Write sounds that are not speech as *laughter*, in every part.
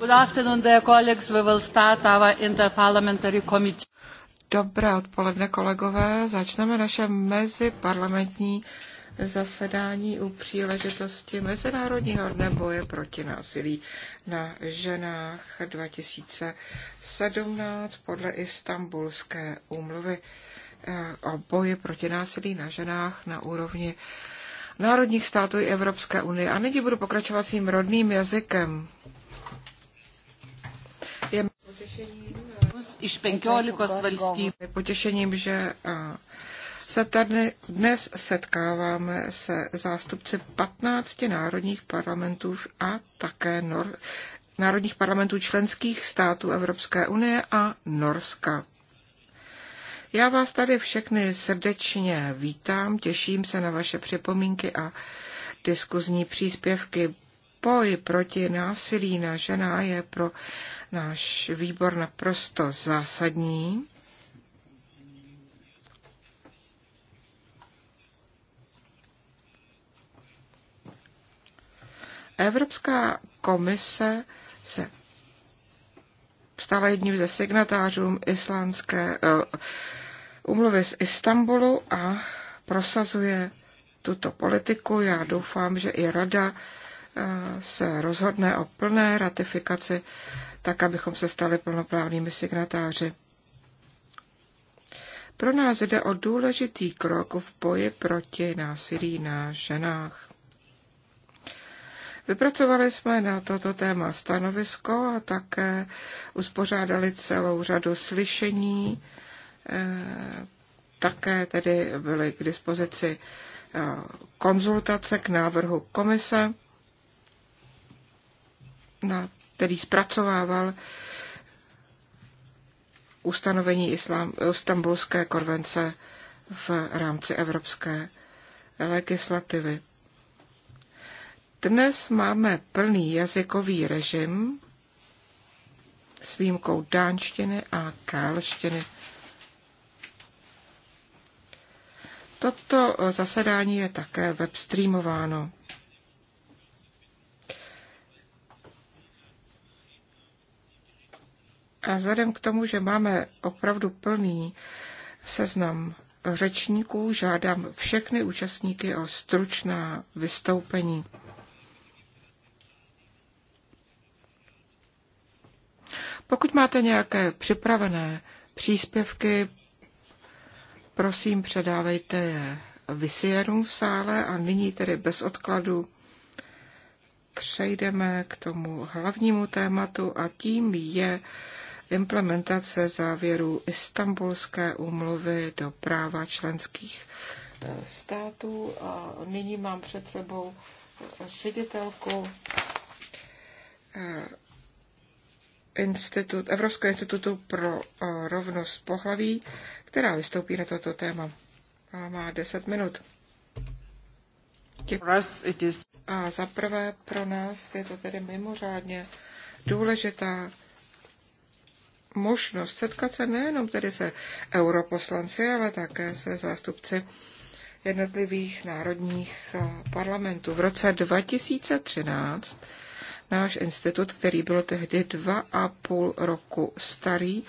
Good afternoon, dear colleagues. We will start our interparliamentary committee. Dobré odpoledne, kolegové. Začneme naše meziparlamentní zasedání u příležitosti Mezinárodního dne boje proti násilí na ženách 2017 podle Istanbulské úmluvy eh, o boji proti násilí na ženách na úrovni národních států i Evropské unie. A nyní budu pokračovat svým rodným jazykem. iš 15 valstybių. Je potěšením, že eh, se tady dnes setkáváme se zástupci 15 národních parlamentů a také nor- národních parlamentů členských států Evropské unie a Norska. Já vás tady všechny srdečně vítám, těším se na vaše připomínky a diskuzní příspěvky. Boj proti násilí na žena je pro náš výbor naprosto zásadní. Evropská komise se stala jedním ze signatářů islánské eh, umluvy z Istanbulu a prosazuje tuto politiku. Já doufám, že i rada eh, se rozhodne o plné ratifikaci tak abychom se stali plnoprávnými signatáři. Pro nás jde o důležitý krok v boji proti násilí na ženách. Vypracovali jsme na toto téma stanovisko a také uspořádali celou řadu slyšení. Eh, také tedy byly k dispozici eh, konzultace k návrhu komise na, který zpracovával ustanovení Istanbulské konvence v rámci evropské legislativy. Dnes máme plný jazykový režim s výjimkou dánštiny a kálštiny. Toto zasedání je také webstreamováno. A vzhledem k tomu, že máme opravdu plný seznam řečníků, žádám všechny účastníky o stručná vystoupení. Pokud máte nějaké připravené příspěvky, prosím předávejte je visierům v sále a nyní tedy bez odkladu přejdeme k tomu hlavnímu tématu a tím je implementace závěrů Istanbulské úmluvy do práva členských eh, států. A nyní mám před sebou eh, ředitelku eh, institut, Evropského institutu pro rovnost pohlaví, která vystoupí na toto téma. A má 10 minut. A za prvé pro nás je to tedy mimořádně důležitá možnost setkat se nejenom tedy se europoslanci, ale také se zástupci jednotlivých národních eh, parlamentů. V roce 2013 náš institut, který byl tehdy dva a půl roku starý,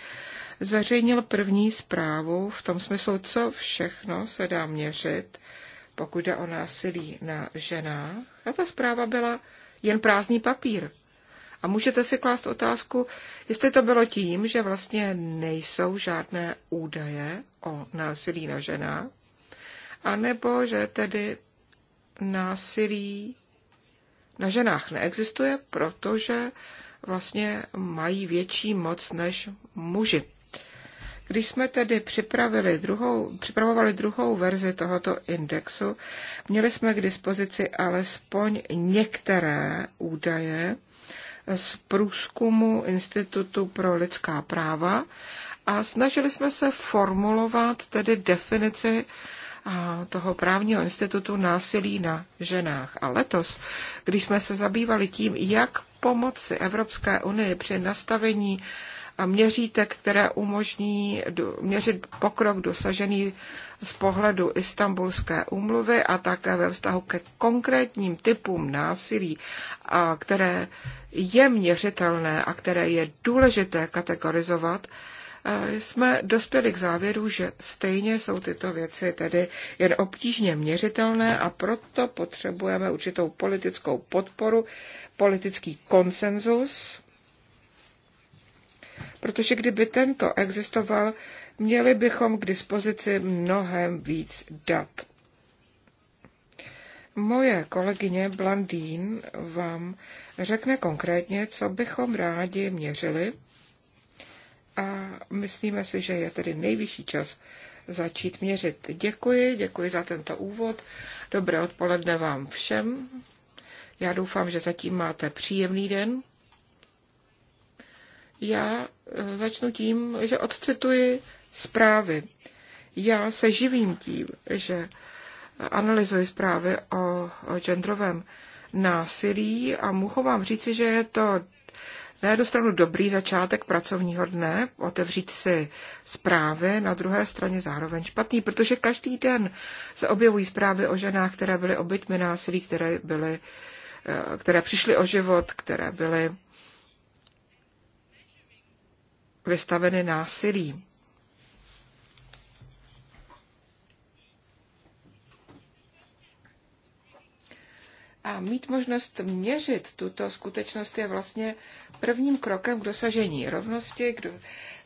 zveřejnil první zprávu v tom smyslu, co všechno se dá měřit, pokud jde o násilí na ženách. A ta zpráva byla jen prázdný papír. A můžete si klást otázku, jestli to bylo tím, že vlastně nejsou žádné údaje o násilí na ženách, anebo že tedy násilí na ženách neexistuje, protože vlastně mají větší moc než muži. Když jsme tedy připravili druhou, připravovali druhou verzi tohoto indexu, měli jsme k dispozici alespoň některé údaje z průzkumu Institutu pro lidská práva a snažili jsme se formulovat tedy definici toho právního institutu násilí na ženách. A letos, když jsme se zabývali tím, jak pomoci Evropské unii při nastavení měřítek, které umožní měřit pokrok dosažený z pohledu Istanbulské úmluvy a také ve vztahu ke konkrétním typům násilí, a které je měřitelné a které je důležité kategorizovat, jsme dospěli k závěru, že stejně jsou tyto věci tedy jen obtížně měřitelné a proto potřebujeme určitou politickou podporu, politický konsenzus protože kdyby tento existoval, měli bychom k dispozici mnohem víc dat. Moje kolegyně Blandín vám řekne konkrétně, co bychom rádi měřili a myslíme si, že je tedy nejvyšší čas začít měřit. Děkuji, děkuji za tento úvod. Dobré odpoledne vám všem. Já doufám, že zatím máte příjemný den. Já e, začnu tím, že odcituji zprávy. Já se živím tím, že analyzuji zprávy o, genderovém násilí a mohu vám říci, že je to na jednu stranu dobrý začátek pracovního dne, otevřít si zprávy, na druhé straně zároveň špatný, protože každý den se objevují zprávy o ženách, které byly obytmi násilí, které, byly, e, které přišly o život, které byly vystaveny násilí. A mít možnost měřit tuto skutečnost je vlastně prvním krokem k dosažení rovnosti, k,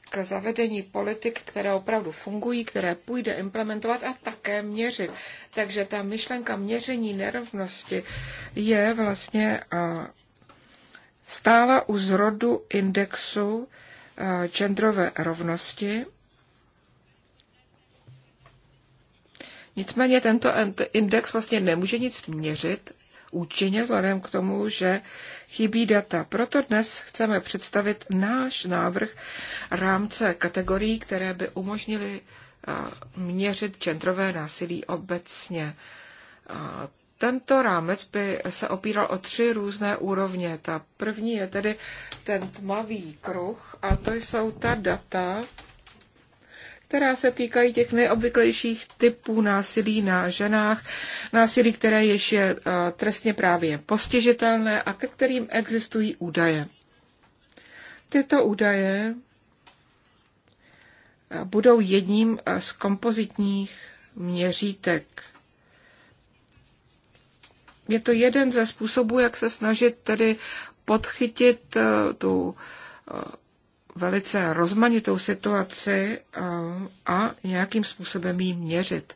k zavedení politik, které opravdu fungují, které půjde implementovat a také měřit. Takže ta myšlenka měření nerovnosti je vlastně stála u zrodu indexu Eh, genderové rovnosti. Nicméně tento index vlastně nemůže nic měřit účinně vzhledem k tomu, že chybí data. Proto dnes chceme představit náš návrh rámce kategorií, které by umožnily eh, měřit genderové násilí obecně tento rámec by se opíral o tři různé úrovně. Ta první je tedy ten tmavý kruh a to jsou ta data, která se týkají těch nejobvyklejších typů násilí na ženách, násilí, které ještě je eh, trestně právě postižitelné a ke kterým existují údaje. Tyto údaje eh, budou jedním eh, z kompozitních měřítek je to jeden ze způsobů, jak se snažit tedy podchytit eh, tu eh, velice rozmanitou situaci eh, a nějakým způsobem ji měřit.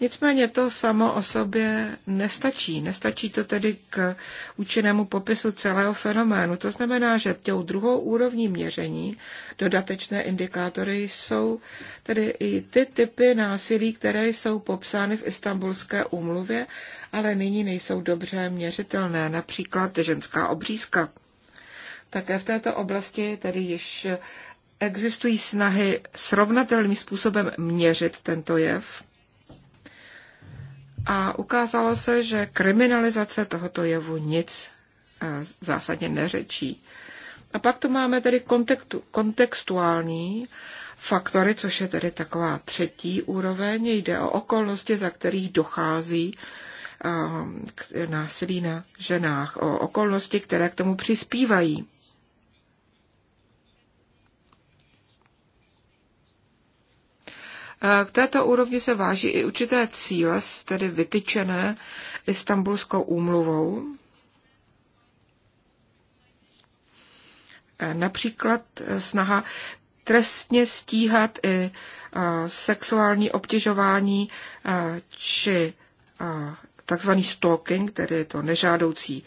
Nicméně to samo o sobě nestačí. Nestačí to tedy k účinnému popisu celého fenoménu. To znamená, že tou druhou úrovní měření dodatečné indikátory jsou tedy i ty typy násilí, které jsou popsány v istambulské úmluvě, ale nyní nejsou dobře měřitelné, například ženská obřízka. Také v této oblasti tedy již existují snahy srovnatelným způsobem měřit tento jev. A ukázalo se, že kriminalizace tohoto jevu nic eh, zásadně neřečí. A pak tu máme tedy kontextu, kontextuální faktory, což je tedy taková třetí úroveň. Jde o okolnosti, za kterých dochází eh, k násilí na ženách, o okolnosti, které k tomu přispívají. Eh, k této úrovni se váží i určité cíle, tedy vytyčené Istanbulskou úmluvou. Eh, například eh, snaha trestně stíhat i sexuální obtěžování či takzvaný stalking, tedy to nežádoucí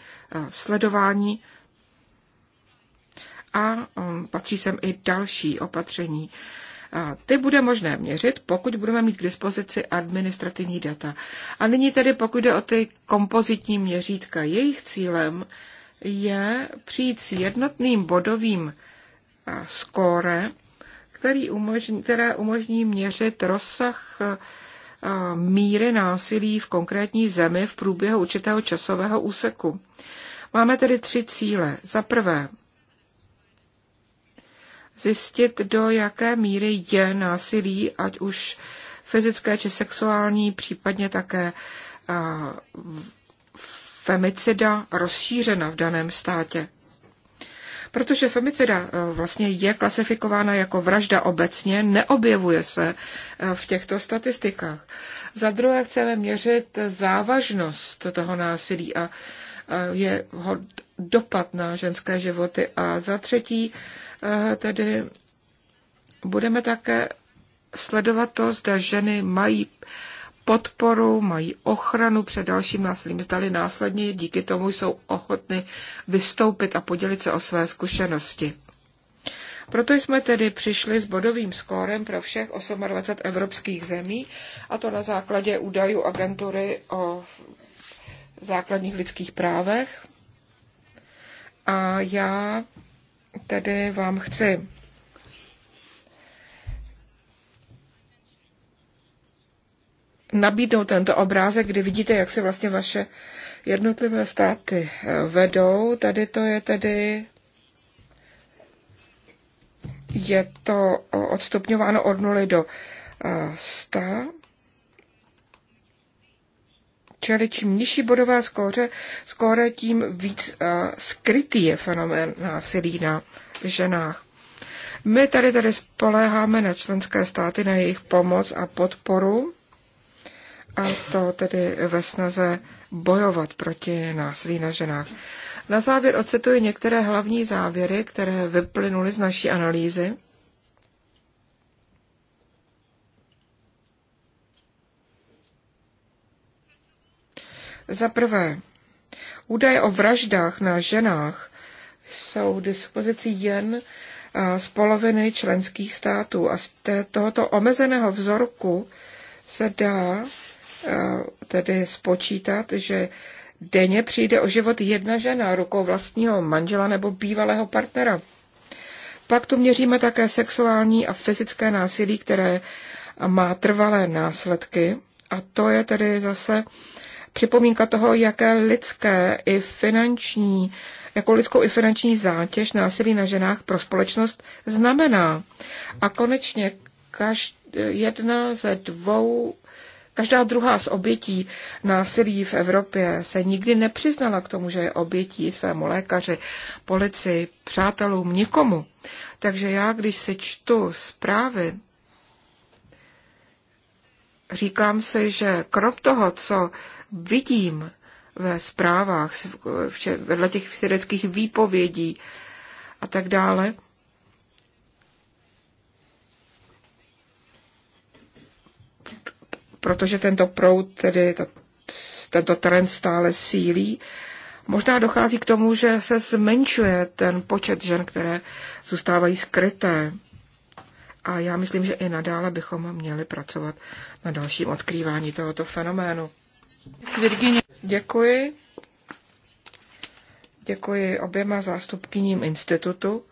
sledování. A mm, patří sem i další opatření a ty bude možné měřit, pokud budeme mít k dispozici administrativní data. A nyní tedy, pokud jde o ty kompozitní měřítka, jejich cílem je přijít s jednotným bodovým skóre, který umožní, které umožní měřit rozsah míry násilí v konkrétní zemi v průběhu určitého časového úseku. Máme tedy tři cíle. Za prvé, zjistit, do jaké míry je násilí, ať už fyzické či sexuální, případně také femicida rozšířena v daném státě. Protože femicida e, vlastně je klasifikována jako vražda obecně, neobjevuje se e, v těchto statistikách. Za druhé chceme měřit závažnost toho násilí a jeho dopad na ženské životy. A za třetí Eh, tedy budeme také sledovat to, zda ženy mají podporu, mají ochranu před dalším násilím, zdali následně díky tomu jsou ochotny vystoupit a podělit se o své zkušenosti. Proto jsme tedy přišli s bodovým skórem pro všech 28 evropských zemí, a to na základě údajů agentury o základních lidských právech. A já tedy vám chci nabídnout tento obrázek, kdy vidíte, jak se vlastně vaše jednotlivé státy eh, vedou. Tady to je tedy je to eh, odstupňováno od nuly do 100. Eh, Čili čím nižší bodová skóre, skóre tím víc uh, skrytý je fenomén násilí na ženách. My tady tady spoléháme na členské státy, na jejich pomoc a podporu, a to tedy ve snaze bojovat proti násilí na ženách. Na závěr ocituji některé hlavní závěry, které vyplynuly z naší analýzy. Za prvé, údaje o vraždách na ženách jsou dispozici jen eh, z poloviny členských států a z tohoto omezeného vzorku se dá eh, tedy spočítat, že denně přijde o život jedna žena rukou vlastního manžela nebo bývalého partnera. Pak tu měříme také sexuální a fyzické násilí, které má trvalé následky. A to je tedy zase připomínka toho, jaké lidské i finanční, jako lidskou i finanční zátěž násilí na ženách pro společnost znamená. A konečně každá jedna ze dvou Každá druhá z obětí násilí v Evropě se nikdy nepřiznala k tomu, že je obětí svému lékaři, policii, přátelům, nikomu. Takže já, když se čtu zprávy říkám si, že krom toho, co vidím ve zprávách, vedle těch svědeckých výpovědí a tak dále, protože tento proud, tedy tento trend stále sílí, možná dochází k tomu, že se zmenšuje ten počet žen, které zůstávají skryté a já myslím, že i nadále bychom měli pracovat na dalším odkrývání tohoto fenoménu. Děkuji. Děkuji oběma zástupkyním institutu.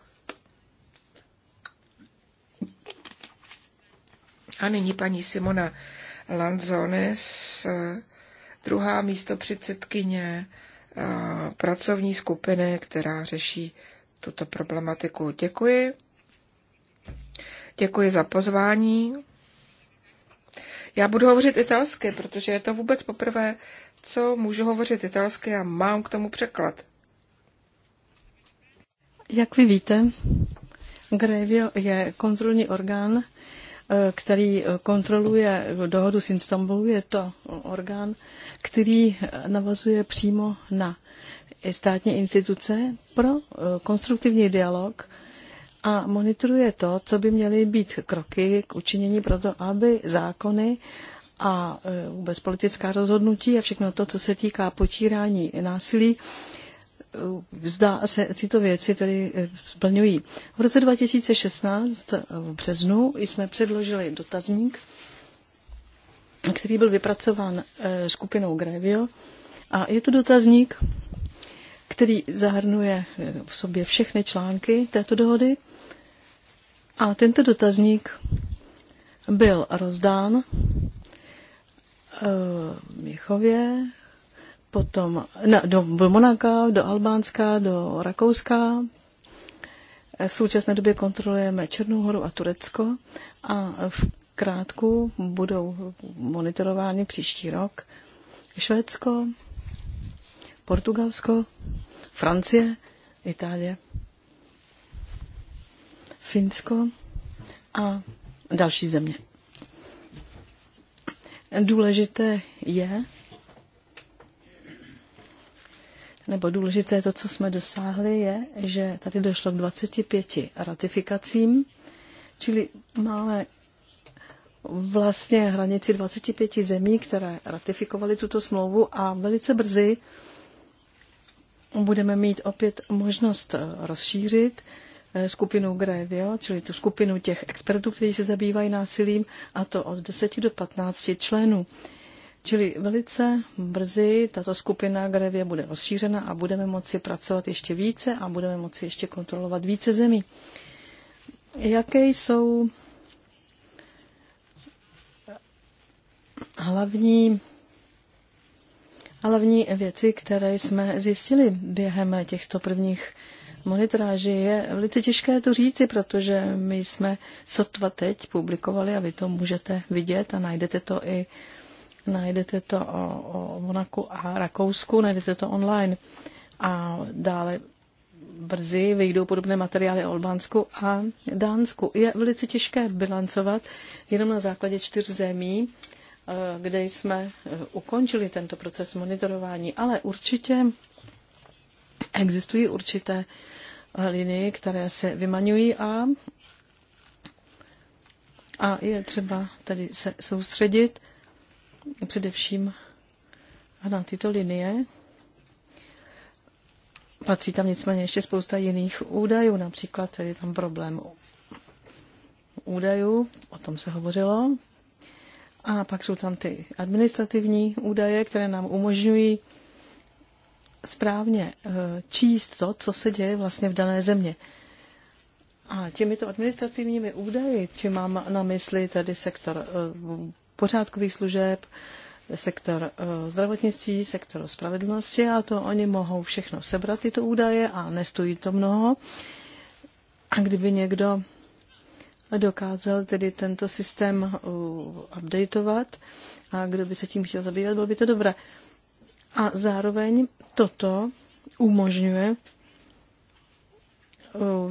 A nyní paní Simona Lanzones, druhá místo předsedkyně eh, pracovní skupiny, která řeší tuto problematiku. Děkuji. Děkuji za pozvání. Já budu hovořit italsky, protože je to vůbec poprvé, co můžu hovořit italsky a mám k tomu překlad. Jak vy víte, Grevio je kontrolní orgán, eh, který kontroluje dohodu s Istanbulu. Je to orgán, který eh, navazuje přímo na státní instituce pro eh, konstruktivní dialog a monitoruje to, co by měly být kroky k učinění pro to, aby zákony a e, vůbec politická rozhodnutí a všechno to, co se týká potírání násilí, e, zda se tyto věci tedy e, splňují. V roce 2016 v březnu jsme předložili dotazník, který byl vypracován skupinou Grevio a je to dotazník, který zahrnuje v sobě všechny články této dohody a tento dotazník byl rozdán eh, Měchově, potom na, do, do Monaka, do Albánska, do Rakouska. V současné době kontrolujeme Černou horu a Turecko a v krátku budou monitorovány příští rok Švédsko, Portugalsko, Francie, Itálie. Finsko a další země. Důležité je, nebo důležité to, co jsme dosáhli, je, že tady došlo k 25 ratifikacím, čili máme vlastně hranici 25 zemí, které ratifikovaly tuto smlouvu a velice brzy budeme mít opět možnost rozšířit Eh, skupinu GREVIO, čili tu skupinu těch expertů, kteří se zabývají násilím, a to od 10 do 15 členů. Čili velice brzy tato skupina GREVIO bude rozšířena a budeme moci pracovat ještě více a budeme moci ještě kontrolovat více zemí. Jaké jsou hlavní, hlavní věci, které jsme zjistili během těchto prvních monitoráži je velice těžké to říci, protože my jsme sotva teď publikovali a vy to můžete vidět a najdete to i najdete to o, o Monaku a Rakousku, najdete to online. A dále brzy vyjdou podobné materiály o Albánsku a Dánsku. Je velice těžké bilancovat jenom na základě čtyř zemí, eh, kde jsme eh, ukončili tento proces monitorování, ale určitě existují určité linii, které se vymaňují a, a je třeba tady se soustředit především na tyto linie. Patří tam nicméně ještě spousta jiných údajů, například je tam problém údajů, o tom se hovořilo. A pak jsou tam ty administrativní údaje, které nám umožňují správně eh, číst to, co se děje vlastně v dané země. A těmito administrativními údaji, či mám na mysli tady sektor eh, pořádkových služeb, sektor eh, zdravotnictví, sektor spravedlnosti a to oni mohou všechno sebrat tyto údaje a nestojí to mnoho. A kdyby někdo dokázal tedy tento systém updateovat a kdo by se tím chtěl zabývat, bylo by to dobré. A zároveň toto umožňuje eh,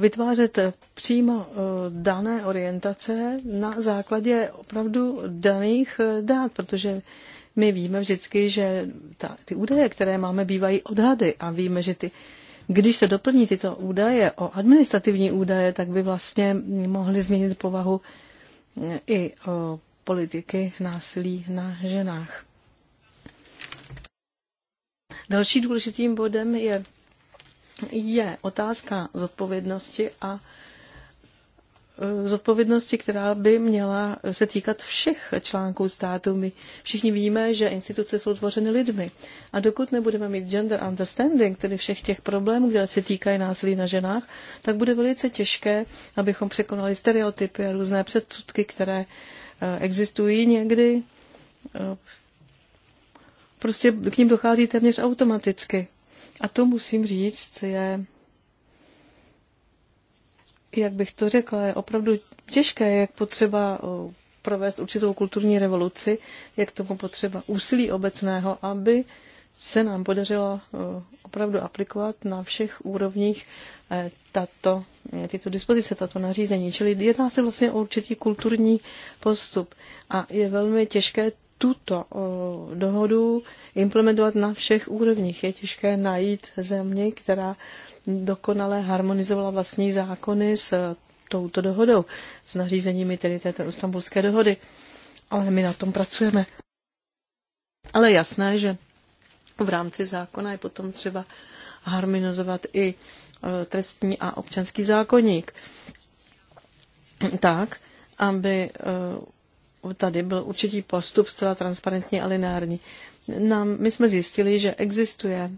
vytvářet přímo eh, dané orientace na základě opravdu daných eh, dát, protože my víme vždycky, že ta, ty údaje, které máme, bývají odhady a víme, že ty, když se doplní tyto údaje o administrativní údaje, tak by vlastně mohly změnit povahu i o politiky násilí na ženách. Další důležitým bodem je, je otázka zodpovědnosti a e, zodpovědnosti, která by měla se týkat všech článků státu. My všichni víme, že instituce jsou tvořeny lidmi. A dokud nebudeme mít gender understanding, tedy všech těch problémů, které se týkají násilí na ženách, tak bude velice těžké, abychom překonali stereotypy a různé předsudky, které e, existují někdy e, prostě k ním dochází téměř automaticky. A to musím říct, je, jak bych to řekla, je opravdu těžké, jak potřeba provést určitou kulturní revoluci, je k tomu potřeba úsilí obecného, aby se nám podařilo opravdu aplikovat na všech úrovních e, tato, tyto dispozice, tato nařízení. Čili jedná se vlastně o určitý kulturní postup a je velmi těžké tuto dohodu implementovat na všech úrovních. Je těžké najít země, která dokonale harmonizovala vlastní zákony s e, touto dohodou, s nařízeními tedy této istambulské dohody. Ale my na tom pracujeme. Ale jasné, že v rámci zákona je potom třeba harmonizovat i e, trestní a občanský zákonník. Tak, aby e, tady byl určitý postup zcela transparentní a lineární. Nám, my jsme zjistili, že existuje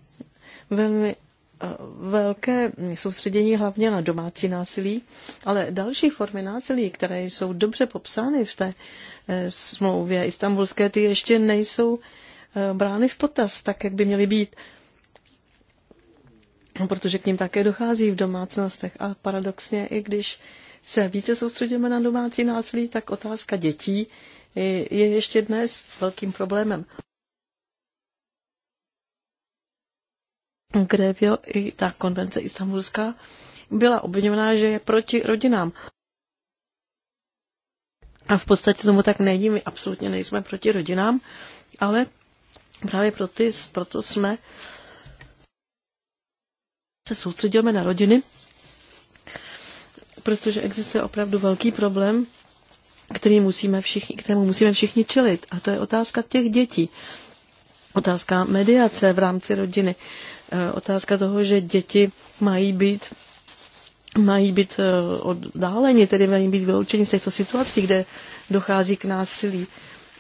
velmi eh, velké soustředění hlavně na domácí násilí, ale další formy násilí, které jsou dobře popsány v té eh, smlouvě istambulské, ty ještě nejsou eh, brány v potaz, tak jak by měly být, protože k ním také dochází v domácnostech. A paradoxně, i když se více soustředíme na domácí násilí, tak otázka dětí je ještě dnes velkým problémem. Grevio i ta konvence istambulská byla obviněná, že je proti rodinám. A v podstatě tomu tak není, my absolutně nejsme proti rodinám, ale právě proto, proto jsme se soustředíme na rodiny protože existuje opravdu velký problém, který musíme všichni, kterému musíme všichni čelit. A to je otázka těch dětí. Otázka mediace v rámci rodiny. Eh, otázka toho, že děti mají být mají být eh, oddáleni, tedy mají být vyloučeni z těchto situací, kde dochází k násilí.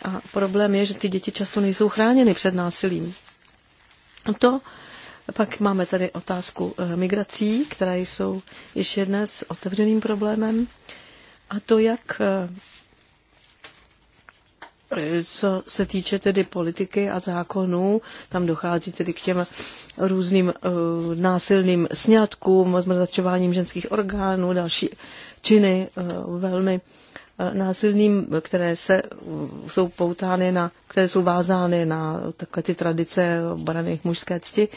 A problém je, že ty děti často nejsou chráněny před násilím. To pak máme tady otázku eh, migrací, které jsou ještě dnes otevřeným problémem. A to, jak eh, co se týče tedy politiky a zákonů, tam dochází tedy k těm různým uh, násilným sňatkům, zmrzačováním ženských orgánů, další činy uh, velmi uh, násilným, které se, uh, jsou poutány na, které jsou vázány na takové ty tradice obrany mužské cti.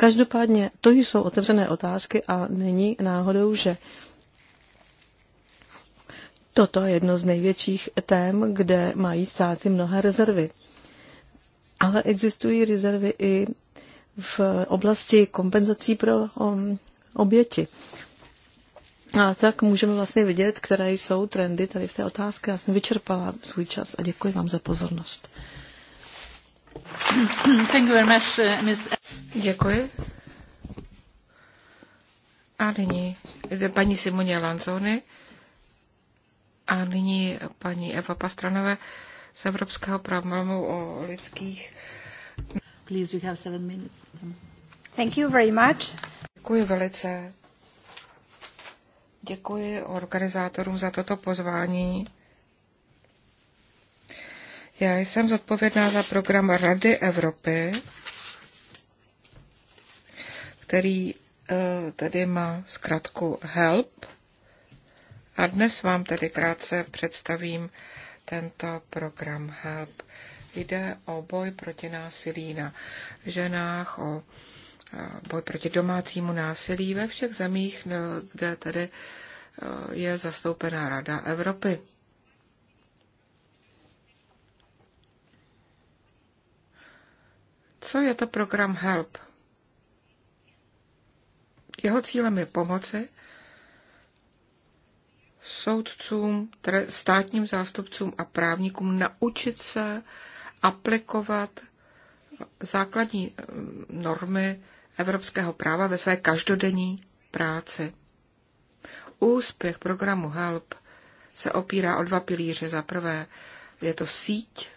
Každopádně to jsou otevřené otázky a není náhodou, že toto je jedno z největších tém, kde mají státy mnohé rezervy. Ale existují rezervy i v oblasti kompenzací pro um, oběti. A tak můžeme vlastně vidět, které jsou trendy tady v té otázce. Já jsem vyčerpala svůj čas a děkuji vám za pozornost. Uh, Děkuji. A nyní paní Simonia Lanzoni a nyní paní Eva Pastranové z Evropského programu o lidských. Please, you have seven minutes. Thank you very much. Děkuji velice. Děkuji organizátorům za toto pozvání. Já jsem zodpovědná za program Rady Evropy, který eh, tady má zkrátku HELP. A dnes vám tedy krátce představím tento program HELP. Jde o boj proti násilí na ženách, o eh, boj proti domácímu násilí ve všech zemích, no, kde tedy eh, je zastoupená Rada Evropy. Co je to program HELP? Jeho cílem je pomoci soudcům, státním zástupcům a právníkům naučit se aplikovat základní eh, normy evropského práva ve své každodenní práci. Úspěch programu HELP se opírá o dva pilíře. Za prvé je to síť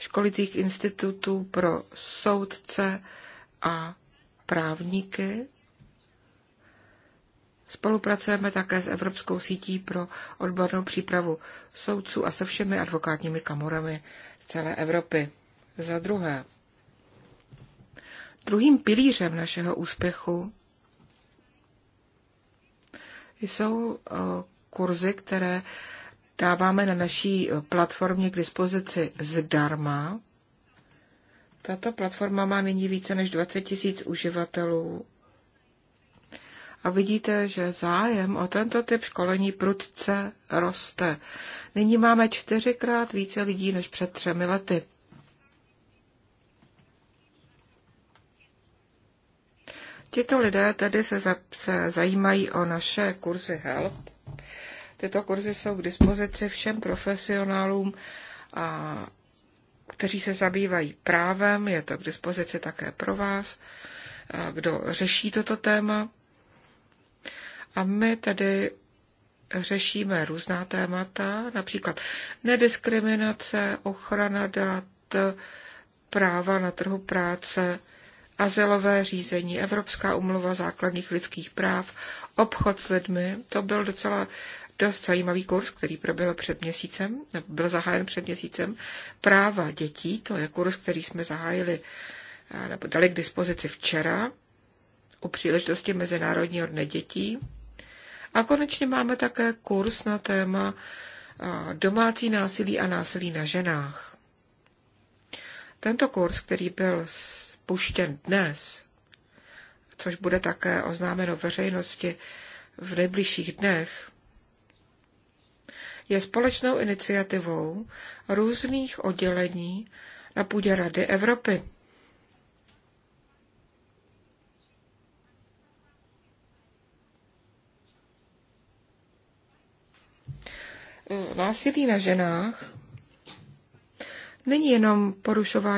školicích institutů pro soudce a právníky. Spolupracujeme také s Evropskou sítí pro odbornou přípravu soudců a se všemi advokátními kamorami z celé Evropy. Za druhé, druhým pilířem našeho úspěchu jsou eh, kurzy, které dáváme na naší eh, platformě k dispozici zdarma. Tato platforma má nyní více než 20 tisíc uživatelů. A vidíte, že zájem o tento typ školení prudce roste. Nyní máme čtyřikrát více lidí než před třemi lety. Tito lidé tedy se, za, se zajímají o naše kurzy HELP Tyto kurzy jsou k dispozici všem profesionálům, a, kteří se zabývají právem. Je to k dispozici také pro vás, kdo řeší toto téma. A my tedy řešíme různá témata, například nediskriminace, ochrana dat, práva na trhu práce, azylové řízení, Evropská umluva základních lidských práv, obchod s lidmi. To byl docela dost zajímavý kurz, který proběhl před měsícem, nebo byl zahájen před měsícem, práva dětí. To je kurz, který jsme zahájili eh, nebo dali k dispozici včera u příležitosti Mezinárodního dne dětí. A konečně máme také kurz na téma eh, domácí násilí a násilí na ženách. Tento kurz, který byl spuštěn dnes, což bude také oznámeno veřejnosti v nejbližších dnech, je společnou iniciativou různých oddělení na půdě Rady Evropy. Násilí na ženách není jenom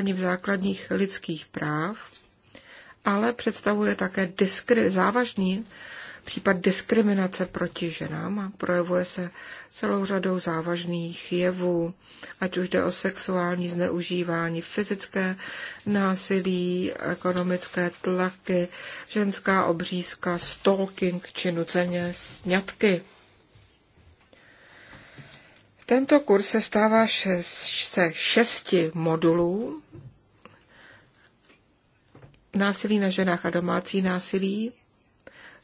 v základních lidských práv, ale představuje také diskri- závažný případ diskriminace proti ženám a projevuje se celou řadou závažných jevů, ať už jde o sexuální zneužívání, fyzické násilí, ekonomické tlaky, ženská obřízka, stalking či nuceně sňatky. Tento kurz se stává šest, se šesti modulů, násilí na ženách a domácí násilí,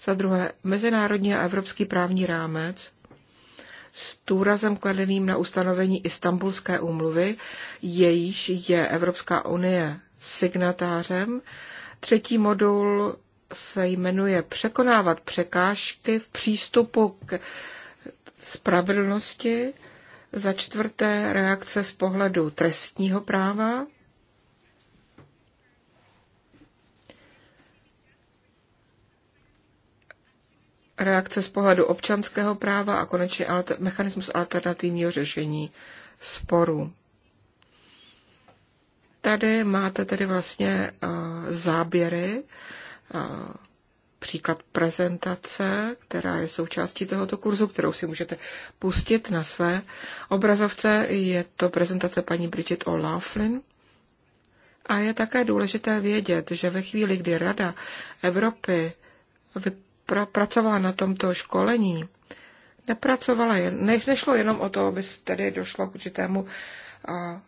za druhé, mezinárodní a evropský právní rámec s důrazem kladeným na ustanovení Istanbulské úmluvy, jejíž je Evropská unie signatářem. Třetí modul se jmenuje Překonávat překážky v přístupu k spravedlnosti. Za čtvrté reakce z pohledu trestního práva. reakce z pohledu občanského práva a konečně alter, mechanismus alternativního řešení sporů. Tady máte tedy vlastně uh, záběry, uh, příklad prezentace, která je součástí tohoto kurzu, kterou si můžete pustit na své obrazovce. Je to prezentace paní Bridget O'Laughlin. A je také důležité vědět, že ve chvíli, kdy Rada Evropy pra, pracovala na tomto školení, nepracovala jen, ne, nešlo jenom o to, aby tedy došlo k určitému a,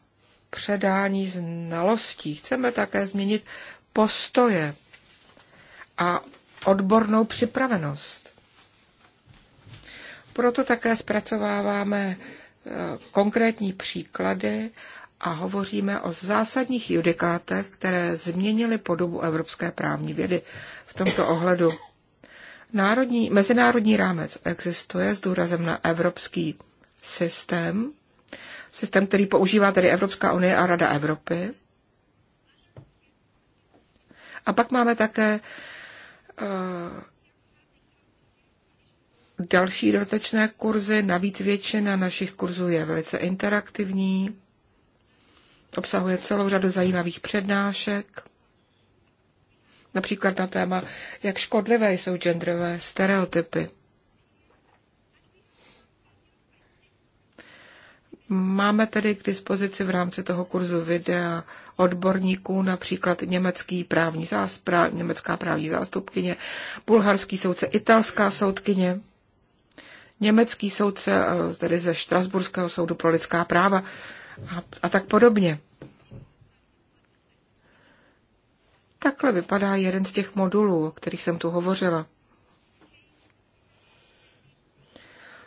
předání znalostí. Chceme také změnit postoje a odbornou připravenost. Proto také zpracováváme e, konkrétní příklady a hovoříme o zásadních judikátech, které změnily podobu evropské právní vědy v tomto ohledu. Národní, mezinárodní rámec existuje s důrazem na evropský systém, systém, který používá tedy Evropská unie a Rada Evropy. A pak máme také uh, další dodatečné kurzy, navíc většina našich kurzů je velice interaktivní, obsahuje celou řadu zajímavých přednášek například na téma, jak škodlivé jsou genderové stereotypy. Máme tedy k dispozici v rámci toho kurzu videa odborníků, například německý právní záspra, německá právní zástupkyně, bulharský soudce, italská soudkyně, německý soudce, eh, tedy ze Štrasburského soudu pro lidská práva a, a tak podobně. Takhle vypadá jeden z těch modulů, o kterých jsem tu hovořila.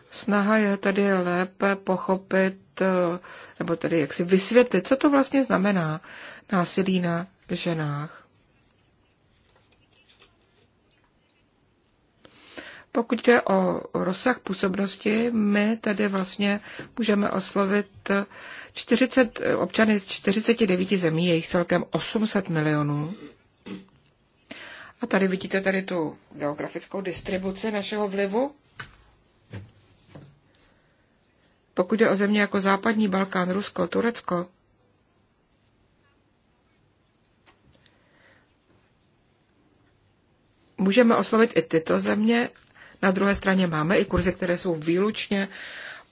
Snaha je tedy lépe pochopit, eh, nebo tedy jak si vysvětlit, co to vlastně znamená násilí na ženách. Pokud jde o rozsah působnosti, my tedy vlastně můžeme oslovit 40, eh, eh, občany 49 zemí, jejich celkem 800 milionů. A tady vidíte tady tu geografickou distribuci našeho vlivu. Pokud jde o země jako Západní Balkán, Rusko, Turecko, můžeme oslovit i tyto země. Na druhé straně máme i kurzy, které jsou výlučně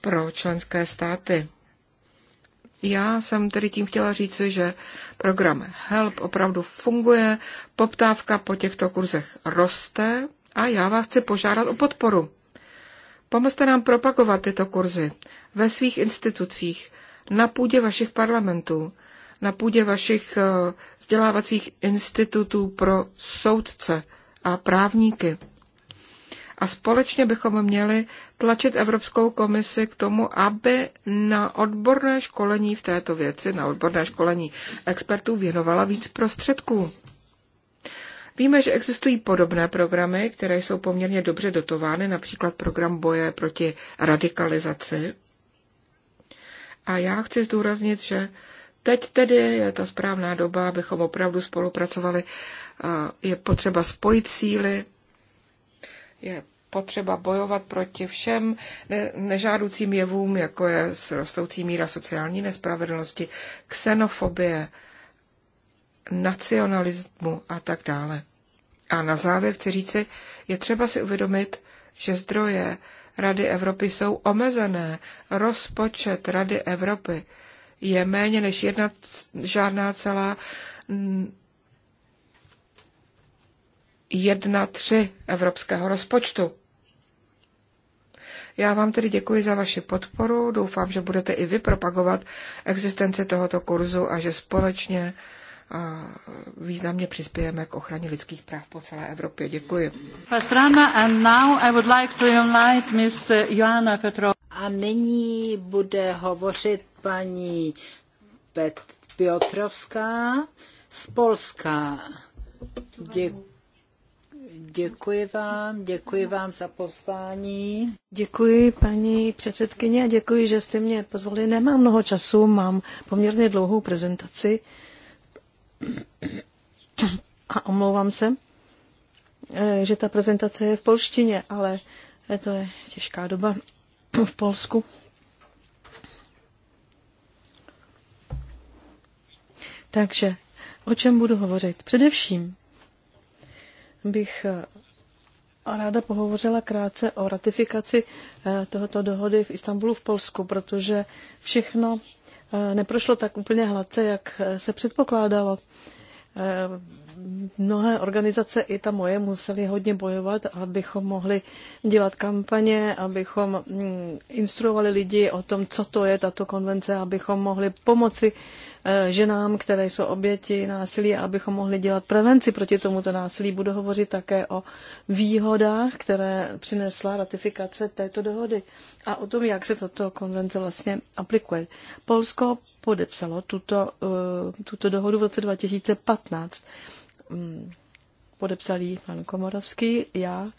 pro členské státy. Já jsem tedy tím chtěla říci, že program HELP opravdu funguje, poptávka po těchto kurzech roste a já vás chci požádat o podporu. Pomozte nám propagovat tyto kurzy ve svých institucích, na půdě vašich parlamentů, na půdě vašich eh, vzdělávacích institutů pro soudce a právníky a společně bychom měli tlačit Evropskou komisi k tomu, aby na odborné školení v této věci, na odborné školení expertů věnovala víc prostředků. Víme, že existují podobné programy, které jsou poměrně dobře dotovány, například program boje proti radikalizaci. A já chci zdůraznit, že teď tedy je ta správná doba, abychom opravdu spolupracovali. Je potřeba spojit síly, je potřeba bojovat proti všem nežádoucím jevům, jako je rostoucí míra sociální nespravedlnosti, xenofobie, nacionalismu a tak dále. A na závěr chci říci, je třeba si uvědomit, že zdroje Rady Evropy jsou omezené. Rozpočet Rady Evropy je méně než jedna žádná celá mm, jedna tři evropského rozpočtu. Já vám tedy děkuji za vaši podporu, doufám, že budete i vy propagovat existenci tohoto kurzu a že společně významně přispějeme k ochraně lidských práv po celé Evropě. Děkuji. A nyní bude hovořit paní Pet Piotrovská z Polska. Děkuji. Děkuji vám, děkuji vám za pozvání. Děkuji paní předsedkyně a děkuji, že jste mě pozvali. Nemám mnoho času, mám poměrně dlouhou prezentaci a omlouvám se, eh, že ta prezentace je v polštině, ale to je těžká doba *clears throat* v Polsku. Takže o čem budu hovořit? Především bych eh, ráda pohovořila krátce o ratifikaci eh, tohoto dohody v Istanbulu v Polsku, protože všechno eh, neprošlo tak úplně hladce, jak se předpokládalo. Mnohé organizace, i ta moje, museli hodně bojovat, abychom mohli dělat kampaně, abychom mm, instruovali lidi o tom, co to je tato konvence, abychom mohli pomoci Eh, ženám, které jsou oběti násilí, abychom mohli dělat prevenci proti tomuto násilí. Budu hovořit také o výhodách, které přinesla ratifikace této dohody a o tom, jak se tato konvence vlastně aplikuje. Polsko podepsalo tuto, eh, tuto dohodu v roce 2015. Mm, podepsal ji pan Komorovský, já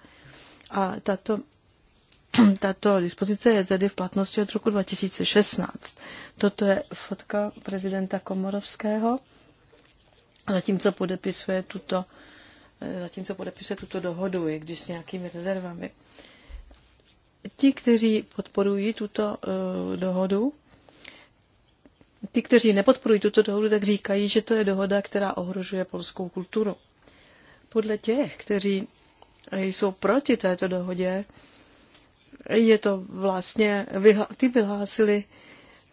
a tato *clears throat* Tato dispozice je tedy v platnosti od roku 2016. Toto je fotka prezidenta Komorovského, zatímco podepisuje tuto, eh, zatímco podepisuje tuto dohodu, i když s nějakými rezervami. Ti, kteří podporují tuto uh, dohodu, ti, kteří nepodporují tuto dohodu, tak říkají, že to je dohoda, která ohrožuje polskou kulturu. Podle těch, kteří jsou proti této dohodě, je to vlastně, ty vyhlásili,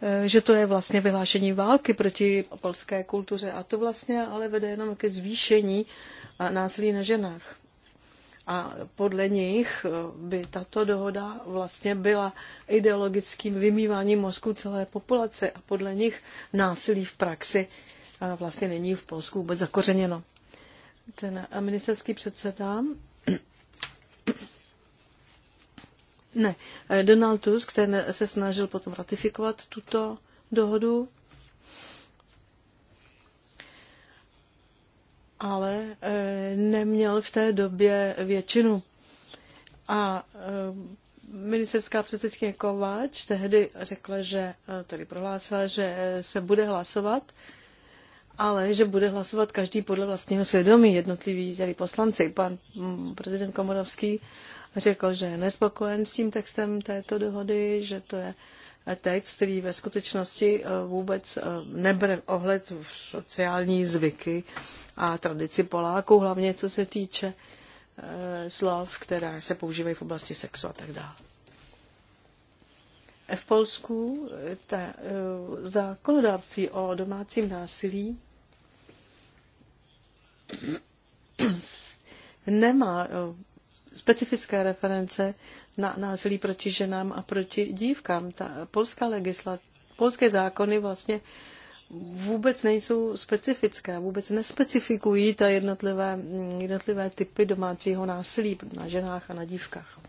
eh, že to je vlastně vyhlášení války proti polské kultuře a to vlastně ale vede jenom ke zvýšení násilí na ženách. A podle nich eh, by tato dohoda vlastně byla ideologickým vymýváním mozku celé populace a podle nich násilí v praxi eh, vlastně není v Polsku vůbec zakořeněno. Ten ministerský předseda ne, eh, Donald Tusk, ten se snažil potom ratifikovat tuto dohodu, ale eh, neměl v té době většinu. A eh, ministerská předsedkyně Kováč tehdy řekla, že tady prohlásila, že se bude hlasovat, ale že bude hlasovat každý podle vlastního svědomí, jednotliví tady poslanci. Pan mm, prezident Komorovský řekl, že je nespokojen s tím textem této dohody, že to je text, který ve skutečnosti eh, vůbec eh, nebere ohled v sociální zvyky a tradici Poláků, hlavně co se týče eh, slov, která se používají v oblasti sexu a tak dále. V Polsku ta, zákonodárství o domácím násilí *clears throat* nemá specifické reference na násilí proti ženám a proti dívkám. Ta polská legislat, polské zákony vlastně vůbec nejsou specifické, vůbec nespecifikují ta jednotlivé, mm, jednotlivé typy domácího násilí na ženách a na dívkách.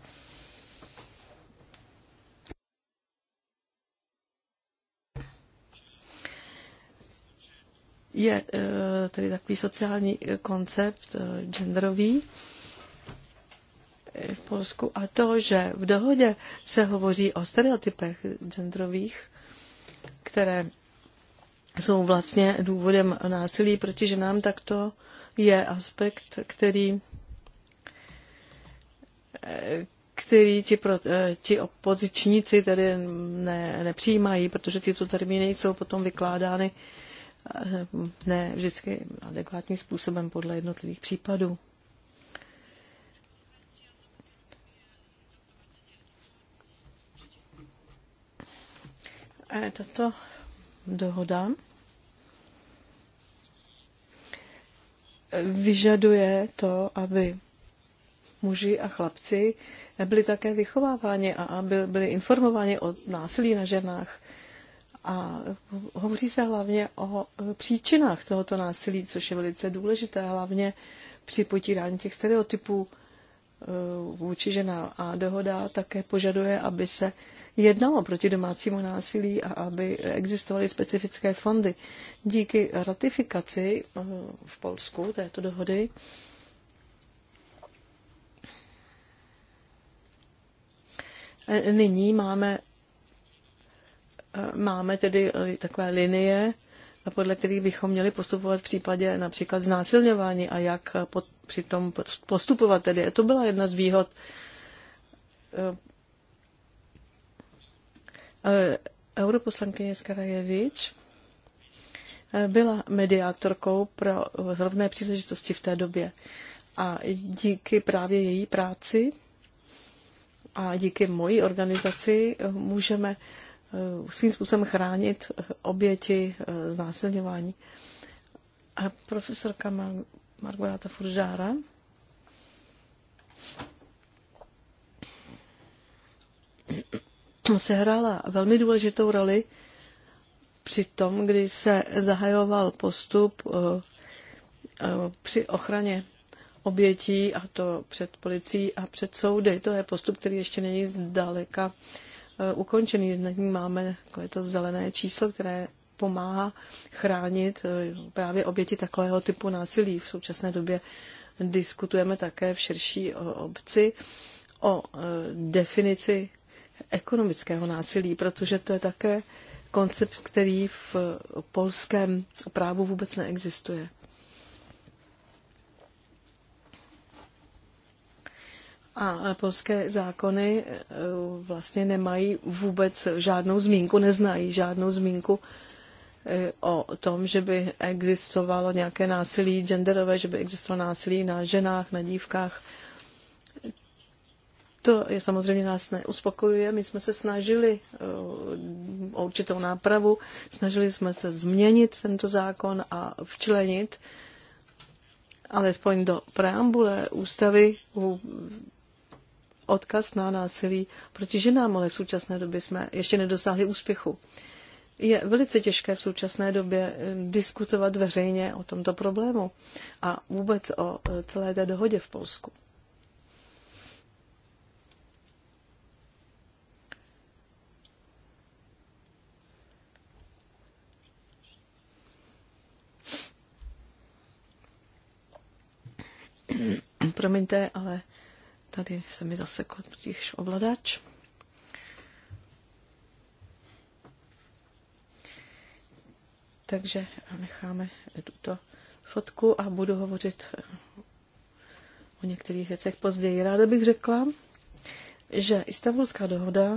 Je eh, tedy takový sociální koncept eh, genderový, v Polsku a to, že v dohodě se hovoří o stereotypech genderových, které jsou vlastně důvodem násilí proti ženám, tak to je aspekt, který který ti, pro, eh, ti opozičníci tedy ne, nepřijímají, protože tyto termíny jsou potom vykládány eh, ne vždycky adekvátním způsobem podle jednotlivých případů. Tato dohoda vyžaduje to, aby muži a chlapci byli také vychováváni a aby byli informováni o násilí na ženách. A hovoří se hlavně o příčinách tohoto násilí, což je velice důležité, hlavně při potírání těch stereotypů eh, vůči ženám. A dohoda také požaduje, aby se jednalo proti domácímu násilí a aby existovaly specifické fondy. Díky ratifikaci eh, v Polsku této dohody eh, nyní máme, eh, máme tedy takové linie, podle kterých bychom měli postupovat v případě například znásilňování a jak pod, přitom postupovat tedy. To byla jedna z výhod Eh, europoslankyně Skarajevič eh, byla mediátorkou pro rovné příležitosti v té době. A díky právě její práci a díky mojí organizaci eh, můžeme svým způsobem chránit oběti znásilňování. A profesorka Mar- Margarita Furžára sehrála velmi důležitou roli při tom, kdy se zahajoval postup eh, eh, při ochraně obětí, a to před policií a před soudy. To je postup, který ještě není zdaleka eh, ukončený. Nad ním máme takové to zelené číslo, které pomáhá chránit právě oběti takového typu násilí. V současné době diskutujeme také v širší obci o definici ekonomického násilí, protože to je také koncept, který v polském právu vůbec neexistuje. A polské zákony eh, vlastně nemají vůbec žádnou zmínku, neznají žádnou zmínku eh, o tom, že by existovalo nějaké násilí genderové, že by existovalo násilí na ženách, na dívkách, to je samozřejmě nás neuspokojuje. My jsme se snažili eh, o určitou nápravu, snažili jsme se změnit tento zákon a včlenit alespoň do preambule ústavy odkaz na násilí proti ženám, ale v současné době jsme ještě nedosáhli úspěchu. Je velice těžké v současné době eh, diskutovat veřejně o tomto problému a vůbec o eh, celé té dohodě v Polsku. *clears throat* Promiňte, ale tady se mi zasekl totiž ovladač. Takže necháme tuto fotku a budu hovořit eh, o některých věcech později. Ráda bych řekla, že Istanbulská dohoda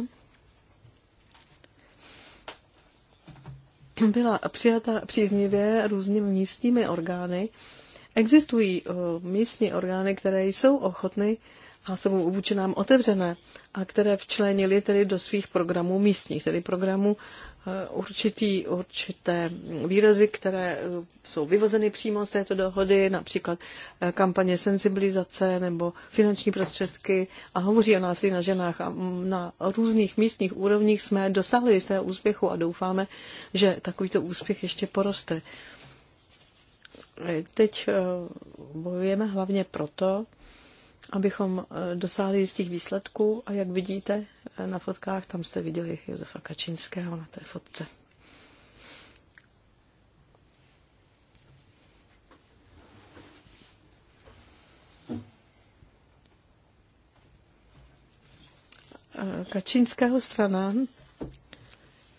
byla přijata příznivě různými místními orgány, Existují eh, místní orgány, které jsou ochotny a jsou vůči nám otevřené a které včlenili tedy do svých programů místních, tedy programů eh, určitý, určité výrazy, které eh, jsou vyvozeny přímo z této dohody, například kampaně sensibilizace nebo finanční prostředky a hovoří o násilí na ženách a na různých místních úrovních jsme dosáhli jistého úspěchu a doufáme, že takovýto úspěch ještě poroste. Teď eh, bojujeme hlavně proto, abychom eh, dosáhli jistých výsledků a jak vidíte eh, na fotkách, tam jste viděli Josefa Kačinského na té fotce. Kačínského strana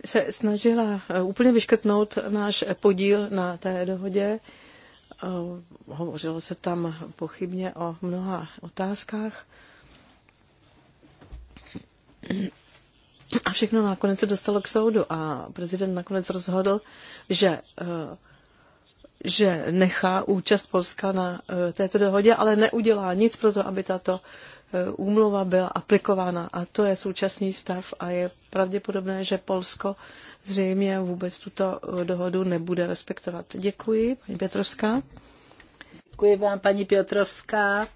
se snažila úplně vyškrtnout náš podíl na té dohodě Eh, hovořilo se tam pochybně o mnoha otázkách. A všechno nakonec se dostalo k soudu a prezident nakonec rozhodl, že, eh, že nechá účast Polska na eh, této dohodě, ale neudělá nic pro to, aby tato Eh, úmluva byla aplikována. A to je současný stav a je pravděpodobné, že Polsko zřejmě vůbec tuto eh, dohodu nebude respektovat. Děkuji, paní Petrovská. Děkuji vám, paní Piotrovská.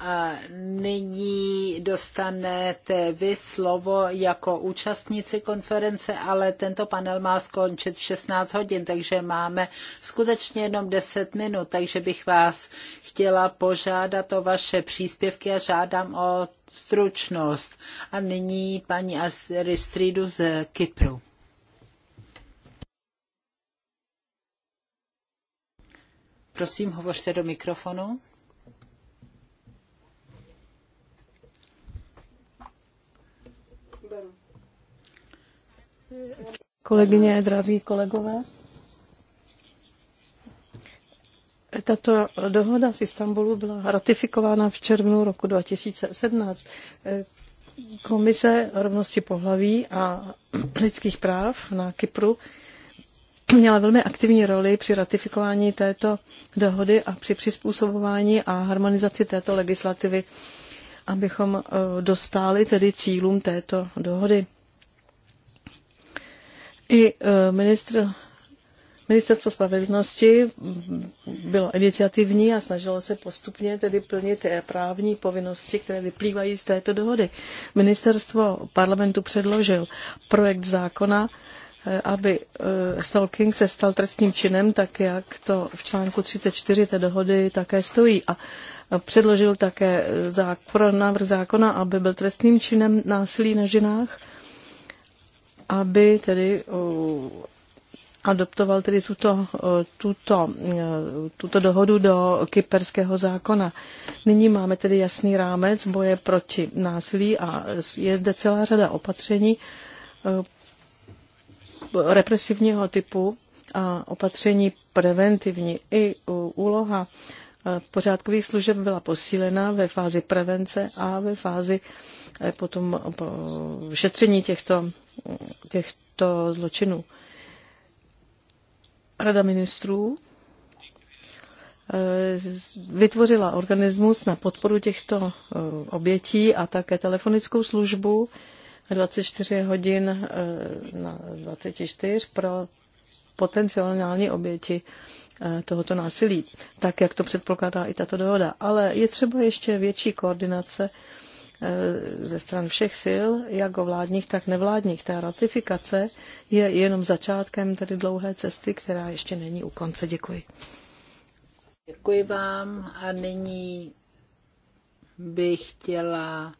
A nyní dostanete vy slovo jako účastníci konference, ale tento panel má skončit v 16 hodin, takže máme skutečně jenom 10 minut, takže bych vás chtěla požádat o vaše příspěvky a žádám o stručnost. A nyní paní Aristridu z Kypru. Prosím, hovořte do mikrofonu. Kolegyně, drazí kolegové, tato dohoda z Istanbulu byla ratifikována v červnu roku 2017. Komise rovnosti pohlaví a lidských práv na Kypru měla velmi aktivní roli při ratifikování této dohody a při přizpůsobování a harmonizaci této legislativy, abychom eh, dostali tedy cílům této dohody. I e, ministr, ministerstvo spravedlnosti bylo iniciativní a snažilo se postupně tedy plnit e, právní povinnosti, které vyplývají z této dohody. Ministerstvo parlamentu předložil projekt zákona, e, aby stalking se stal trestním činem, tak jak to v článku 34 té dohody také stojí. A předložil také návrh zákona, aby byl trestným činem násilí na ženách aby tedy adoptoval tedy tuto, tuto, e, tuto dohodu do kyperského zákona. Nyní máme tedy jasný rámec boje proti násilí a je zde celá řada opatření e, represivního typu a opatření preventivní. I úloha e, pořádkových služeb byla posílena ve fázi prevence a ve fázi potom šetření těchto těchto zločinů. Rada ministrů eh, vytvořila organismus na podporu těchto eh, obětí a také telefonickou službu 24 hodin eh, na 24 pro potenciální oběti tohoto násilí, tak jak to předpokládá i tato dohoda. Ale je třeba ještě větší koordinace Eh, ze stran všech sil, jak vládních, tak nevládních. Ta ratifikace je jenom začátkem tedy dlouhé cesty, která ještě není u konce. Děkuji. Děkuji vám a nyní bych chtěla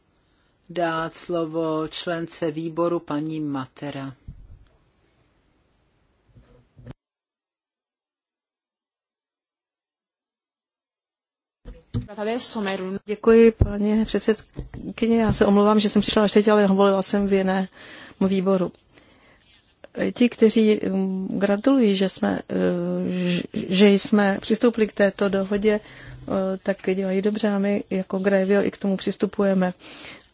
dát slovo člence výboru paní Matera. Děkuji, paní předsedkyně. Já se omlouvám, že jsem přišla až teď, ale hovorila jsem v jiném výboru. Ti, kteří um, gratulují, že jsme, uh, že jsme přistoupili k této dohodě, uh, tak dělají dobře a my jako Grevio i k tomu přistupujeme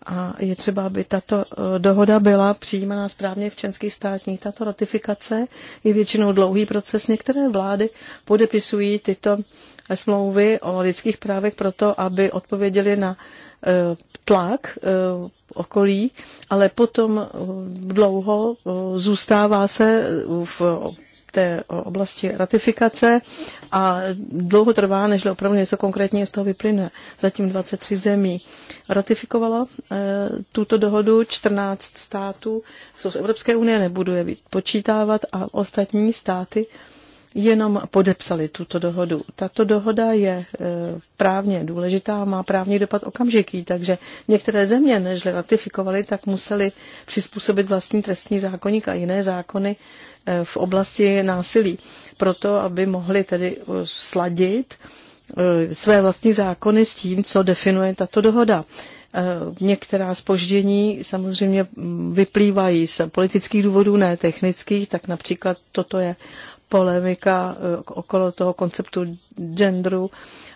a je třeba, aby tato eh, dohoda byla přijímána správně v členských státních. Tato ratifikace je většinou dlouhý proces. Některé vlády podepisují tyto smlouvy o lidských právech proto, aby odpověděli na eh, tlak eh, okolí, ale potom dlouho zůstává se v té oblasti ratifikace a dlouho trvá, než opravdu něco konkrétně z toho vyplyne. Zatím 23 zemí ratifikovalo eh, tuto dohodu, 14 států jsou z Evropské unie, nebudu je počítávat a ostatní státy jenom podepsali tuto dohodu. Tato dohoda je eh, právně důležitá, má právní dopad okamžiký, takže některé země, než ratifikovaly, tak museli přizpůsobit vlastní trestní zákonník a jiné zákony Eh, v oblasti násilí, proto aby mohli tedy eh, sladit eh, své vlastní zákony s tím, co definuje tato dohoda. Některá spoždění samozřejmě vyplývají z politických důvodů, ne technických, tak například toto je polemika okolo toho konceptu genderu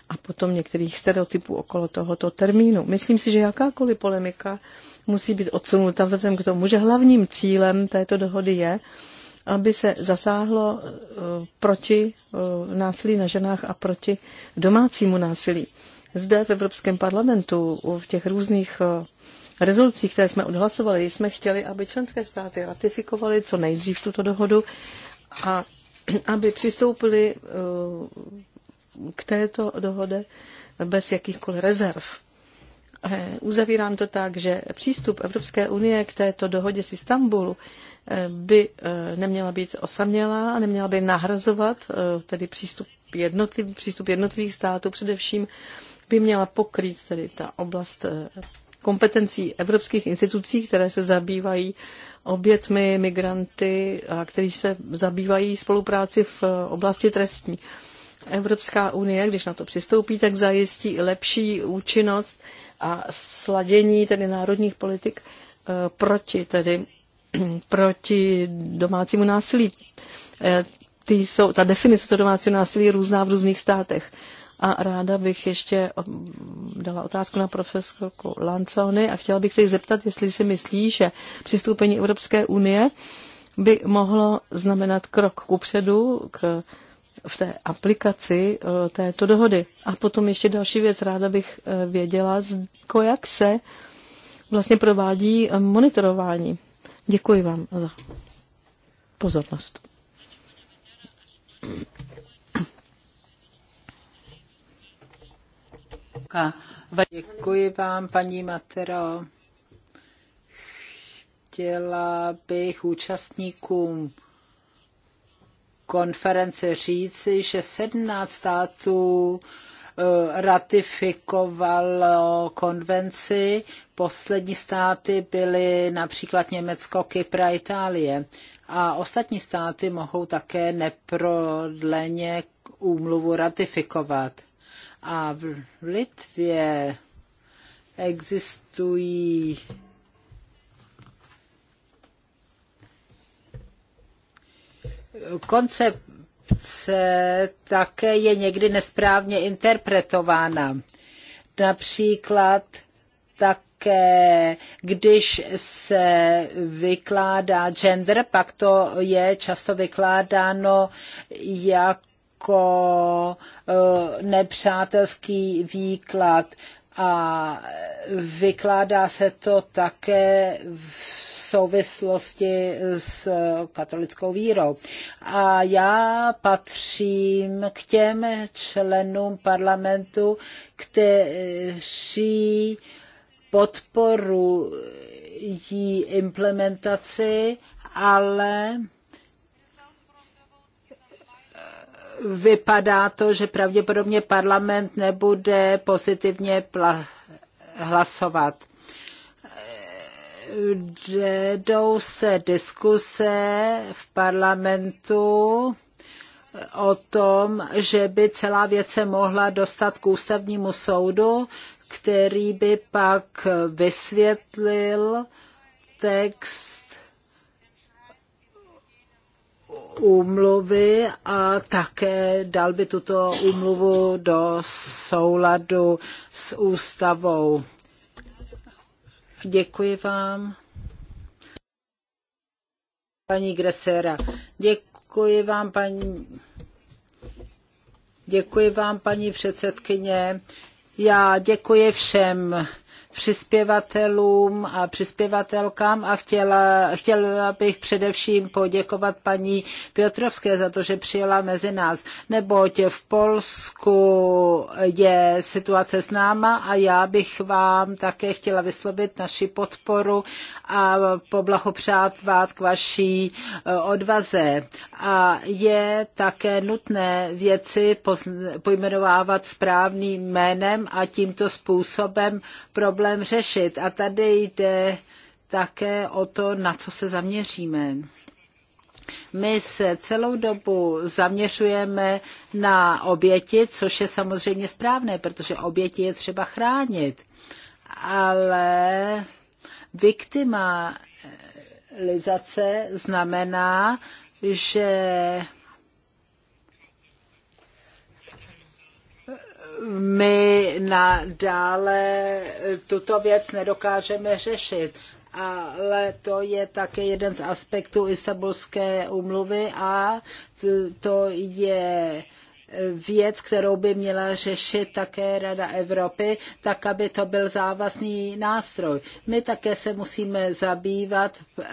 a potom některých stereotypů okolo tohoto termínu. Myslím si, že jakákoliv polemika musí být odsunuta vzhledem k tomu, že hlavním cílem této dohody je, aby se zasáhlo eh, proti eh, násilí na ženách a proti domácímu násilí. Zde v Evropském parlamentu v těch různých eh, rezolucích, které jsme odhlasovali, jsme chtěli, aby členské státy ratifikovaly co nejdřív tuto dohodu a *clears throat* aby přistoupili k této dohode bez jakýchkoliv rezerv. Eh, uzavírám to tak, že přístup Evropské unie k této dohodě z Istanbulu eh, by eh, neměla být osamělá a neměla by nahrazovat tedy přístup, jednotliv, přístup jednotlivých států. Především by měla pokrýt tedy ta oblast kompetencí evropských institucí, které se zabývají obětmi, migranty a které se zabývají spolupráci v oblasti trestní. Evropská unie, když na to přistoupí, tak zajistí i lepší účinnost a sladění tedy národních politik eh, proti tedy *clears throat* proti domácímu násilí. Eh, ty jsou, ta definice toho domácího násilí je různá v různých státech. A ráda bych ještě dala otázku na profesorku Lancony a chtěla bych se jí zeptat, jestli si myslí, že přistoupení Evropské unie by mohlo znamenat krok kupředu k v té aplikaci eh, této dohody. A potom ještě další věc, ráda bych eh, věděla, jako jak se vlastně provádí eh, monitorování. Děkuji vám za pozornost. Děkuji vám, paní Matero. Chtěla bych účastníkům Konference říci, že 17 států eh, ratifikovalo konvenci. Poslední státy byly například Německo, Kypr a Itálie. A ostatní státy mohou také neprodleně úmluvu ratifikovat. A v Litvě existují koncepce také je někdy nesprávně interpretována. Například také, když se vykládá gender, pak to je často vykládáno jako eh, nepřátelský výklad a vykládá se to také v souvislosti s katolickou vírou. A já patřím k těm členům parlamentu, kteří podporují implementaci, ale vypadá to, že pravděpodobně parlament nebude pozitivně hlasovat. Jdou se diskuse v parlamentu o tom, že by celá věc se mohla dostat k ústavnímu soudu, který by pak vysvětlil text úmluvy a také dal by tuto úmluvu do souladu s ústavou. Děkuji vám. Paní Gresera, děkuji vám, paní, děkuji vám, paní předsedkyně. Já děkuji všem přispěvatelům a přispěvatelkám a chtěla, chtěla bych především poděkovat paní Piotrovské za to, že přijela mezi nás, neboť v Polsku je situace známa a já bych vám také chtěla vyslovit naši podporu a poblahopřát vás k vaší eh, odvaze. A je také nutné věci pojmenovávat správným jménem a tímto způsobem problém problém řešit. A tady jde také o to, na co se zaměříme. My se celou dobu zaměřujeme na oběti, což je samozřejmě správné, protože oběti je třeba chránit. Ale viktimalizace znamená, že my nadále tuto věc nedokážeme řešit. Ale to je také jeden z aspektů Istanbulské umluvy a to je věc, kterou by měla řešit také Rada Evropy, tak aby to byl závazný nástroj. My také se musíme zabývat eh,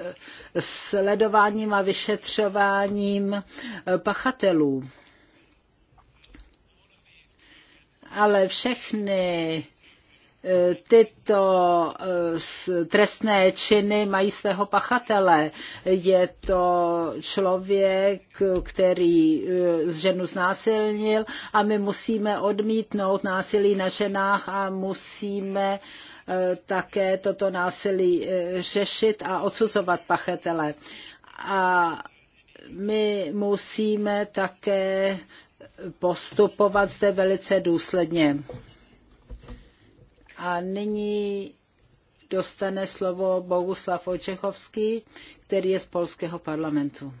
eh, sledováním a vyšetřováním pachatelů. ale všechny eh, tyto eh, trestné činy mají svého pachatele. Je to člověk, který eh, ženu znásilnil a my musíme odmítnout násilí na ženách a musíme také toto násilí řešit a odsuzovat pachatele. A my musíme také postupovat zde velice důsledně. A nyní dostane slovo Boguslav Očechovský, který je z polského parlamentu.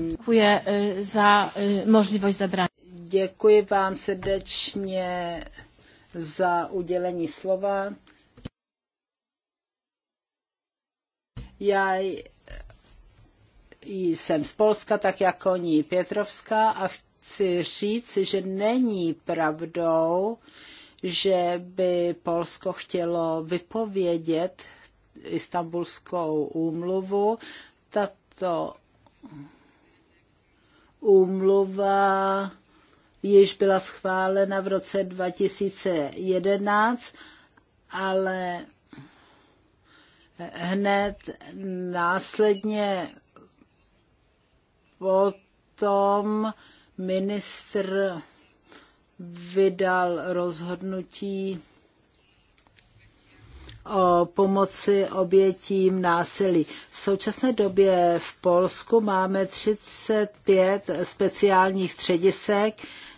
Děkuji eh, za eh, možnost zabrání. Děkuji vám srdečně za udělení slova. Já jsem z Polska, tak jako ní Pětrovská a chci říct, že není pravdou, že by Polsko chtělo vypovědět Istanbulskou úmluvu. Tato úmluva již byla schválena v roce 2011, ale hned následně potom ministr vydal rozhodnutí o pomoci obětím násilí. V současné době v Polsku máme 35 speciálních středisek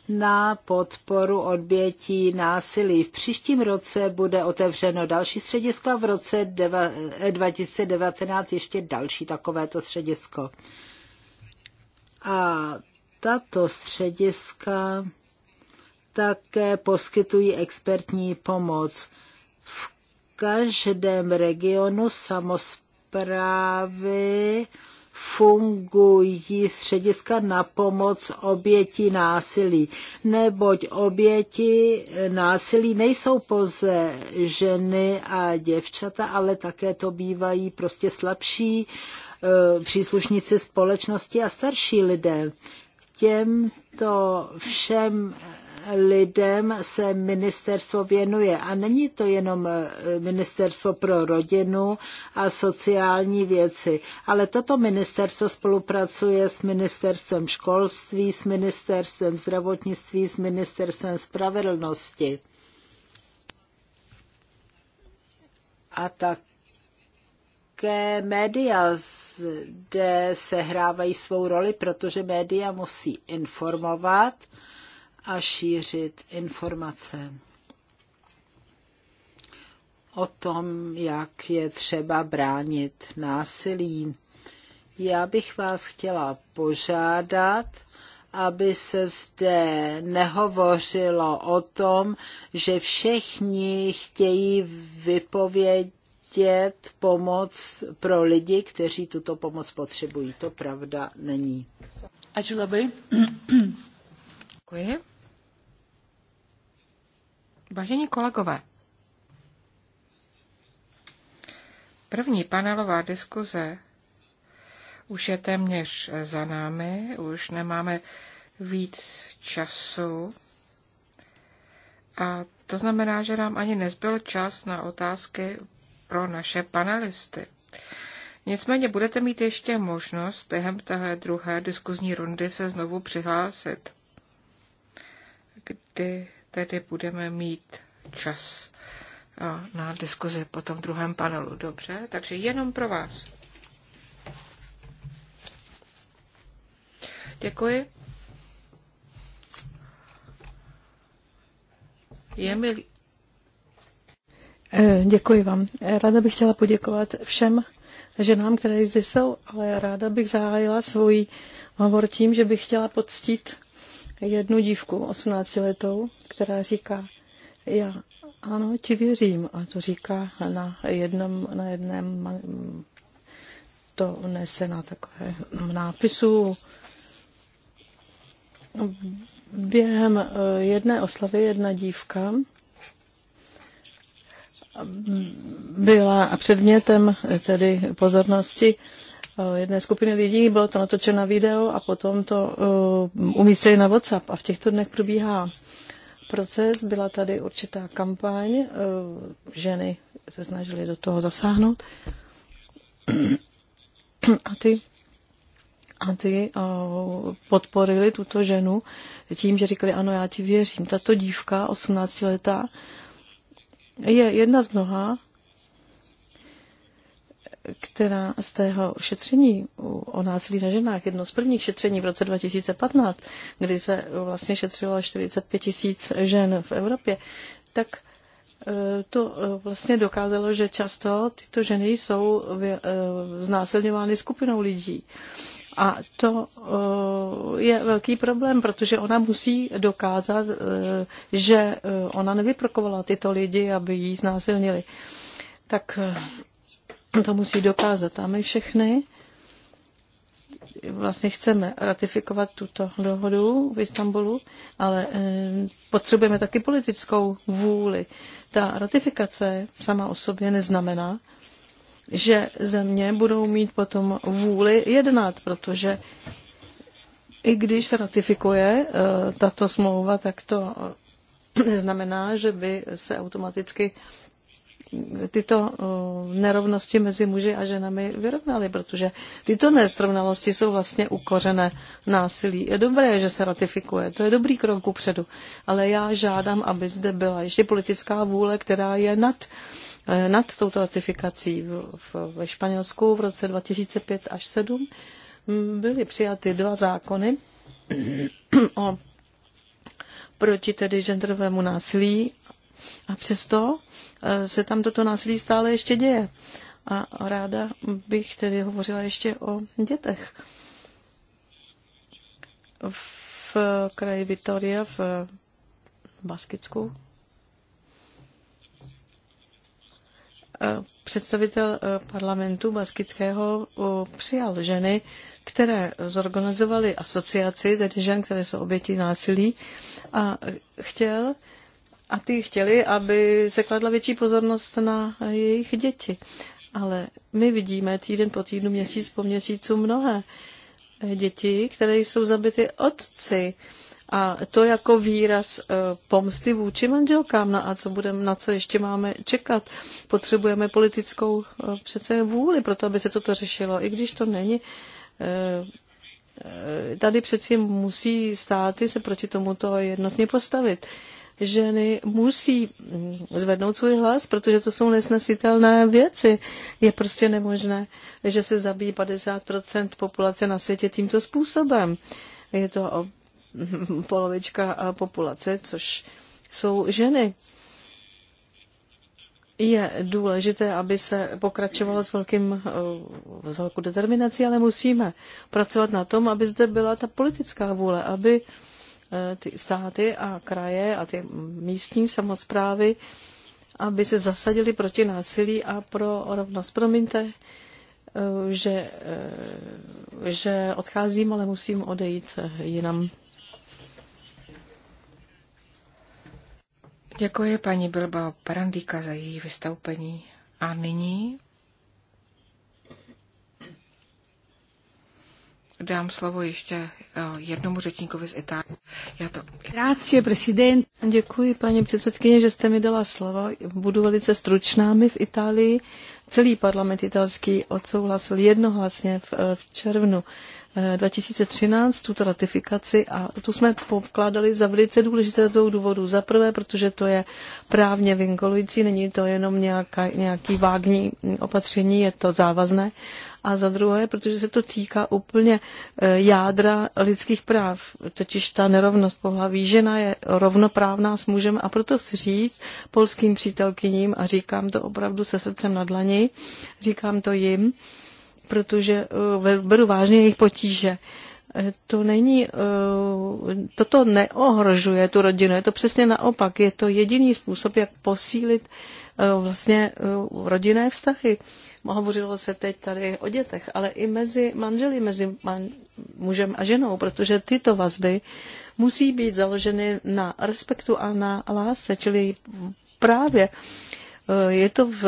na podporu odbětí násilí. V příštím roce bude otevřeno další středisko a v roce 2019 eh, ještě další takovéto středisko. A tato střediska také poskytují expertní pomoc. V každém regionu samozprávy fungují střediska na pomoc oběti násilí, neboť oběti násilí nejsou pouze ženy a děvčata, ale také to bývají prostě slabší Eh, příslušníci společnosti a starší lidé. Těmto všem lidem se ministerstvo věnuje. A není to jenom eh, ministerstvo pro rodinu a sociální věci, ale toto ministerstvo spolupracuje s ministerstvem školství, s ministerstvem zdravotnictví, s ministerstvem spravedlnosti. A tak také média zde sehrávají svou roli, protože média musí informovat a šířit informace o tom, jak je třeba bránit násilí. Já bych vás chtěla požádat, aby se zde nehovořilo o tom, že všichni chtějí vypověď chtět pomoc pro lidi, kteří tuto pomoc potřebují. To pravda není. Ač Děkuji. Vážení kolegové, první panelová diskuze už je téměř za námi, už nemáme víc času. A to znamená, že nám ani nezbyl čas na otázky pro naše panelisty. Nicméně budete mít ještě možnost během té druhé diskuzní rundy se znovu přihlásit, kdy tedy budeme mít čas na diskuzi po tom druhém panelu. Dobře, takže jenom pro vás. Děkuji. Je mi Eh, děkuji vám. Ráda bych chtěla poděkovat všem ženám, které zde jsou, ale ráda bych zahájila svůj hovor tím, že bych chtěla poctit jednu dívku, 18 letou, která říká, já ano, ti věřím. A to říká na jednom, na jednom to nese na takové mm, nápisu. Během eh, jedné oslavy jedna dívka byla předmětem tedy pozornosti eh, jedné skupiny lidí, bylo to natočeno na video a potom to eh, umístili na WhatsApp a v těchto dnech probíhá proces, byla tady určitá kampaň, eh, ženy se snažily do toho zasáhnout a ty a ty podporili tuto ženu tím, že říkali, ano, já ti věřím. Tato dívka, 18 letá, je jedna z mnoha, která z tého šetření o násilí na ženách, jedno z prvních šetření v roce 2015, kdy se vlastně šetřilo 45 tisíc žen v Evropě, tak eh, to eh, vlastně dokázalo, že často tyto ženy jsou eh, znásilňovány skupinou lidí. A to eh, je velký problém, protože ona musí dokázat, eh, že eh, ona nevyprokovala tyto lidi, aby jí znásilnili. Tak to musí dokázat. A my všechny vlastně chceme ratifikovat tuto dohodu v Istanbulu, ale potřebujeme taky politickou vůli. Ta ratifikace sama o sobě neznamená, že země budou mít potom vůli jednat, protože i když se ratifikuje eh, tato smlouva, tak to neznamená, že by se automaticky tyto eh, nerovnosti mezi muži a ženami vyrovnaly, protože tyto nesrovnalosti jsou vlastně ukořené násilí. Je dobré, že se ratifikuje, to je dobrý krok kupředu, ale já žádám, aby zde byla ještě politická vůle, která je nad Eh, nad touto ratifikací ve Španělsku v roce 2005 až 7 mm, byly přijaty dva zákony *clears throat* o proti tedy genderovému násilí a přesto eh, se tam toto násilí stále ještě děje. A ráda bych tedy hovořila ještě o dětech. V kraji Vitoria v Baskicku Eh, představitel eh, parlamentu baskického eh, přijal ženy, které zorganizovaly asociaci, tedy žen, které jsou oběti násilí, a chtěl, a ty chtěli, aby se kladla větší pozornost na jejich děti. Ale my vidíme týden po týdnu, měsíc po měsícu mnohé děti, které jsou zabity otci, a to jako výraz e, pomsty vůči manželkám. Na no a co budeme, na co ještě máme čekat? Potřebujeme politickou e, přece vůli pro to, aby se toto řešilo, i když to není e, tady přeci musí státy se proti tomuto jednotně postavit. Ženy musí mm, zvednout svůj hlas, protože to jsou nesnesitelné věci. Je prostě nemožné, že se zabíjí 50 populace na světě tímto způsobem. Je to *laughs* polovička populace, což jsou ženy. Je důležité, aby se pokračovalo s, velkým, eh, s velkou determinací, ale musíme pracovat na tom, aby zde byla ta politická vůle, aby eh, ty státy a kraje a ty místní samozprávy, aby se zasadili proti násilí a pro rovnost. Promiňte, eh, že, že odcházím, ale musím odejít jinam. Děkuji paní Bilbao Parandíka za její vystoupení. A nyní Dám slovo ještě eh, jednomu řečníkovi z Itálie. Já to... Grazie, president. Děkuji, paní předsedkyně, že jste mi dala slova. Budu velice stručná. My v Itálii celý parlament italský odsouhlasil jednohlasně v, eh, v červnu 2013 eh, tuto ratifikaci a tu jsme pokládali za velice důležité z dvou důvodů. Za prvé, protože to je právně vinkolující, není to jenom nějaká, nějaký vágní opatření, je to závazné. A za druhé, protože se to týká úplně eh, jádra lidských práv, totiž ta nerovnost pohlaví. Žena je rovnoprávná s mužem a proto chci říct polským přítelkyním a říkám to opravdu se srdcem na dlani, říkám to jim, protože eh, beru vážně jejich potíže. Eh, to není, eh, toto neohrožuje tu rodinu, je to přesně naopak. Je to jediný způsob, jak posílit vlastně rodinné vztahy. Hovořilo se teď tady o dětech, ale i mezi manželi, mezi man, mužem a ženou, protože tyto vazby musí být založeny na respektu a na lásce, čili právě uh, Eh, je to v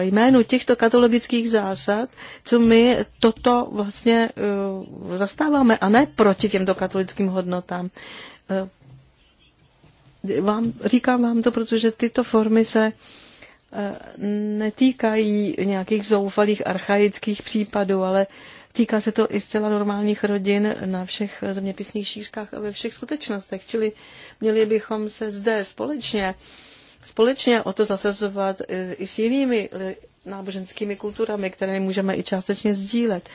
jménu těchto katalogických zásad, co my toto vlastně eh, zastáváme a ne proti těmto katolickým hodnotám. Eh, vám, říkám vám to, protože tyto formy se netýkají nějakých zoufalých archaických případů, ale týká se to i zcela normálních rodin na všech zeměpisných šířkách a ve všech skutečnostech. Čili měli bychom se zde společně uh, společně o to zasazovat i s jinými náboženskými kulturami, které můžeme i částečně sdílet.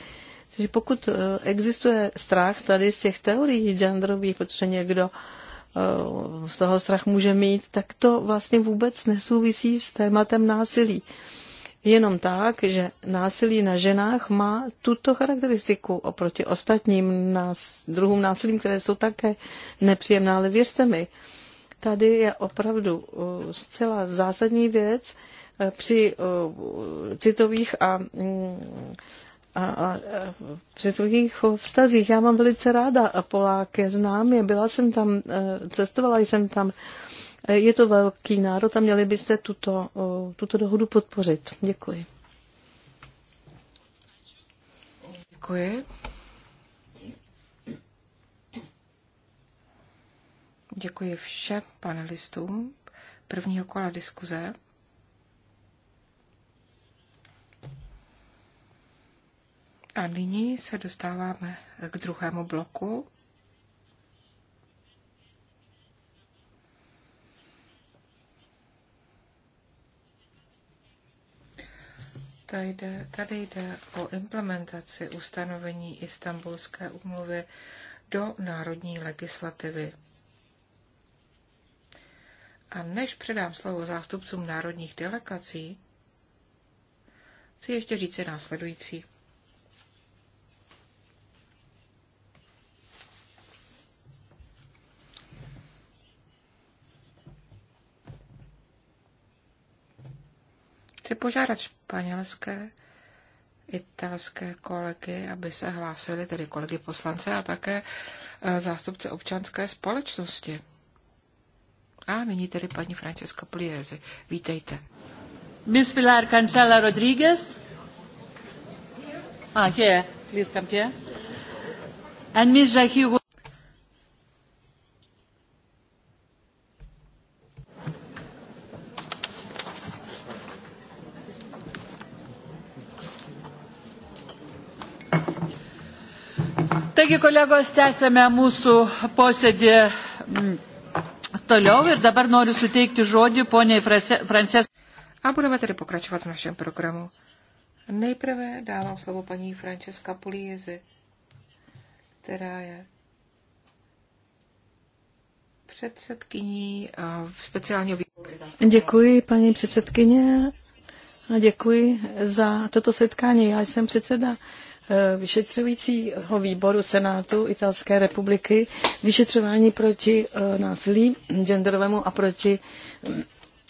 Takže pokud eh, existuje strach tady z těch teorií genderových, protože někdo eh, z toho strach může mít, tak to vlastně vůbec nesouvisí s tématem násilí. Jenom tak, že násilí na ženách má tuto charakteristiku oproti ostatním nás, druhům násilím, které jsou také nepříjemné. ale věřte mi, Tady je opravdu uh, zcela zásadní věc uh, při uh, citových a mm, a, a, a při svých vztazích. Já mám velice ráda Poláky, znám je, byla jsem tam, cestovala jsem tam. Je to velký národ a měli byste tuto, tuto dohodu podpořit. Děkuji. Děkuji. Děkuji všem panelistům prvního kola diskuze. A nyní se dostáváme k druhému bloku. Tady jde, tady jde o implementaci ustanovení Istanbulské úmluvy do národní legislativy. A než předám slovo zástupcům národních delegací, chci ještě říci následující. Chci požádat španělské, italské kolegy, aby se hlásili, tedy kolegy poslance a také eh, zástupce občanské společnosti. A nyní tedy paní Francesca Plieze. Vítejte. Miss Pilar Cancela Rodriguez. Ah, here. Please come here. And Miss Jackie Taigi, kolegos, tęsėme mūsų posėdį mm toliau ir dabar noriu suteikti žodį poniai Frances. A budeme tedy pokračovat v našem programu. Nejprve dávám slovo paní Francesca Puliezi, která je předsedkyní eh, speciálního výboru. Děkuji, paní předsedkyně. A děkuji za toto setkání. Já jsem předseda Eh, vyšetřujícího výboru Senátu Italské republiky vyšetřování proti eh, násilí genderovému a proti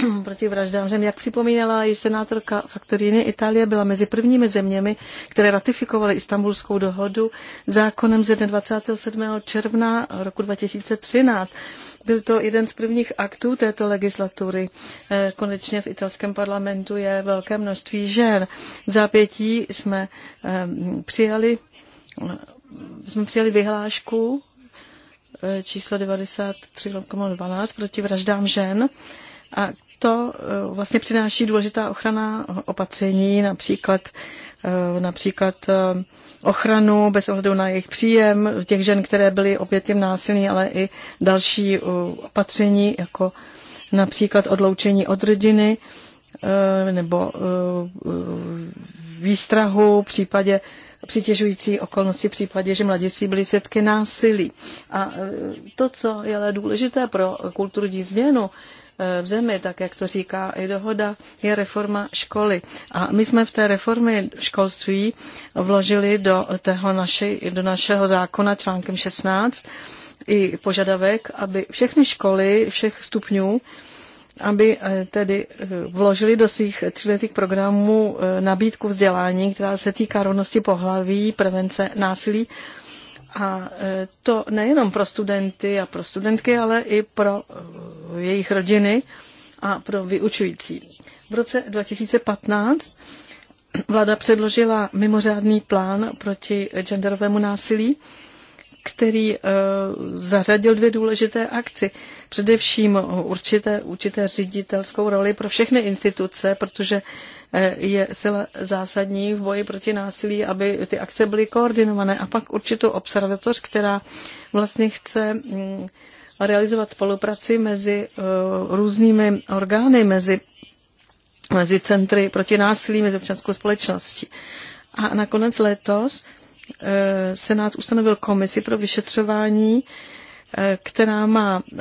*clears throat* proti vraždám žen. Jak připomínala již senátorka Faktoriny, Itálie byla mezi prvními zeměmi, které ratifikovaly Istanbulskou dohodu zákonem ze dne 27. června roku 2013. Byl to jeden z prvních aktů této legislatury. Eh, konečně v italském parlamentu je velké množství žen. V zápětí jsme eh, přijali, eh, jsme přijali vyhlášku číslo 93.12 proti vraždám žen, a to eh, vlastně přináší důležitá ochrana opatření, například, eh, například eh, ochranu bez ohledu na jejich příjem těch žen, které byly obětím násilí, ale i další opatření, jako například odloučení od rodiny nebo výstrahu v případě přitěžující okolnosti v případě, že mladiství byli svědky násilí. A to, co je ale důležité pro kulturní změnu, Eh, v zemi, tak jak to říká i dohoda, je reforma školy. A my jsme v té reformě školství vložili do, tého naši, do našeho zákona článkem 16 i požadavek, aby všechny školy všech stupňů aby eh, tedy eh, vložili do svých tříletých programů nabídku vzdělání, která se týká rovnosti pohlaví, prevence násilí a e, to nejenom pro studenty a pro studentky, ale i pro e, jejich rodiny a pro vyučující. V roce 2015 vláda předložila mimořádný plán proti genderovému násilí který eh, zařadil dvě důležité akci. Především určité, určité ředitelskou roli pro všechny instituce, protože eh, je sila zásadní v boji proti násilí, aby ty akce byly koordinované a pak určitou observatoř, která vlastně chce mm, realizovat spolupráci mezi eh, různými orgány, mezi, mezi centry proti násilí, mezi občanskou společností. A nakonec letos Eh, Senát ustanovil komisi pro vyšetřování, eh, která má eh,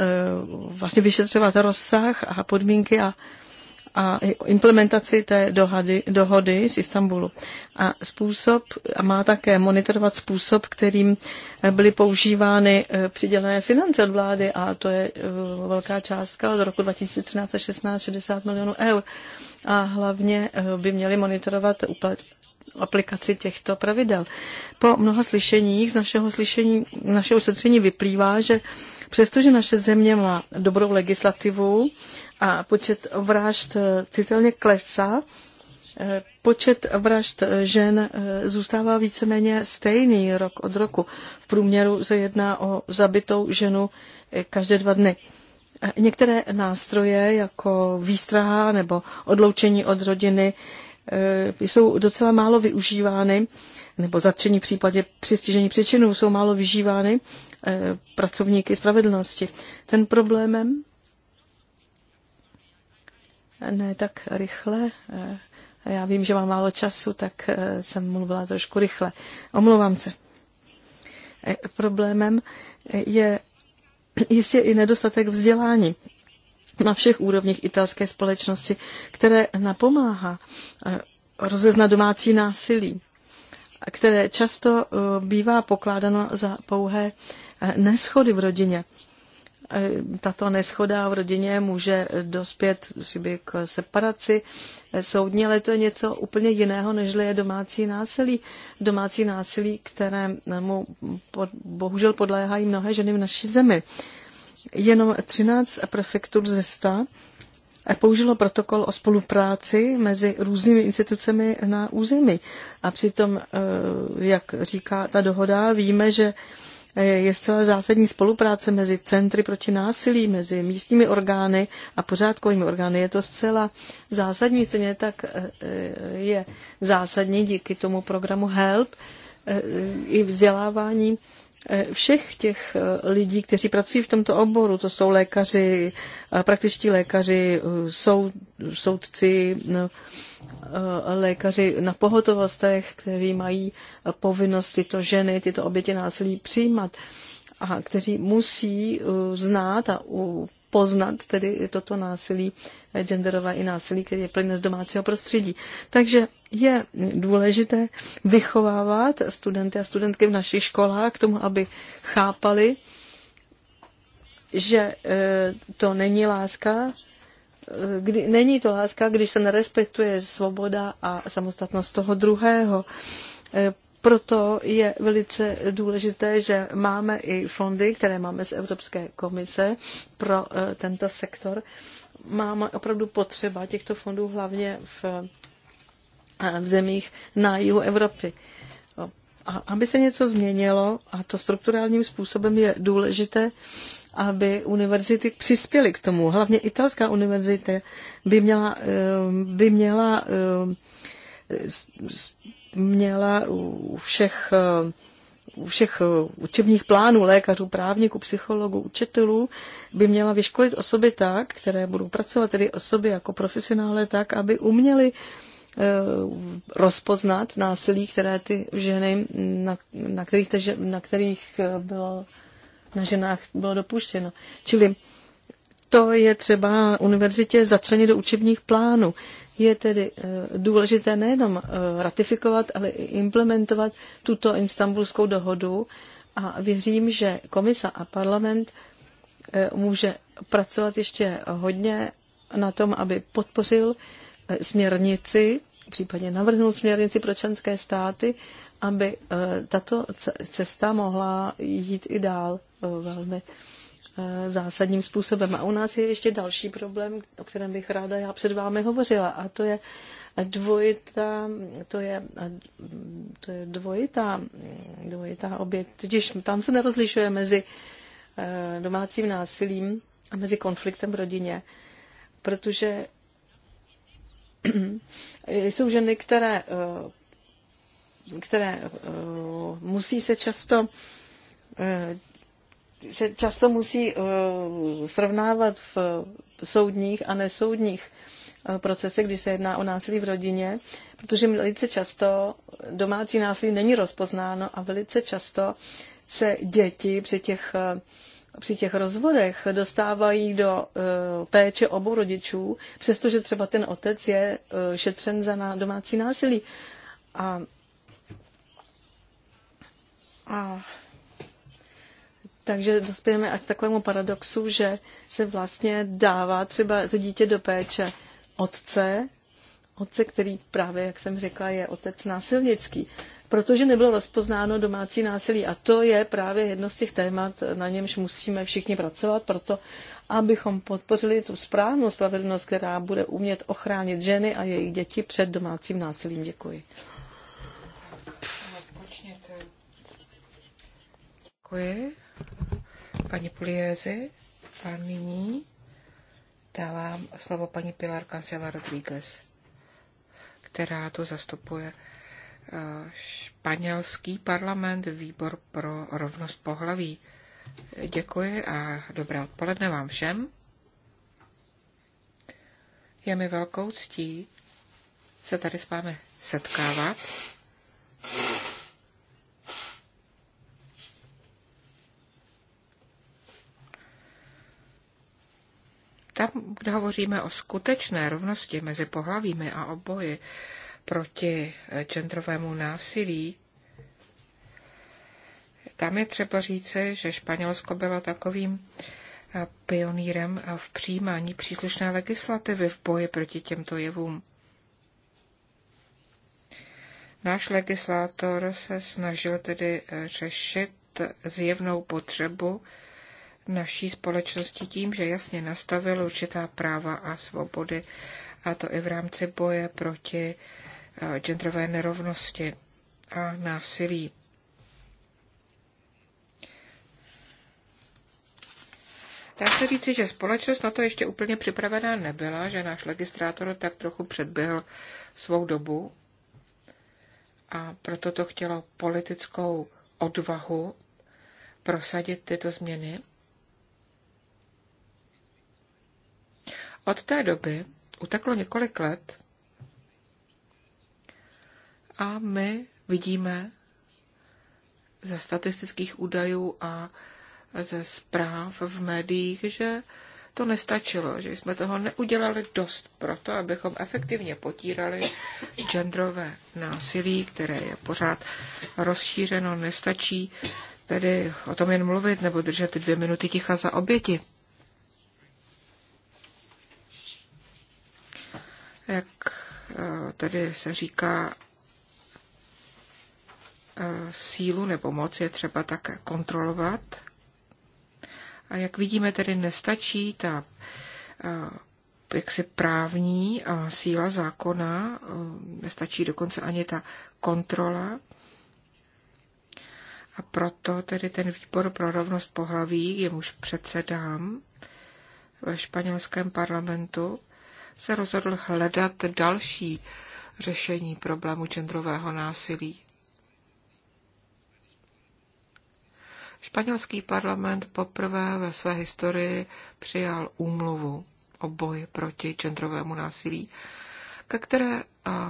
vlastně vyšetřovat rozsah a podmínky a a implementaci té dohady, dohody z Istanbulu. A způsob a má také monitorovat způsob, kterým byly používány přidělené finance od vlády a to je velká částka od roku 2013 16 60 milionů eur. A hlavně by měli monitorovat aplikaci těchto pravidel. Po mnoha slyšeních z našeho slyšení, našeho setření vyplývá, že přestože naše země má dobrou legislativu a počet vražd eh, citelně klesá, eh, Počet vražd eh, žen zůstává víceméně stejný rok od roku. V průměru se jedná o zabitou ženu každé dva dny. Některé nástroje jako výstraha nebo odloučení od rodiny Eh, jsou docela málo využívány, nebo zatčení v případě přistižení přečinů jsou málo vyžívány eh, pracovníky spravedlnosti. Ten problémem ne tak rychle. Eh, já vím, že mám málo času, tak jsem mluvila trošku rychle. Omlouvám se. Problémem je *clears throat* jistě i nedostatek vzdělání na všech úrovních italské společnosti, které napomáhá eh, rozeznat domácí násilí, které často eh, bývá pokládáno za pouhé eh, neschody v rodině. Tato neschoda v rodině může dospět by, k separaci soudní, ale to je něco úplně jiného, než je domácí násilí. Domácí násilí, kterému bohužel podléhají mnohé ženy v naší zemi. Jenom 13 prefektur ze 100 použilo protokol o spolupráci mezi různými institucemi na území. A přitom, eh, jak říká ta dohoda, víme, že eh, je zcela zásadní spolupráce mezi centry proti násilí, mezi místními orgány a pořádkovými orgány. Je to zcela zásadní, stejně tak eh, je zásadní díky tomu programu HELP i vzdělávání Eh, všech těch eh, lidí, kteří pracují v tomto oboru, to jsou lékaři, eh, praktičtí lékaři, soud, soudci, no, lékaři na pohotovostech, kteří mají povinnost tyto ženy, tyto oběti násilí přijímat a kteří musí znát a poznat tedy toto násilí, eh, genderové i násilí, které plně z domácího prostředí. Takže je důležité vychovávat studenty a studentky v našich školách k tomu, aby chápali, že eh, to není láska, eh, kdy, není to láska, když se nerespektuje svoboda a samostatnost toho druhého. Proto je velice důležité, že máme i fondy, které máme z Evropské komise pro eh, tento sektor. Máme opravdu potřeba těchto fondů hlavně v, eh, v zemích na jihu Evropy. A aby se něco změnilo, a to strukturálním způsobem je důležité, aby univerzity přispěly k tomu. Hlavně italská univerzita by měla, eh, by měla měla u všech, u všech učebních plánů lékařů, právníků, psychologů, učitelů, by měla vyškolit osoby tak, které budou pracovat, tedy osoby jako profesionále tak, aby uměli eh, rozpoznat násilí, které ty ženy, na, na, kterých, na kterých eh, bylo na ženách bylo dopuštěno. Čili to je třeba univerzitě začlenit do učebních plánů. Je tedy eh, důležité nejenom eh, ratifikovat, ale i implementovat tuto istambulskou dohodu a věřím, že komisa a parlament eh, může pracovat ještě hodně na tom, aby podpořil směrnici, případně navrhnul směrnici pro členské státy, aby tato cesta mohla jít i dál velmi Eh, zásadním způsobem. A u nás je ještě další problém, o kterém bych ráda já před vámi hovořila, a to je dvojitá, to je, to je dvojitá, dvojitá oběť. Totiž tam se nerozlišuje mezi eh, domácím násilím a mezi konfliktem v rodině, protože *clears throat* jsou ženy, které, eh, které musí se často se často musí eh, srovnávat v soudních a nesoudních eh, procesech, když se jedná o násilí v rodině, protože velice často domácí násilí není rozpoznáno a velice často se děti při těch, eh, při těch rozvodech dostávají do péče obou rodičů, přestože třeba ten otec je šetřen za domácí násilí. A, a takže dospějeme k takovému paradoxu, že se vlastně dává třeba to dítě do péče otce, otce, který právě, jak jsem řekla, je otec násilnický, protože nebylo rozpoznáno domácí násilí. A to je právě jedno z těch témat, na němž musíme všichni pracovat, proto abychom podpořili tu správnou spravedlnost, která bude umět ochránit ženy a jejich děti před domácím násilím. Děkuji. Děkuji paní Puliézy a nyní dávám slovo paní Pilar Cancela Rodríguez, která tu zastupuje eh, španělský parlament, výbor pro rovnost pohlaví. Děkuji a dobré odpoledne vám všem. Je mi velkou ctí se tady s vámi setkávat Tam, kde hovoříme o skutečné rovnosti mezi pohlavími a oboji proti eh, genderovému násilí, tam je třeba říci, že Španělsko bylo takovým eh, pionýrem eh, v přijímání příslušné legislativy v boji proti těmto jevům. Náš legislátor se snažil tedy řešit zjevnou potřebu naší společnosti tím, že jasně nastavil určitá práva a svobody, a to i v rámci boje proti eh, genderové nerovnosti a násilí. Dá se říci, že společnost na to ještě úplně připravená nebyla, že náš legislátor tak trochu předběhl svou dobu a proto to chtělo politickou odvahu prosadit tyto změny. Od té doby uteklo několik let a my vidíme ze statistických údajů a ze zpráv v médiích, že to nestačilo, že jsme toho neudělali dost pro to, abychom efektivně potírali genderové násilí, které je pořád rozšířeno, nestačí tedy o tom jen mluvit nebo držet dvě minuty ticha za oběti. Jak eh, tady se říká, eh, sílu nebo moc je třeba také kontrolovat. A jak vidíme, tedy nestačí ta eh, jaksi právní síla zákona, nestačí dokonce ani ta kontrola. A proto tedy ten výbor pro rovnost pohlaví, jemuž předsedám ve španělském parlamentu, se rozhodl hledat další řešení problému genderového násilí. Španělský parlament poprvé ve své historii přijal úmluvu o boji proti genderovému násilí, ke které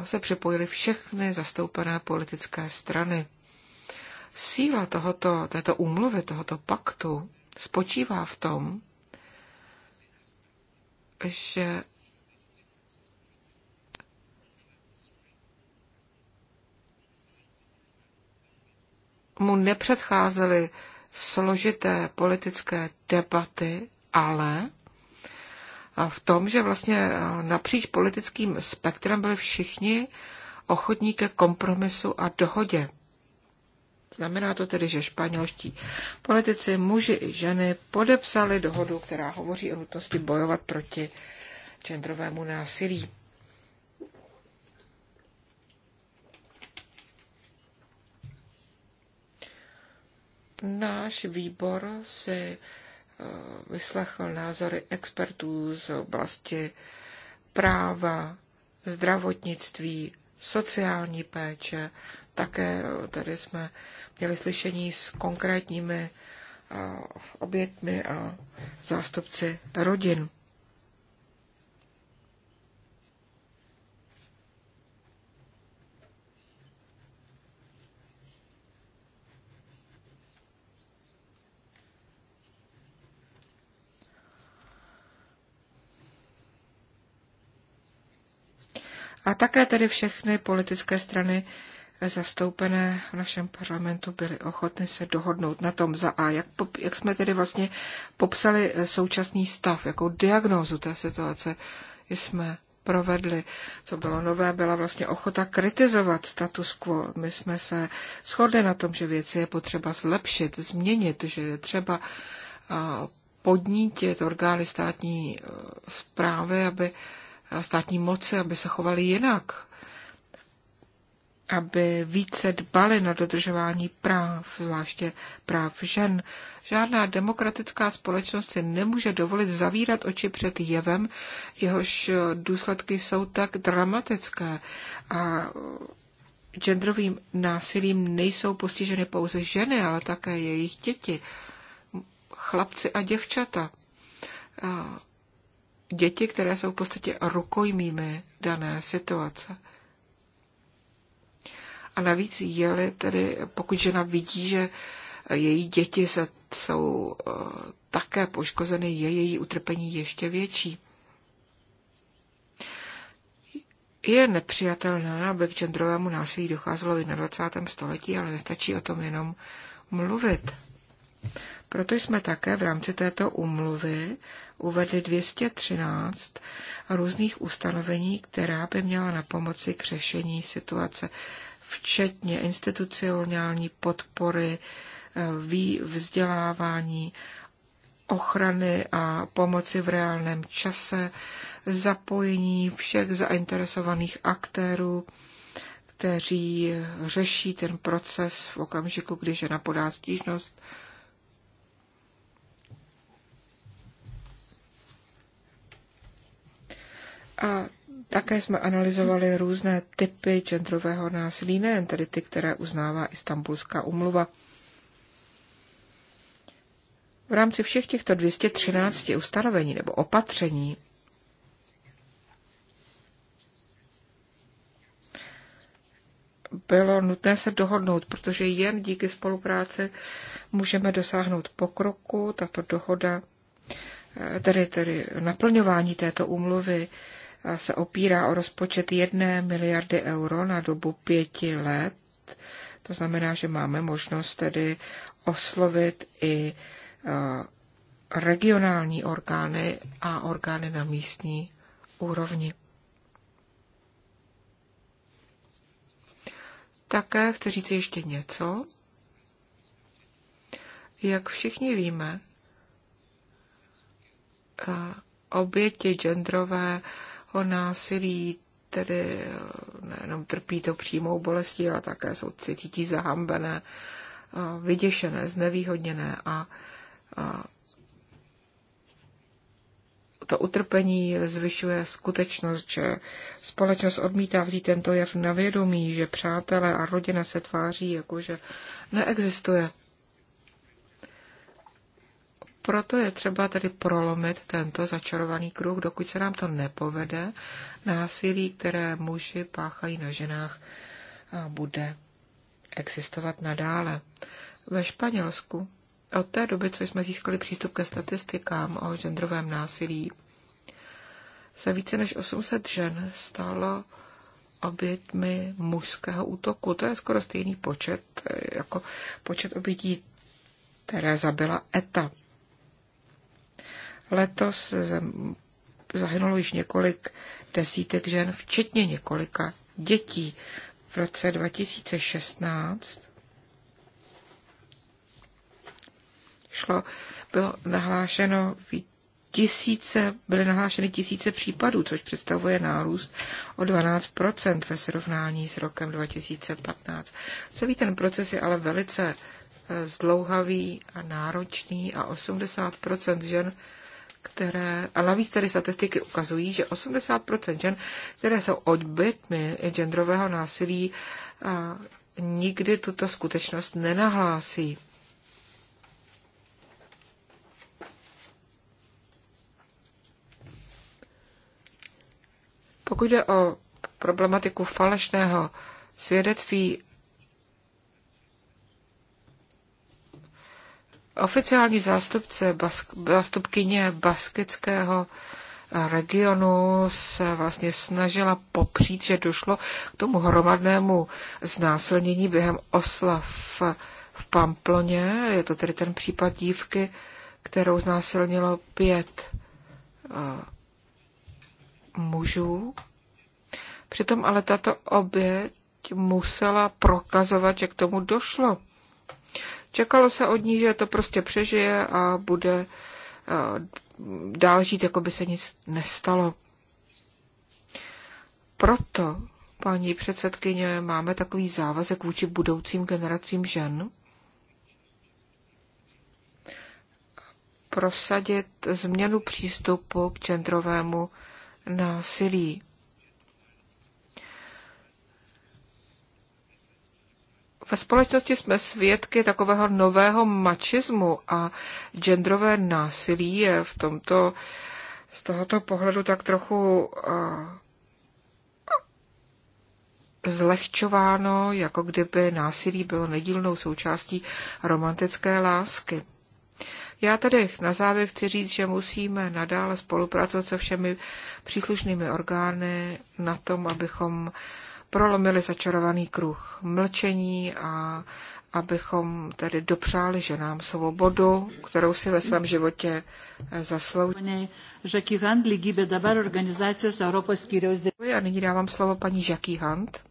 se připojily všechny zastoupené politické strany. Síla tohoto, této úmluvy, tohoto paktu spočívá v tom, že mu nepředcházely složité politické debaty, ale v tom, že vlastně e, napříč politickým spektrem byli všichni ochotní ke kompromisu a dohodě. Znamená to tedy, že španělští politici, muži i ženy podepsali dohodu, která hovoří o nutnosti bojovat proti čendrovému násilí. Náš výbor si eh, vyslechl názory expertů z oblasti práva, zdravotnictví, sociální péče. Také eh, tady jsme měli slyšení s konkrétními eh, obětmi a zástupci rodin. a také tedy všechny politické strany zastoupené v našem parlamentu byly ochotny se dohodnout na tom za A. Jak, jak jsme tedy vlastně popsali eh, současný stav, jakou diagnózu té situace jsme provedli. Co bylo nové, byla vlastně ochota kritizovat status quo. My jsme se shodli na tom, že věci je potřeba zlepšit, změnit, že je třeba eh, podnítit orgány státní zprávy, eh, aby státní moci, aby se chovali jinak, aby více dbali na dodržování práv, zvláště práv žen. Žádná demokratická společnost si nemůže dovolit zavírat oči před jevem, jehož důsledky jsou tak dramatické a genderovým násilím nejsou postiženy pouze ženy, ale také jejich děti, chlapci a děvčata děti, které jsou v podstatě rukojmími dané situace. A navíc je-li tedy, pokud žena vidí, že její děti se, jsou eh, také poškozeny, je její utrpení ještě větší. Je nepřijatelné, aby k genderovému násilí docházelo v 20. století, ale nestačí o tom jenom mluvit. Proto jsme také v rámci této úmluvy uvedli 213 různých ustanovení, která by měla na pomoci k řešení situace, včetně institucionální podpory, eh, vzdělávání, ochrany a pomoci v reálném čase, zapojení všech zainteresovaných aktérů, kteří řeší ten proces v okamžiku, když je napodá stížnost, A také jsme analyzovali různé typy genderového násilí, nejen tedy ty, které uznává Istanbulská umluva. V rámci všech těchto 213 ustanovení nebo opatření bylo nutné se dohodnout, protože jen díky spolupráci můžeme dosáhnout pokroku. Tato dohoda, eh, tedy, tedy naplňování této úmluvy, se opírá o rozpočet jedné miliardy euro na dobu pěti let. To znamená, že máme možnost tedy oslovit i e, regionální orgány a orgány na místní úrovni. Také chci říct ještě něco. Jak všichni víme, e, oběti genderové násilí, tedy eh, nejenom trpí to přímou bolestí, ale také jsou, se cítí zahambené, eh, vyděšené, znevýhodněné a, a to utrpení zvyšuje skutečnost, že společnost odmítá vzít tento jev na vědomí, že přátelé a rodina se tváří, jako že neexistuje. Proto je třeba tedy prolomit tento začarovaný kruh, dokud se nám to nepovede. Násilí, které muži páchají na ženách, bude existovat nadále. Ve Španělsku od té doby, co jsme získali přístup ke statistikám o genderovém násilí, se více než 800 žen stalo oběťmi mužského útoku. To je skoro stejný počet eh, jako počet obětí, které zabila ETA. Letos zahynulo již několik desítek žen, včetně několika dětí. V roce 2016 šlo, bylo nahlášeno tisíce, byly nahlášeny tisíce případů, což představuje nárůst o 12% ve srovnání s rokem 2015. Celý ten proces je ale velice eh, zdlouhavý a náročný a 80% žen které, a navíc tedy statistiky ukazují, že 80% žen, které jsou odbytmi genderového násilí, nikdy tuto skutečnost nenahlásí. Pokud jde o problematiku falešného svědectví, Oficiální zástupce, bask, zástupkyně baskického regionu se vlastně snažila popřít, že došlo k tomu hromadnému znásilnění během oslav v Pamploně. Je to tedy ten případ dívky, kterou znásilnilo pět eh, mužů. Přitom ale tato oběť musela prokazovat, že k tomu došlo. Čekalo se od ní, že to prostě přežije a bude eh, dál žít, jako by se nic nestalo. Proto, paní předsedkyně, máme takový závazek vůči budoucím generacím žen, prosadit změnu přístupu k čendrovému násilí. Ve společnosti jsme svědky takového nového mačismu a genderové násilí je v tomto, z tohoto pohledu tak trochu zlehčováno, jako kdyby násilí bylo nedílnou součástí romantické lásky. Já tedy na závěr chci říct, že musíme nadále spolupracovat se všemi příslušnými orgány na tom, abychom prolomili začarovaný kruh mlčení a abychom tedy dopřáli ženám svobodu, kterou si ve svém životě eh, zaslouží. A nyní dávám slovo paní Jackie Hunt.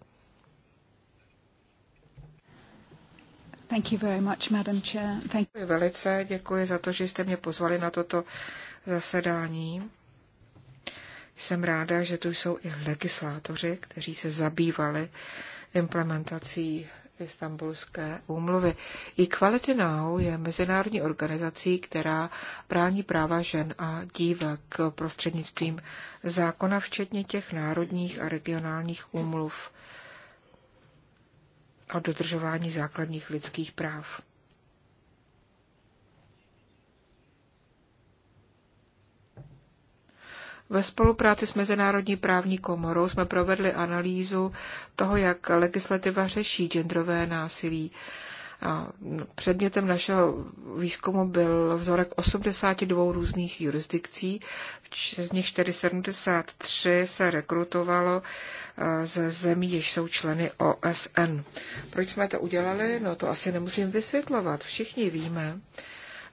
Thank you very much, Madam Chair. Thank you. Velice děkuji za to, že jste mě pozvali na toto zasedání. Jsem ráda, že tu jsou i legislátoři, kteří se zabývali implementací Istanbulské úmluvy. I Now je mezinárodní organizací, která brání práva žen a dívek prostřednictvím zákona, včetně těch národních a regionálních úmluv a dodržování základních lidských práv. Ve spolupráci s Mezinárodní právní komorou jsme provedli analýzu toho, jak legislativa řeší genderové násilí. A předmětem našeho výzkumu byl vzorek 82 různých jurisdikcí, z nich 473 se rekrutovalo e, ze zemí, jež jsou členy OSN. Proč jsme to udělali? No to asi nemusím vysvětlovat. Všichni víme,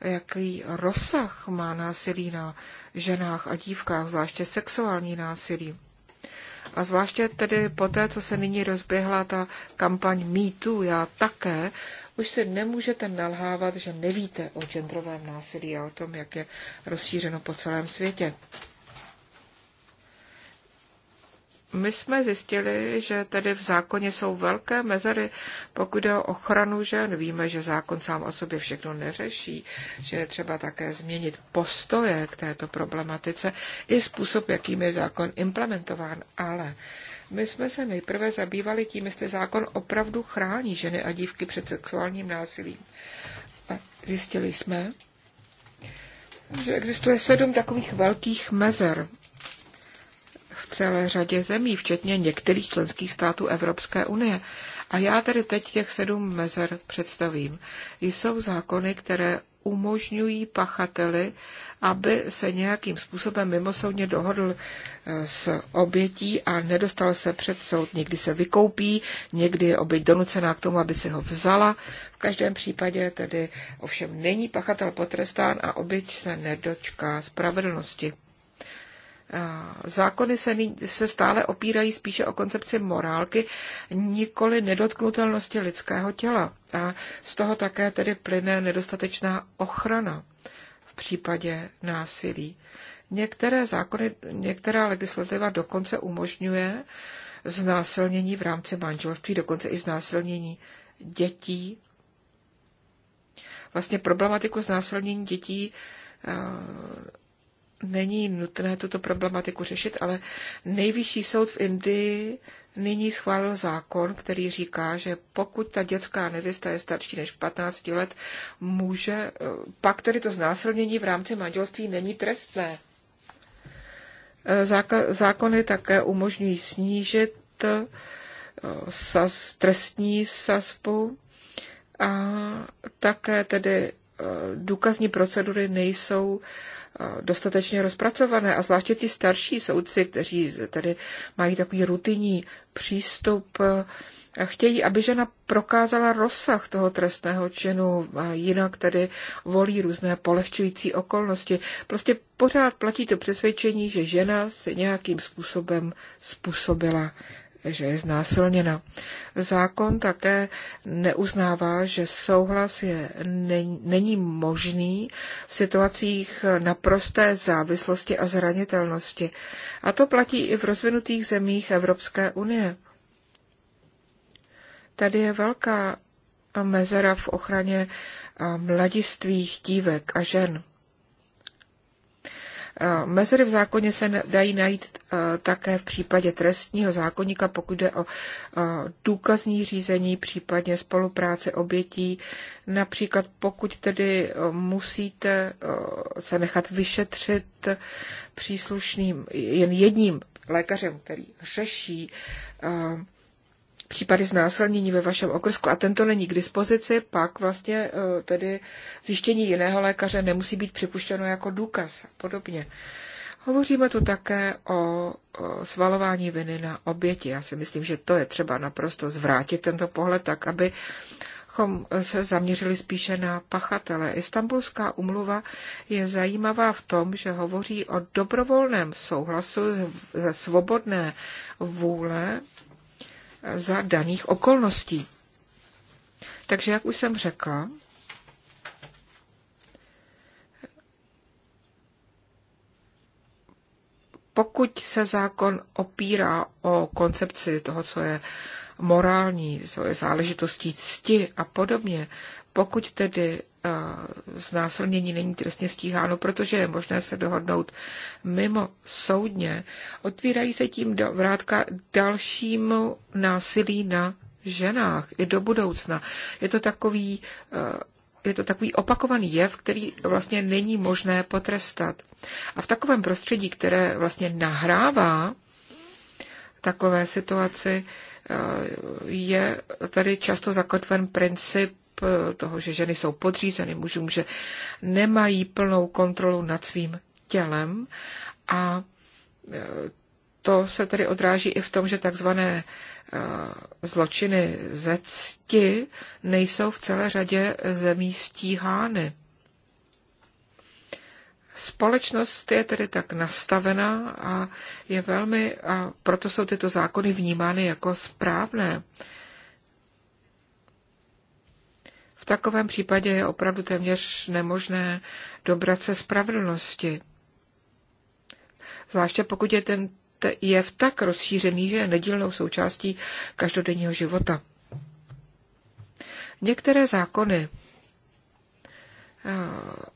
jaký rozsah má násilí na ženách a dívkách, zvláště sexuální násilí. A zvláště tedy po té, co se nyní rozběhla ta kampaň mýtu, já také, už si nemůžete nalhávat, že nevíte o genderovém násilí a o tom, jak je rozšířeno po celém světě my jsme zjistili, že tedy v zákoně jsou velké mezery, pokud jde o ochranu žen. Víme, že zákon sám o sobě všechno neřeší, že je třeba také změnit postoje k této problematice i způsob, jakým je zákon implementován. Ale my jsme se nejprve zabývali tím, jestli zákon opravdu chrání ženy a dívky před sexuálním násilím. A zjistili jsme, že existuje sedm takových velkých mezer celé řadě zemí, včetně některých členských států Evropské unie. A já tedy teď těch sedm mezer představím. Jsou zákony, které umožňují pachateli, aby se nějakým způsobem mimosoudně dohodl eh, s obětí a nedostal se před soud. Někdy se vykoupí, někdy je oběť donucená k tomu, aby si ho vzala. V každém případě tedy ovšem není pachatel potrestán a oběť se nedočká spravedlnosti. Zákony se, se stále opírají spíše o koncepci morálky, nikoli nedotknutelnosti lidského těla. A z toho také tedy plyne nedostatečná ochrana v případě násilí. Některé zákony, některá legislativa dokonce umožňuje znásilnění v rámci manželství, dokonce i znásilnění dětí. Vlastně problematiku znásilnění dětí eh, není nutné tuto problematiku řešit, ale nejvyšší soud v Indii nyní schválil zákon, který říká, že pokud ta dětská nevěsta je starší než 15 let, může, pak tedy to znásilnění v rámci manželství není trestné. Zákony také umožňují snížit eh, trestní sazbu a také tedy eh, důkazní procedury nejsou uh, dostatečně rozpracované a zvláště ti starší soudci, kteří tady mají takový rutinní přístup, eh, chtějí, aby žena prokázala rozsah toho trestného činu a jinak tedy volí různé polehčující okolnosti. Prostě pořád platí to přesvědčení, že žena se nějakým způsobem způsobila že je znásilněna. Zákon také neuznává, že souhlas je, není možný v situacích naprosté závislosti a zranitelnosti. A to platí i v rozvinutých zemích Evropské unie. Tady je velká mezera v ochraně mladistvých dívek a žen. Eh, mezery v zákoně se dají najít eh, také v případě trestního zákonníka, pokud jde o eh, důkazní řízení, případně spolupráce obětí. Například pokud tedy musíte se nechat vyšetřit příslušným, jen jedním lékařem, který řeší případy znásilnění ve vašem okrsku a tento není k dispozici, pak vlastně eh, tedy zjištění jiného lékaře nemusí být připuštěno jako důkaz a podobně. Hovoříme tu také o svalování viny na oběti. Já si myslím, že to je třeba naprosto zvrátit tento pohled tak, aby se zaměřili spíše na pachatele. Istanbulská umluva je zajímavá v tom, že hovoří o dobrovolném souhlasu ze svobodné vůle za daných okolností. Takže, jak už jsem řekla, pokud se zákon opírá o koncepci toho, co je morální, co je záležitostí cti a podobně, pokud tedy eh, znásilnění není trestně stíháno, protože je možné se dohodnout mimo soudně, otvírají se tím vrátka dalšímu násilí na ženách i do budoucna. Je to takový, eh, je to takový opakovaný jev, který vlastně není možné potrestat. A v takovém prostředí, které vlastně nahrává takové situaci, eh, je tady často zakotven princip toho, že ženy jsou podřízeny mužům, že nemají plnou kontrolu nad svým tělem a e, to se tedy odráží i v tom, že takzvané e, zločiny ze cti nejsou v celé řadě zemí stíhány. Společnost je tedy tak nastavená a je velmi, a proto jsou tyto zákony vnímány jako správné takovém případě je opravdu téměř nemožné dobrat se spravedlnosti. Zvláště pokud je ten jev tak rozšířený, že je nedílnou součástí každodenního života. Některé zákony eh,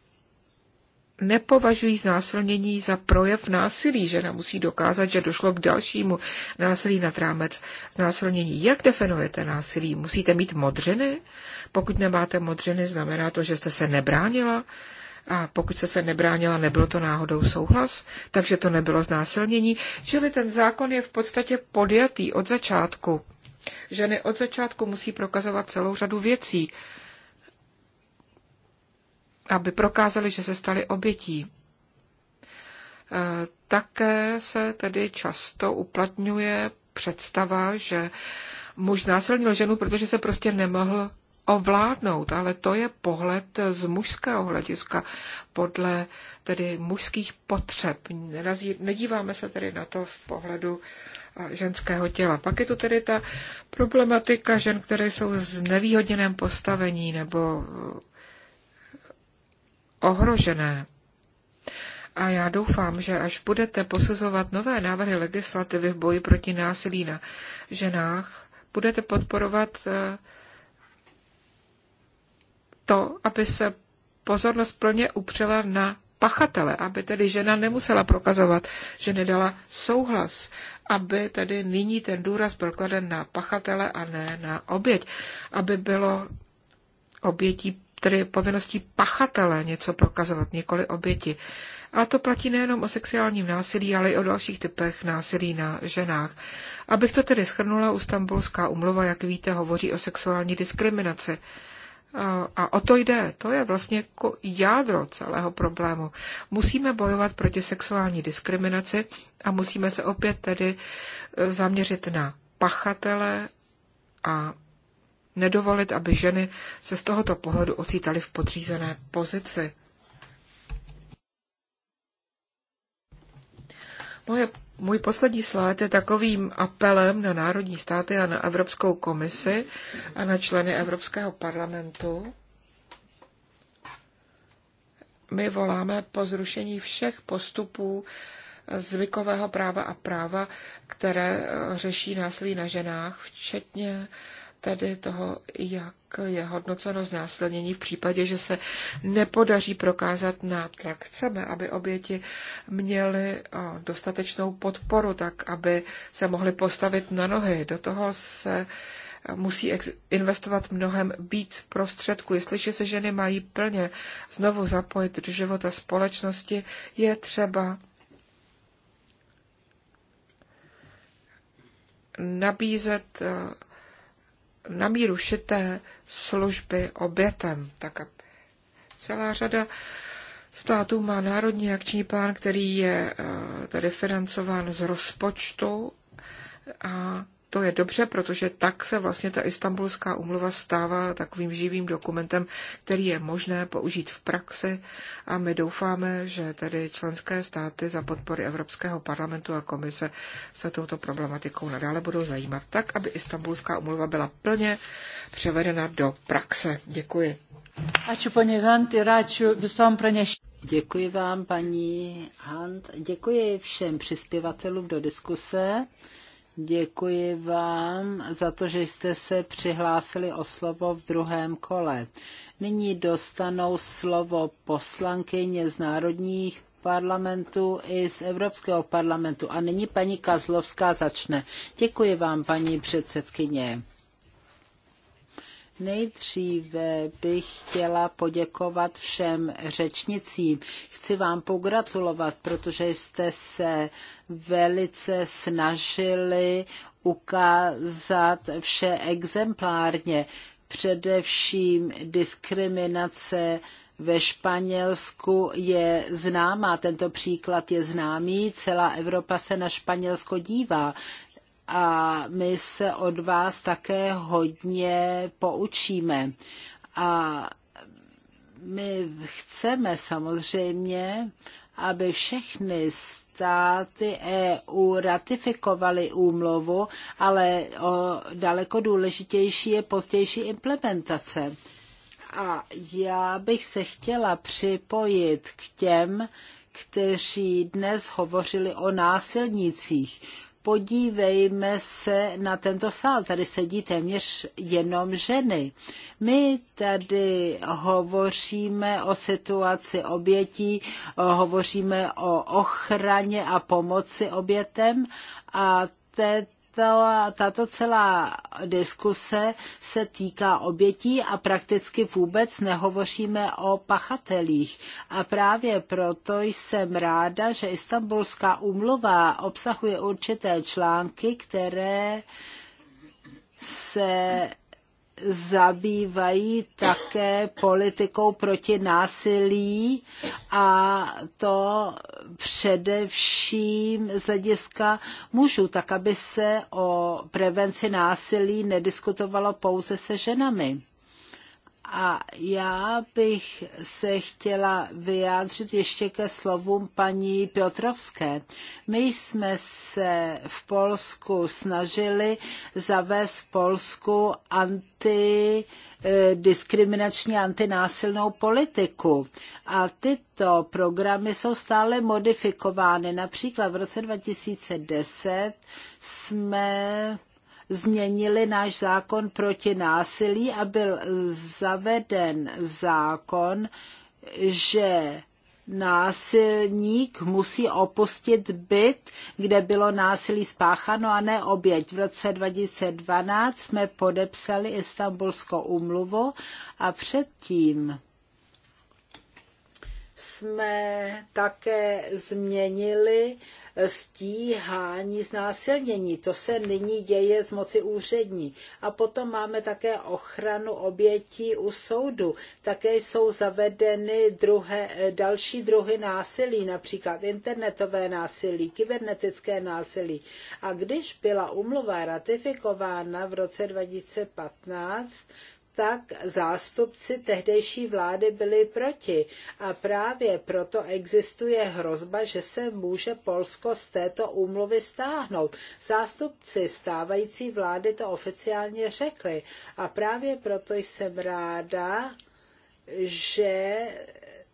nepovažují znásilnění za projev násilí. Žena musí dokázat, že došlo k dalšímu násilí nad rámec znásilnění. Jak definujete násilí? Musíte mít modřiny? Pokud nemáte modřiny, znamená to, že jste se nebránila? A pokud se se nebránila, nebylo to náhodou souhlas, takže to nebylo znásilnění. Čili ten zákon je v podstatě podjatý od začátku. Ženy od začátku musí prokazovat celou řadu věcí aby prokázali, že se stali obětí. E, také se tedy často uplatňuje představa, že muž znásilnil ženu, protože se prostě nemohl ovládnout, ale to je pohled z mužského hlediska, podle tedy mužských potřeb. Nedíváme se tedy na to v pohledu e, ženského těla. Pak je tu tedy ta problematika žen, které jsou v nevýhodněném postavení nebo ohrožené. A já doufám, že až budete posuzovat nové návrhy legislativy v boji proti násilí na ženách, budete podporovat eh, to, aby se pozornost plně upřela na pachatele, aby tedy žena nemusela prokazovat, že nedala souhlas, aby tedy nyní ten důraz byl kladen na pachatele a ne na oběť, aby bylo obětí tedy povinností pachatele něco prokazovat, nikoli oběti. A to platí nejenom o sexuálním násilí, ale i o dalších typech násilí na ženách. Abych to tedy schrnula, Istanbulská umluva, jak víte, hovoří o sexuální diskriminaci. A o to jde, to je vlastně jako jádro celého problému. Musíme bojovat proti sexuální diskriminaci a musíme se opět tedy e, zaměřit na pachatele a nedovolit, aby ženy se z tohoto pohledu ocítaly v podřízené pozici. Moje, můj poslední slide je takovým apelem na národní státy a na Evropskou komisi a na členy Evropského parlamentu. My voláme po zrušení všech postupů zvykového práva a práva, které řeší násilí na ženách, včetně tedy toho, jak je hodnoceno znásilnění v případě, že se nepodaří prokázat nátlak. Chceme, aby oběti měly dostatečnou podporu, tak aby se mohly postavit na nohy. Do toho se musí investovat mnohem víc prostředků. Jestliže se ženy mají plně znovu zapojit do života společnosti, je třeba nabízet na míru šité služby obětem. Tak celá řada států má národní akční plán, který je eh, tedy financován z rozpočtu a to je dobře, protože tak se vlastně ta istambulská umluva stává takovým živým dokumentem, který je možné použít v praxi a my doufáme, že tedy členské státy za podpory Evropského parlamentu a komise se touto problematikou nadále budou zajímat tak, aby istambulská umluva byla plně převedena do praxe. Děkuji. Děkuji vám, paní Hand. Děkuji všem přispěvatelům do diskuse. Děkuji vám za to, že jste se přihlásili o slovo v druhém kole. Nyní dostanou slovo poslankyně z národních parlamentu i z Evropského parlamentu. A nyní paní Kazlovská začne. Děkuji vám, paní předsedkyně. Nejdříve bych chtěla poděkovat všem řečnicím. Chci vám pogratulovat, protože jste se velice snažili ukázat vše exemplárně, především diskriminace ve Španělsku je známá, tento příklad je známý, celá Evropa se na Španělsko dívá a my se od vás také hodně poučíme. A my chceme samozřejmě, aby všechny státy EU ratifikovaly úmluvu, ale o daleko důležitější je pozdější implementace. A já bych se chtěla připojit k těm, kteří dnes hovořili o násilnících Podívejme se na tento sál. Tady sedí téměř jenom ženy. My tady hovoříme o situaci obětí, hovoříme o ochraně a pomoci obětem a teď tato, tato celá diskuse se týká obětí a prakticky vůbec nehovoříme o pachatelích. A právě proto jsem ráda, že Istanbulská umluva obsahuje určité články, které se zabývají také politikou proti násilí a to především z hlediska mužů, tak aby se o prevenci násilí nediskutovalo pouze se ženami. A já bych se chtěla vyjádřit ještě ke slovům paní Piotrovské. My jsme se v Polsku snažili zavést v Polsku anti diskriminační antinásilnou politiku. A tyto programy jsou stále modifikovány. Například v roce 2010 jsme změnili náš zákon proti násilí a byl zaveden zákon, že násilník musí opustit byt, kde bylo násilí spáchano a ne oběť. V roce 2012 jsme podepsali Istanbulskou umluvu a předtím jsme také změnili stíhání znásilnění. To se nyní děje z moci úřední. A potom máme také ochranu obětí u soudu. Také jsou zavedeny druhé, další druhy násilí, například internetové násilí, kybernetické násilí. A když byla umluva ratifikována v roce 2015, tak zástupci tehdejší vlády byli proti. A právě proto existuje hrozba, že se může Polsko z této úmluvy stáhnout. Zástupci stávající vlády to oficiálně řekli. A právě proto jsem ráda, že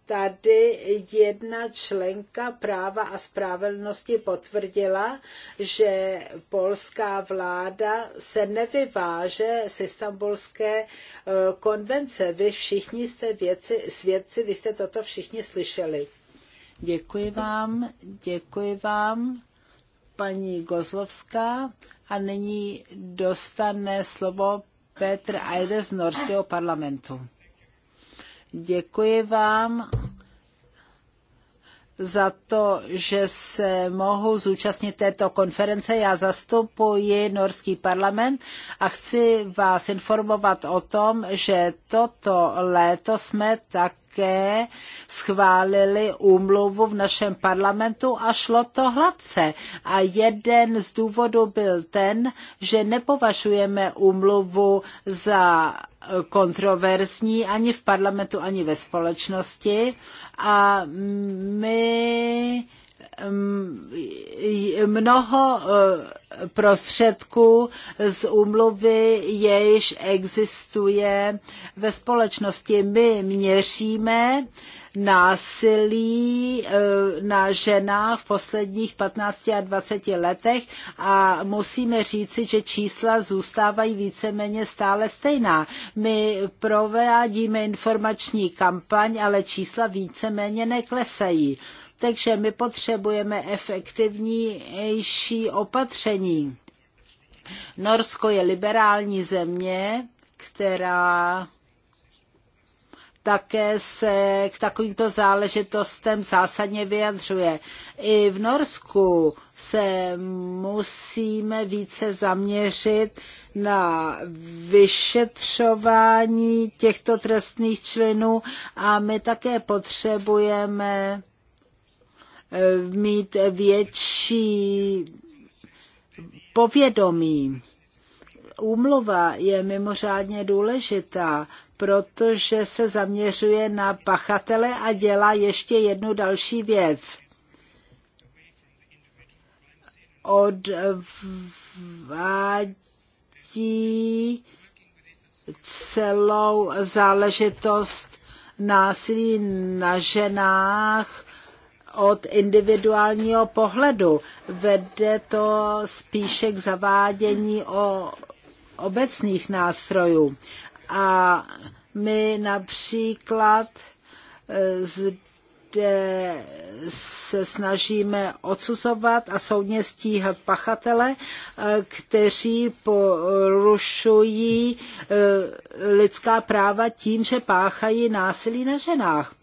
tady jedna členka práva a spravedlnosti potvrdila, že polská vláda se nevyváže z istambulské eh, konvence. Vy všichni jste věci, svědci, vy jste toto všichni slyšeli. Děkuji vám, děkuji vám, paní Gozlovská. A nyní dostane slovo Petr Ajde z norského parlamentu. Děkuji vám za to, že se mohu zúčastnit této konference. Já zastupuji norský parlament a chci vás informovat o tom, že toto léto jsme také schválili úmluvu v našem parlamentu a šlo to hladce. A jeden z důvodů byl ten, že nepovažujeme úmluvu za kontroverzní ani v parlamentu, ani ve společnosti a my mm, mnoho eh, prostředků z úmluvy, jež existuje ve společnosti. My měříme násilí eh, na ženách v posledních 15 a 20 letech a musíme říci, že čísla zůstávají víceméně stále stejná. My provádíme informační kampaň, ale čísla víceméně neklesají. Takže my potřebujeme efektivnější opatření. Norsko je liberální země, která také se k takovýmto záležitostem zásadně vyjadřuje. I v Norsku se musíme více zaměřit na vyšetřování těchto trestných členů a my také potřebujeme eh, mít větší povědomí. Úmluva je mimořádně důležitá, protože se zaměřuje na pachatele a dělá ještě jednu další věc. Odvádí celou záležitost násilí na ženách od individuálního pohledu. Vede to spíše k zavádění o obecných nástrojů. A my například e, zde se snažíme odsuzovat a soudně stíhat pachatele, e, kteří porušují e, lidská práva tím, že páchají násilí na ženách.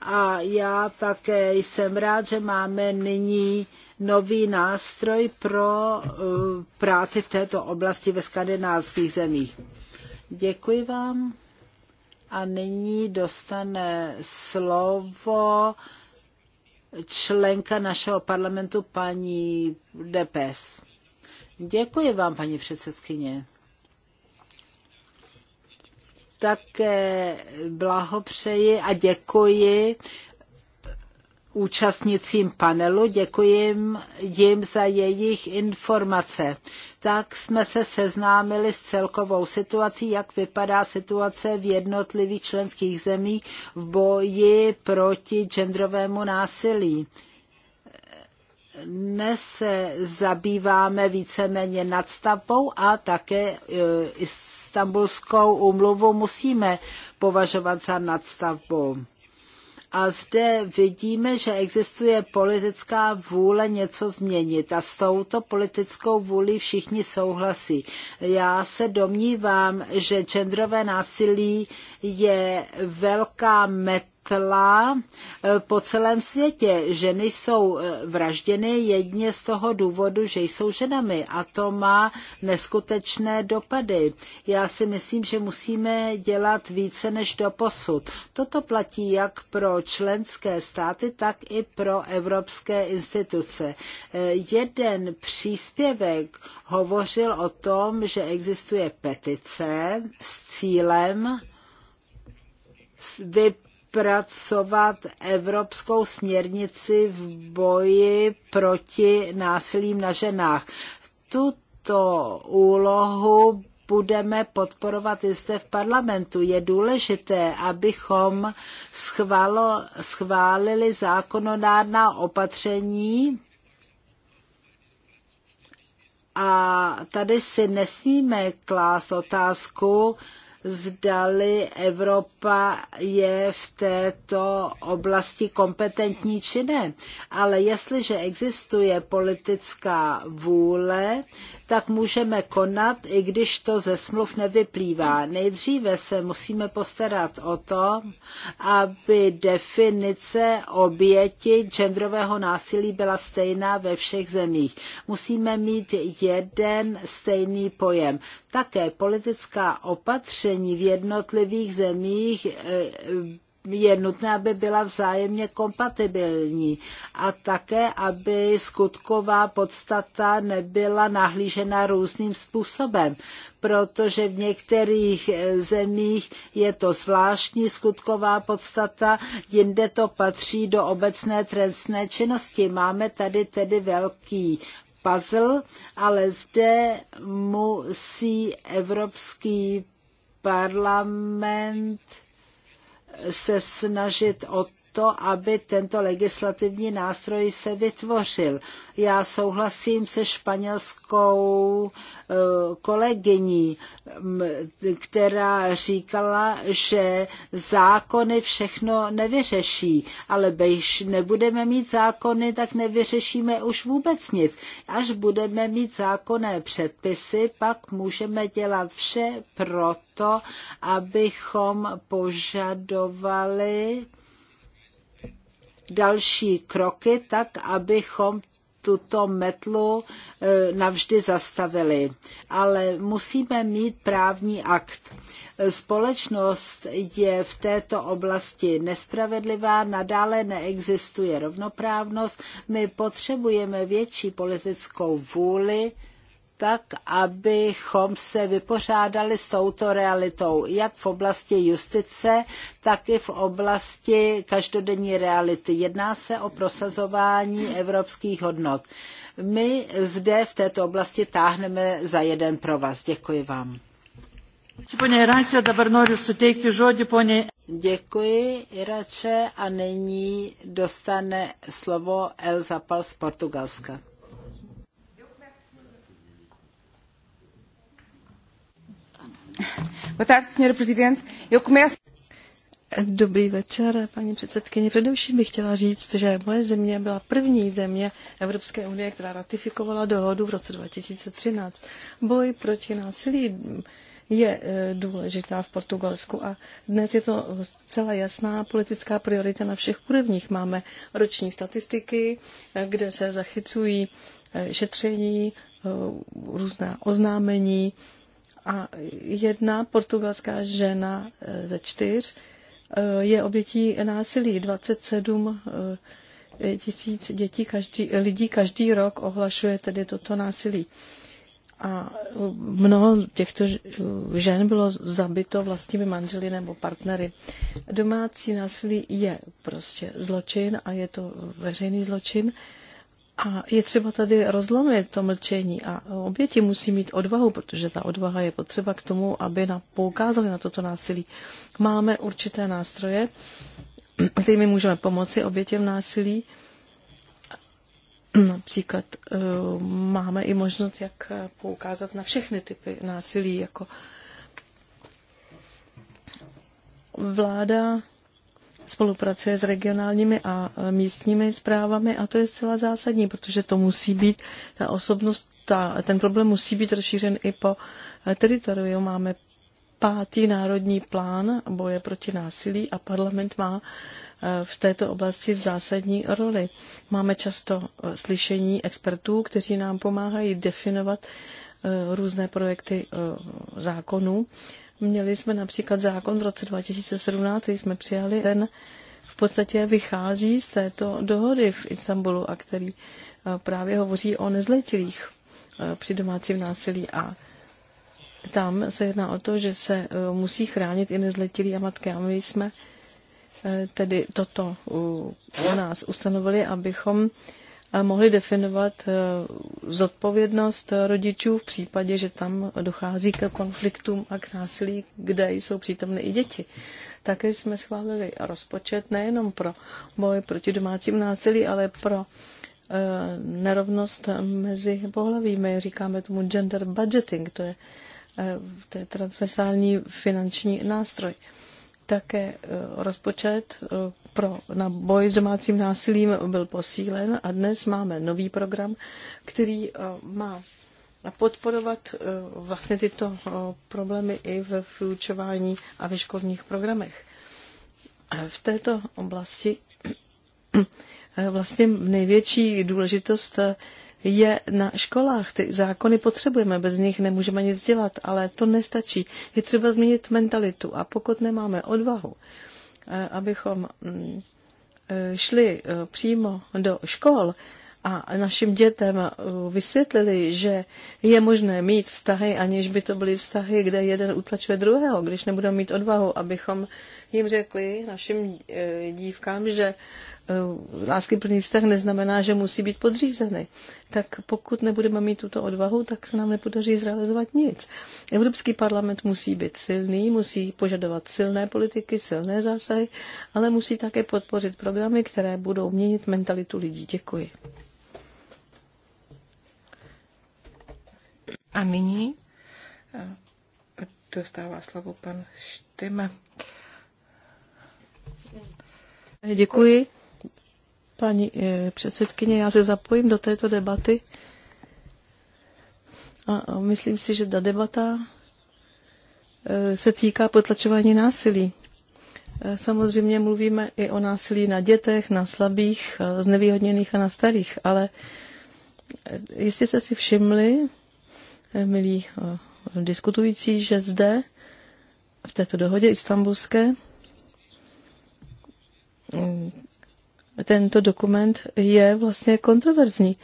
A já také jsem rád, že máme nyní nový nástroj pro práci v této oblasti ve skandinávských zemích. Děkuji vám. A nyní dostane slovo členka našeho parlamentu paní Depes. Děkuji vám, paní předsedkyně. Také blahopřeji a děkuji účastnicím panelu, děkuji jim za jejich informace. Tak jsme se seznámili s celkovou situací, jak vypadá situace v jednotlivých členských zemích v boji proti genderovému násilí. Dnes se zabýváme víceméně nadstavbou a také e, istambulskou úmluvu musíme považovat za nadstavbu a zde vidíme, že existuje politická vůle něco změnit a s touto politickou vůli všichni souhlasí. Já se domnívám, že genderové násilí je velká meta tla eh, po celém světě. Ženy jsou eh, vražděny jedně z toho důvodu, že jsou ženami a to má neskutečné dopady. Já si myslím, že musíme dělat více než do posud. Toto platí jak pro členské státy, tak i pro evropské instituce. Eh, jeden příspěvek hovořil o tom, že existuje petice s cílem vyp- vypracovat evropskou směrnici v boji proti násilím na ženách. Tuto úlohu budeme podporovat i zde v parlamentu. Je důležité, abychom schvalo, schválili zákonodárná opatření a tady si nesmíme klást otázku, zdali Evropa je v této oblasti kompetentní či ne. Ale jestliže existuje politická vůle, tak můžeme konat, i když to ze smluv nevyplývá. Nejdříve se musíme postarat o to, aby definice oběti genderového násilí byla stejná ve všech zemích. Musíme mít jeden stejný pojem. Také politická opatření opatření v jednotlivých zemích eh, je nutné, aby byla vzájemně kompatibilní a také, aby skutková podstata nebyla nahlížena různým způsobem, protože v některých eh, zemích je to zvláštní skutková podstata, jinde to patří do obecné trestné činnosti. Máme tady tedy velký puzzle, ale zde musí Evropský parlament se snažit o to, aby tento legislativní nástroj se vytvořil. Já souhlasím se španělskou eh, kolegyní, která říkala, že zákony všechno nevyřeší, ale když nebudeme mít zákony, tak nevyřešíme už vůbec nic. Až budeme mít zákonné předpisy, pak můžeme dělat vše proto, abychom požadovali další kroky, tak abychom tuto metlu e, navždy zastavili. Ale musíme mít právní akt. Společnost je v této oblasti nespravedlivá, nadále neexistuje rovnoprávnost. My potřebujeme větší politickou vůli, tak, abychom se vypořádali s touto realitou, jak v oblasti justice, tak i v oblasti každodenní reality. Jedná se o prosazování evropských hodnot. My zde v této oblasti táhneme za jeden pro vás. Děkuji vám. Děkuji, Irače, a nyní dostane slovo Elza Pal z Portugalska. Boa tarde, senhora Presidente. Eu começo... Dobrý večer, paní předsedkyně. Především bych chtěla říct, že moje země byla první země Evropské unie, která ratifikovala dohodu v roce 2013. Boj proti násilí je e, důležitá v Portugalsku a dnes je to zcela jasná politická priorita na všech úrovních. Máme roční statistiky, e, kde se zachycují e, šetření, různá oznámení, a jedna portugalská žena eh, ze čtyř eh, je obětí násilí. 27 eh, tisíc dětí každý, lidí každý rok ohlašuje tedy toto násilí. A mnoho těchto žen bylo zabito vlastními manželi nebo partnery. Domácí násilí je prostě zločin a je to veřejný zločin. Uh, a je třeba tady rozlomit to mlčení a oběti musí mít odvahu, protože ta odvaha je potřeba k tomu, aby na, poukázali na toto násilí. Máme určité nástroje, *clears throat* kterými můžeme pomoci obětěm násilí. Například eh, máme i možnost, jak poukázat na všechny typy násilí, jako vláda spolupracuje s regionálními a e, místními zprávami a to je zcela zásadní, protože to musí být ta osobnost, ta, ten problém musí být rozšířen i po e, teritoriu. Máme pátý národní plán boje proti násilí a parlament má e, v této oblasti zásadní roli. Máme často slyšení expertů, kteří nám pomáhají definovat různé projekty zákonů Měli jsme například zákon v roce 2017, který jsme přijali, ten v podstatě vychází z této dohody v Istanbulu a který eh, právě hovoří o nezletilých eh, při domácím násilí a tam se jedná o to, že se eh, musí chránit i nezletilí a matky. A my jsme tedy toto u nás ustanovili, abychom mohli definovat eh, zodpovědnost rodičů v případě, že tam dochází ke konfliktům a k násilí, kde jsou přítomny i děti. Také jsme schválili rozpočet nejenom pro boj proti domácím násilí, ale pro eh, nerovnost mezi pohlavími. Říkáme tomu gender budgeting, to je, eh, to je transversální finanční nástroj. Také rozpočet pro, na boj s domácím násilím byl posílen a dnes máme nový program, který eh, má podporovat eh, vlastně tyto eh, problémy i ve vyučování a ve školních programech. V této oblasti *clears throat* vlastně největší důležitost je na školách. Ty zákony potřebujeme, bez nich nemůžeme nic dělat, ale to nestačí. Je třeba změnit mentalitu a pokud nemáme odvahu, Eh, abychom mm, eh, šli eh, přímo do škol a našim dětem vysvětlili, že je možné mít vztahy, aniž by to byly vztahy, kde jeden utlačuje druhého, když nebudeme mít odvahu, abychom jim řekli, našim dívkám, že Eh, láskyplný vztah neznamená, že musí být podřízeny. Tak pokud nebudeme mít tuto odvahu, tak se nám nepodaří zrealizovat nic. Evropský parlament musí být silný, musí požadovat silné politiky, silné zásahy, ale musí také podpořit programy, které budou měnit mentalitu lidí. Děkuji. A nyní eh, dostává slovo pan Štyme. Děkuji paní eh, předsedkyně, já se zapojím do této debaty a myslím si, že ta debata eh, se týká potlačování násilí. Eh, samozřejmě mluvíme i o násilí na dětech, na slabých, znevýhodněných a na starých, ale jestli jste si všimli, milí diskutující, že zde v této dohodě istambulské mm, tento dokument je vlastně kontroverzní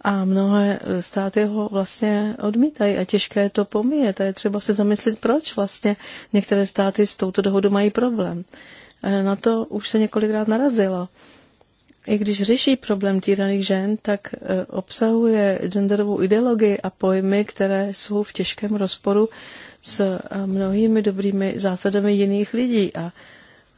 a mnohé státy ho vlastně odmítají a těžké to pomíje. To je třeba se zamyslet proč vlastně některé státy s touto dohodou mají problém. E, na to už se několikrát narazilo. I když řeší problém týraných žen, tak e, obsahuje genderovou ideologii a pojmy, které jsou v těžkém rozporu s e, mnohými dobrými zásadami jiných lidí. A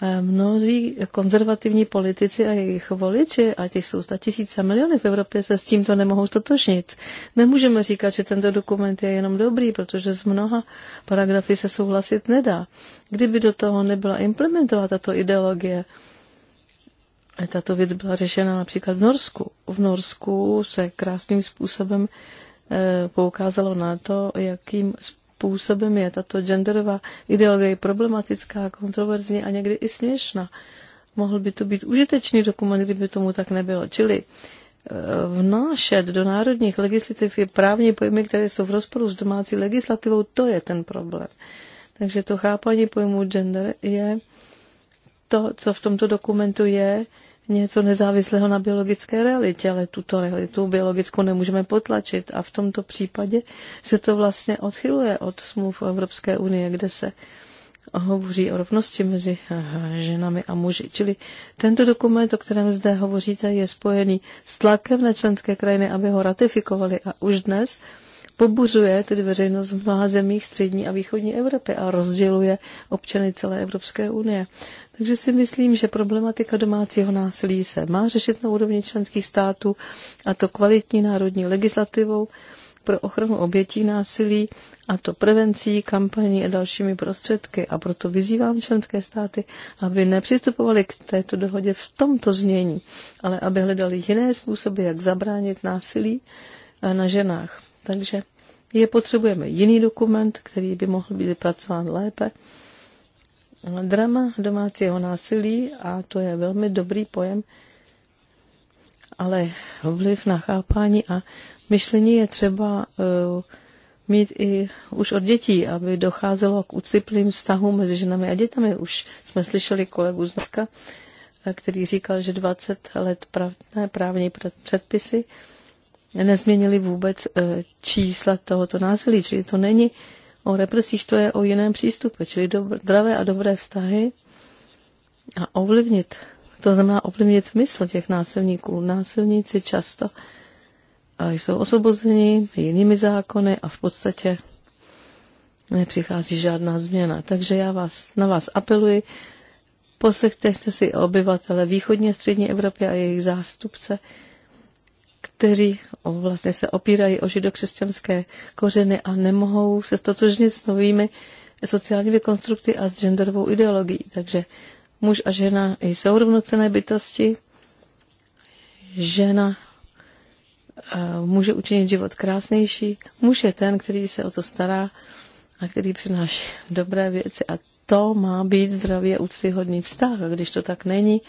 Eh, mnozí konzervativní politici a jejich voliči, a těch jsou tisíce miliony v Evropě, se s tímto nemohou stotožnit. Nemůžeme říkat, že tento dokument je jenom dobrý, protože z mnoha paragrafy se souhlasit nedá. Kdyby do toho nebyla implementována tato ideologie, a eh, tato věc byla řešena například v Norsku. V Norsku se krásným způsobem eh, poukázalo na to, jakým, způsobem je tato genderová ideologie problematická, kontroverzní a někdy i směšná. Mohl by to být užitečný dokument, kdyby tomu tak nebylo. Čili e, vnášet do národních legislativ je právní pojmy, které jsou v rozporu s domácí legislativou, to je ten problém. Takže to chápání pojmu gender je to, co v tomto dokumentu je, něco nezávislého na biologické realitě, ale tuto realitu biologickou nemůžeme potlačit. A v tomto případě se to vlastně odchyluje od smluv Evropské unie, kde se hovoří o rovnosti mezi ženami a muži. Čili tento dokument, o kterém zde hovoříte, je spojený s tlakem na členské krajiny, aby ho ratifikovali. A už dnes pobuřuje tedy veřejnost v mnoha zemích střední a východní Evropy a rozděluje občany celé Evropské unie. Takže si myslím, že problematika domácího násilí se má řešit na úrovni členských států a to kvalitní národní legislativou pro ochranu obětí násilí a to prevencí, kampaní a dalšími prostředky. A proto vyzývám členské státy, aby nepřistupovali k této dohodě v tomto znění, ale aby hledali jiné způsoby, jak zabránit násilí na ženách. Takže je potřebujeme jiný dokument, který by mohl být vypracován lépe. Drama domácího násilí, a to je velmi dobrý pojem, ale vliv na chápání a myšlení je třeba uh, mít i už od dětí, aby docházelo k uciplým vztahům mezi ženami a dětami. Už jsme slyšeli kolegu z Norska, eh, který říkal, že 20 let právní předpisy uh, nezměnili vůbec eh, čísla tohoto násilí, čili to není o represích, to je o jiném přístupu, čili zdravé a dobré vztahy a ovlivnit, to znamená ovlivnit mysl těch násilníků. Násilníci často eh, jsou osvobozeni jinými zákony a v podstatě nepřichází žádná změna. Takže já vás, na vás apeluji, poslechtejte si obyvatele a střední Evropy a jejich zástupce, kteří o, vlastně se opírají o židokřesťanské kořeny a nemohou se stotožnit s novými sociálními konstrukty a s genderovou ideologií. Takže muž a žena jsou rovnocené bytosti. Žena eh, může učinit život krásnější. Muž je ten, který se o to stará a který přináší dobré věci. A to má být zdravý a úctyhodný vztah. A když to tak není,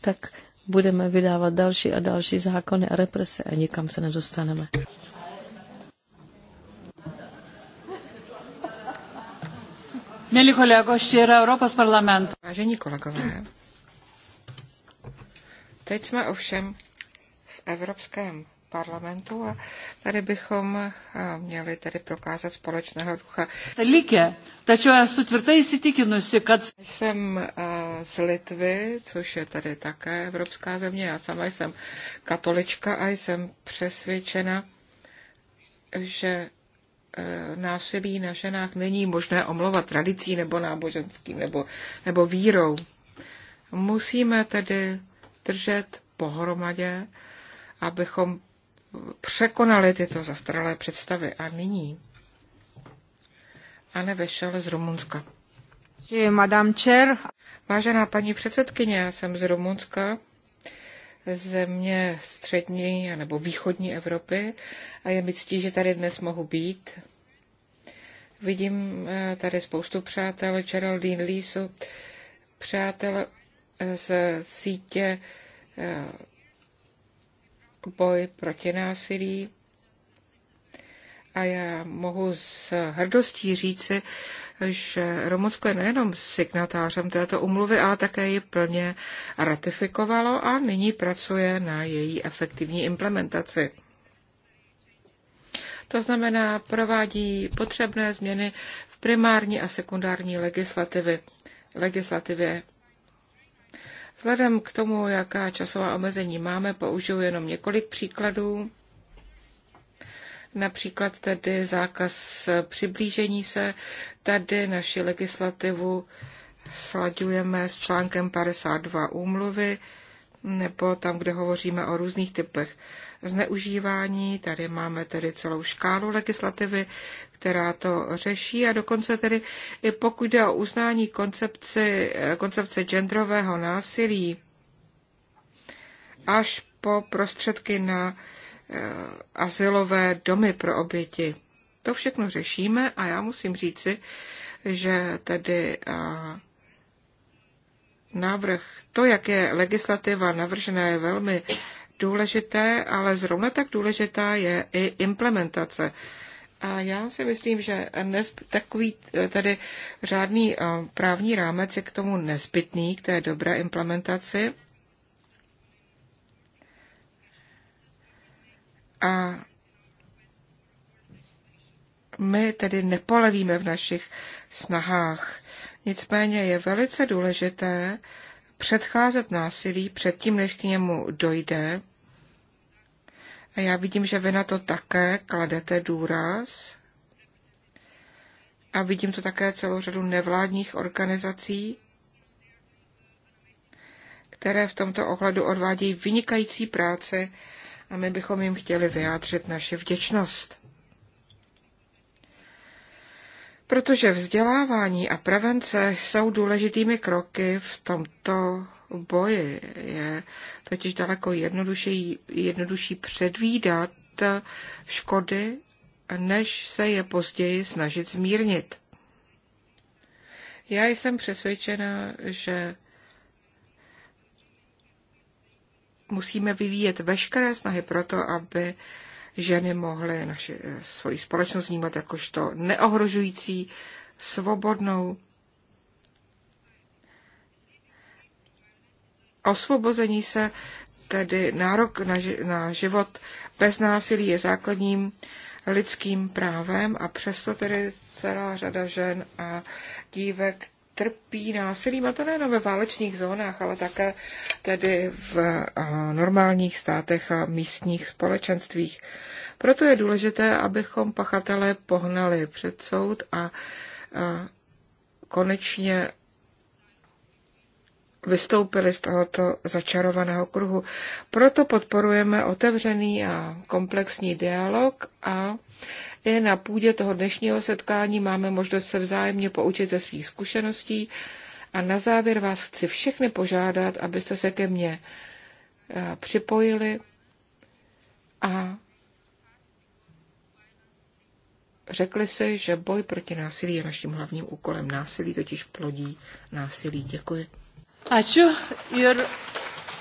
tak budeme vydávat další a další zákony a represe a nikam se nedostaneme. Milí kolego, štěra Evropas parlament. Vážení kolegové, teď jsme ovšem v Evropském parlamentu a tady bychom eh, měli tedy prokázat společného ducha. Já Jsem eh, z Litvy, což je tady také evropská země. Já sama jsem katolička a jsem přesvědčena, že e, násilí na ženách není možné omlovat tradicí nebo náboženským nebo, nebo vírou. Musíme tedy držet pohromadě, abychom překonali tyto zastaralé představy. A nyní Anne Vešel z Rumunska. Madame Cher. Vážená paní předsedkyně, já jsem z Rumunska, země střední nebo východní Evropy a je mi ctí, že tady dnes mohu být. Vidím eh, tady spoustu přátel, Geraldine Lísu, přátel eh, z sítě eh, Boj proti násilí. A já mohu s hrdostí říci, že Rumunsko je nejenom signatářem této umluvy, ale také ji plně ratifikovalo a nyní pracuje na její efektivní implementaci. To znamená, provádí potřebné změny v primární a sekundární legislativy, legislativě Vzhledem k tomu, jaká časová omezení máme, použiju jenom několik příkladů například tedy zákaz přiblížení se. Tady naši legislativu slaďujeme s článkem 52 úmluvy, nebo tam, kde hovoříme o různých typech zneužívání. Tady máme tedy celou škálu legislativy, která to řeší a dokonce tedy i pokud jde o uznání koncepci, koncepce genderového násilí až po prostředky na Eh, asilové domy pro oběti. To všechno řešíme a já musím říci, že tedy návrh, to, jak je legislativa navržená, je velmi důležité, ale zrovna tak důležitá je i implementace. A já si myslím, že nez, takový eh, tedy řádný eh, právní rámec je k tomu nezbytný, k té dobré implementaci. A my tedy nepolevíme v našich snahách. Nicméně je velice důležité předcházet násilí předtím, než k němu dojde. A já vidím, že vy na to také kladete důraz. A vidím to také celou řadu nevládních organizací, které v tomto ohledu odvádějí vynikající práce a my bychom jim chtěli vyjádřit naši vděčnost. Protože vzdělávání a prevence jsou důležitými kroky v tomto boji. Je totiž daleko jednodušší, jednodušší předvídat škody, než se je později snažit zmírnit. Já jsem přesvědčena, že musíme vyvíjet veškeré snahy pro to, aby ženy mohly naši, eh, svoji společnost vnímat jakožto neohrožující, svobodnou, osvobození se, tedy nárok na, na život bez násilí je základním lidským právem a přesto tedy celá řada žen a dívek trpí násilím, a to nejen ve válečných zónách, ale také tedy v normálních státech a místních společenstvích. Proto je důležité, abychom pachatele pohnali před soud a konečně vystoupili z tohoto začarovaného kruhu. Proto podporujeme otevřený a komplexní dialog a i na půdě toho dnešního setkání máme možnost se vzájemně poučit ze svých zkušeností. A na závěr vás chci všechny požádat, abyste se ke mně eh, připojili a řekli si, že boj proti násilí je naším hlavním úkolem. Násilí totiž plodí násilí. Děkuji. Ačiū ir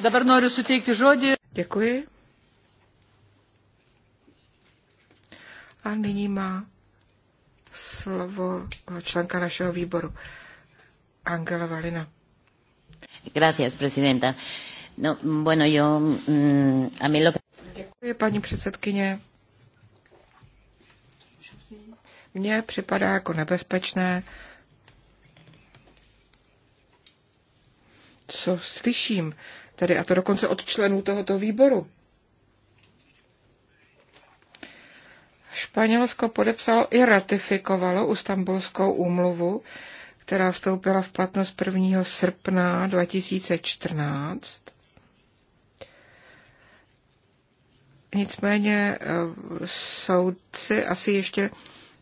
dabar noriu suteikti žodį. Děkuji. A nyní má slovo členka našeho výboru, Angela Valina. Gracias, presidenta. No, bueno, yo, mm, a mí lo... Děkuji, paní předsedkyně. Mně připadá jako nebezpečné, co slyším, tady? a to dokonce od členů tohoto výboru. Španělsko podepsalo i ratifikovalo Ustambulskou úmluvu, která vstoupila v platnost 1. srpna 2014. Nicméně eh, soudci asi ještě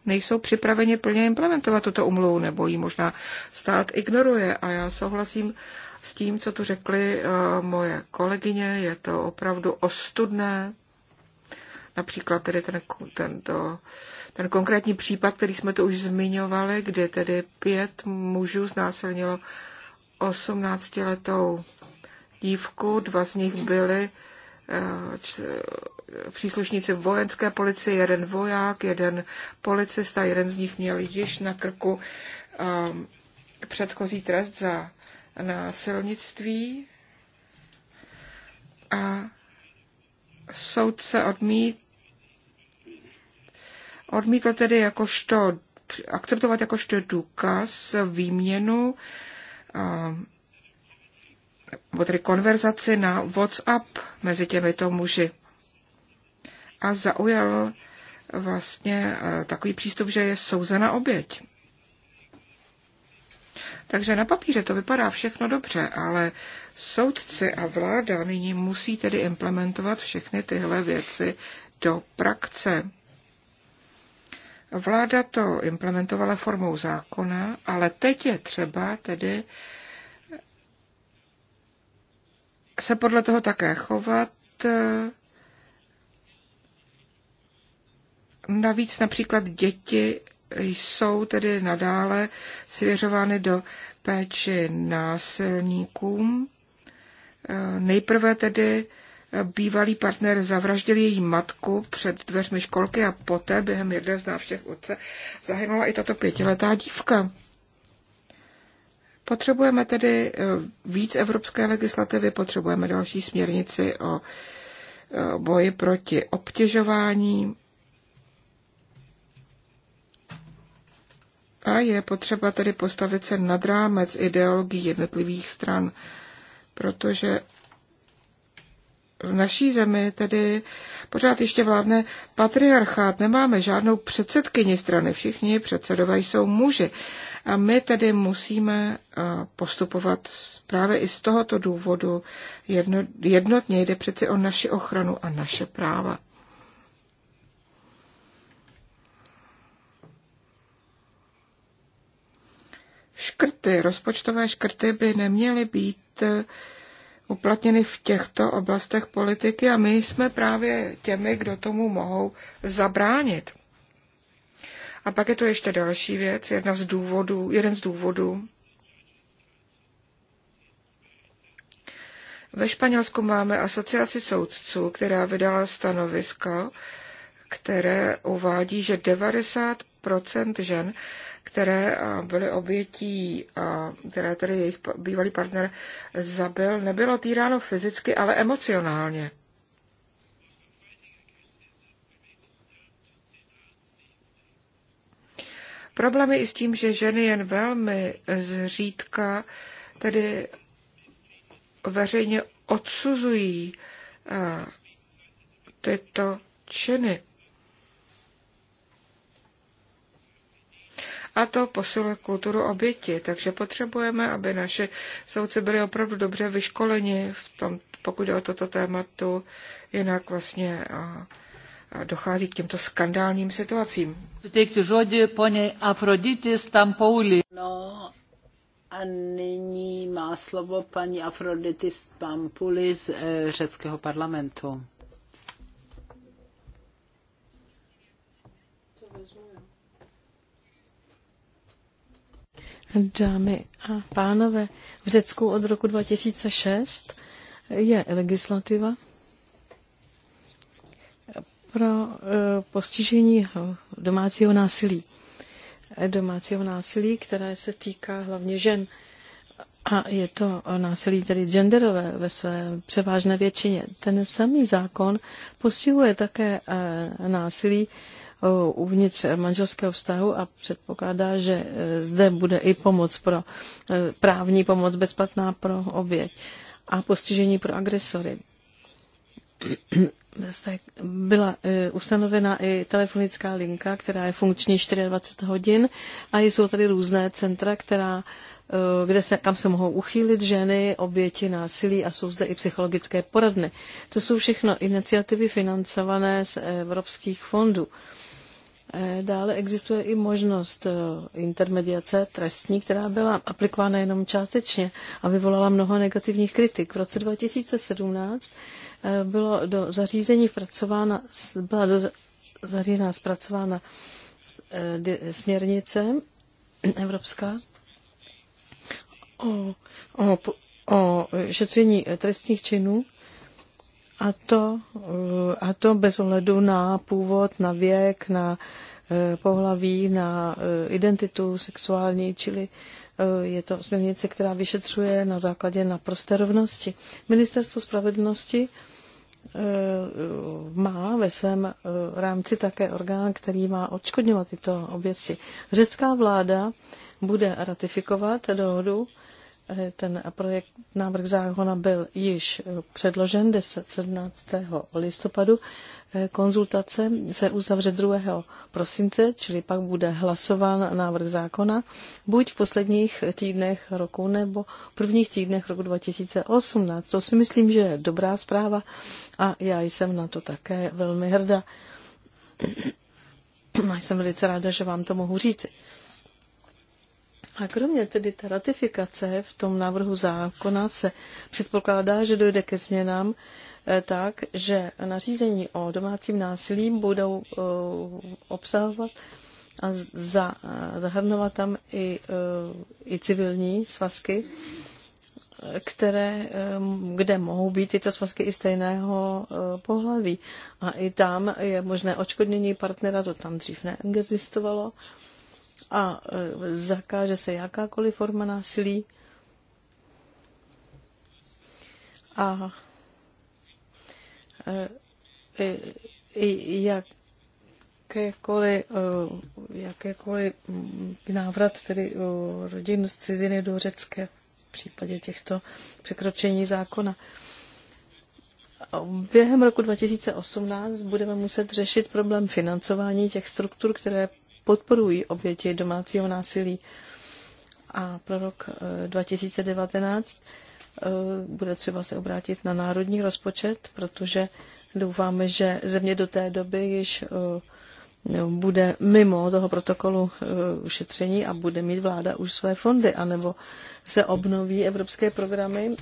nejsou připraveni plně implementovat tuto umluvu, nebo ji možná stát ignoruje. A já souhlasím s tím, co tu řekly eh, moje kolegyně. Je to opravdu ostudné. Například tedy ten, tento, ten konkrétní případ, který jsme tu už zmiňovali, kde tedy pět mužů znásilnilo 18-letou dívku, dva z nich byli eh, eh, příslušníci vojenské policie, jeden voják, jeden policista, jeden z nich měl již na krku předchozí trest za násilnictví a soudce odmít, odmítl tedy jakožto, akceptovat jakožto důkaz výměnu nebo tedy konverzaci na WhatsApp mezi těmito muži. A zaujal vlastně takový přístup, že je souzena oběť. Takže na papíře to vypadá všechno dobře, ale soudci a vláda nyní musí tedy implementovat všechny tyhle věci do praxe. Vláda to implementovala formou zákona, ale teď je třeba tedy se podle toho také chovat. Navíc například děti jsou tedy nadále svěřovány do péči násilníkům. Nejprve tedy bývalý partner zavraždil její matku před dveřmi školky a poté během jedné z návštěv otce zahynula i tato pětiletá dívka. Potřebujeme tedy eh, víc evropské legislativy, potřebujeme další směrnici o eh, boji proti obtěžování, A je potřeba tedy postavit se nad rámec ideologií jednotlivých stran, protože v naší zemi tedy pořád ještě vládne patriarchát, nemáme žádnou předsedkyni strany, všichni předsedové jsou muži. A my tedy musíme postupovat právě i z tohoto důvodu jednotně, jde přeci o naši ochranu a naše práva. škrty, rozpočtové škrty by neměly být eh, uplatněny v těchto oblastech politiky a my jsme právě těmi, kdo tomu mohou zabránit. A pak je tu ještě další věc, jedna z důvodů, jeden z důvodů. Ve Španělsku máme asociaci soudců, která vydala stanovisko, které uvádí, že 90 žen které eh, byly obětí, eh, které tedy jejich bývalý partner zabil, nebylo týráno fyzicky, ale emocionálně. Problém je i s tím, že ženy jen velmi zřídka tedy veřejně odsuzují eh, tyto činy. a to posiluje kulturu oběti. Takže potřebujeme, aby naše soudci byli opravdu dobře vyškoleni v tom, pokud jde o toto tématu, jinak vlastně a, a dochází k těmto skandálním situacím. Teikti žodį paní Afroditis Tampouli. No, a nyní má slovo paní Afroditis Pampuli z eh, řeckého parlamentu. Dámy a pánové, v Řecku od roku 2006 je legislativa pro eh, postižení domácího násilí. Domácího násilí, které se týká hlavně žen. A je to násilí tedy genderové ve své převážné většině. Ten samý zákon postihuje také eh, násilí Eh, uvnitř manželského vztahu a předpokládá, že eh, zde bude i pomoc pro eh, právní pomoc bezplatná pro oběť a postižení pro agresory. *clears throat* Byla ustanovena i telefonická linka, která je funkční 24 hodin a jsou tady různé centra, která kde se, kam se mohou uchýlit ženy, oběti násilí a jsou zde i psychologické poradny. To jsou všechno iniciativy financované z evropských fondů. Eh, dále existuje i možnost eh, intermediace trestní, která byla aplikována jenom částečně a vyvolala mnoho negativních kritik. V roce 2017 eh, bylo do zařízení vpracována, byla do zařízená zpracována směrnice *clears throat* evropská o, o, o šetření trestních činů a to, eh, a to bez ohledu na původ, na věk, na eh, pohlaví, na eh, identitu sexuální, čili je to směrnice, která vyšetřuje na základě naprosté rovnosti. Ministerstvo spravedlnosti má ve svém rámci také orgán, který má odškodňovat tyto oběti. Řecká vláda bude ratifikovat dohodu Eh, ten projekt návrh zákona byl již eh, předložen 10. 17. listopadu. Eh, konzultace se uzavře 2. prosince, čili pak bude hlasován návrh zákona buď v posledních týdnech roku nebo v prvních týdnech roku 2018. To si myslím, že je dobrá zpráva a já jsem na to také velmi hrdá. *clears throat* Jsem velice ráda, že vám to mohu říci. A kromě tedy té ratifikace v tom návrhu zákona se předpokládá, že dojde ke změnám eh, tak, že nařízení o domácím násilí budou eh, obsahovat a za, eh, zahrnovat tam i, i civilní svazky, které, kde mohou být tyto svazky i stejného pohlaví. A i tam je možné očkodnění partnera, to tam dřív neexistovalo a e, zakáže se jakákoliv forma násilí. A e, e, jakékoliv, jakékoliv návrat tedy rodin z ciziny do Řecké v případě těchto překročení zákona. Během roku 2018 budeme muset řešit problém financování těch struktur, které podporují oběti domácího násilí. A pro rok 2019 bude třeba se obrátit na národní rozpočet, protože doufáme, že země do té doby již eh, bude mimo toho protokolu eh, ušetření a bude mít vláda už své fondy, anebo se obnoví evropské programy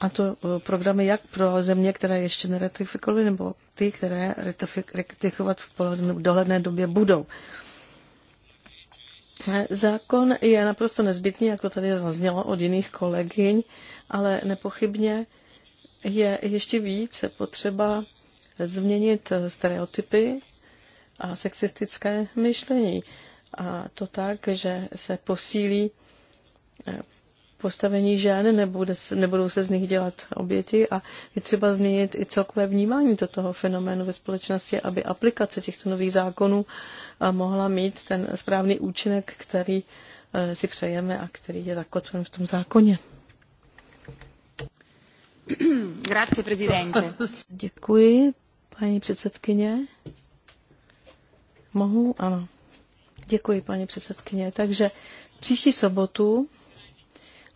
a to eh, programy jak pro země, které ještě neratifikovaly, nebo ty, které ratifikovat v dohledné době budou. Eh, zákon je naprosto nezbytný, jako tady zaznělo od jiných kolegyň, ale nepochybně je ještě více potřeba změnit eh, stereotypy a sexistické myšlení. A to tak, že se posílí postavení žen, nebude, nebudou se z nich dělat oběti a je třeba změnit i celkové vnímání do toho fenoménu ve společnosti, aby aplikace těchto nových zákonů eh, mohla mít ten správný účinek, který eh, si přejeme a který je zakotven v tom zákoně. *clears throat* Grazie, prezidente. *laughs* Děkuji, paní předsedkyně. Mohu? Ano. Děkuji, paní předsedkyně. Takže příští sobotu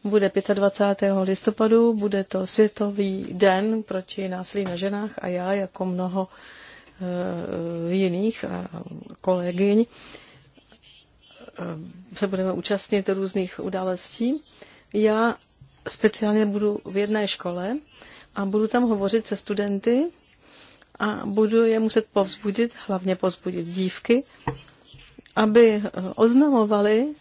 bude 25. listopadu, bude to Světový den proti násilí na ženách a já jako mnoho eh, jiných eh, kolegyň eh, se budeme účastnit různých událostí. Já speciálně budu v jedné škole a budu tam hovořit se studenty a budu je muset povzbudit, hlavně povzbudit dívky, aby oznamovali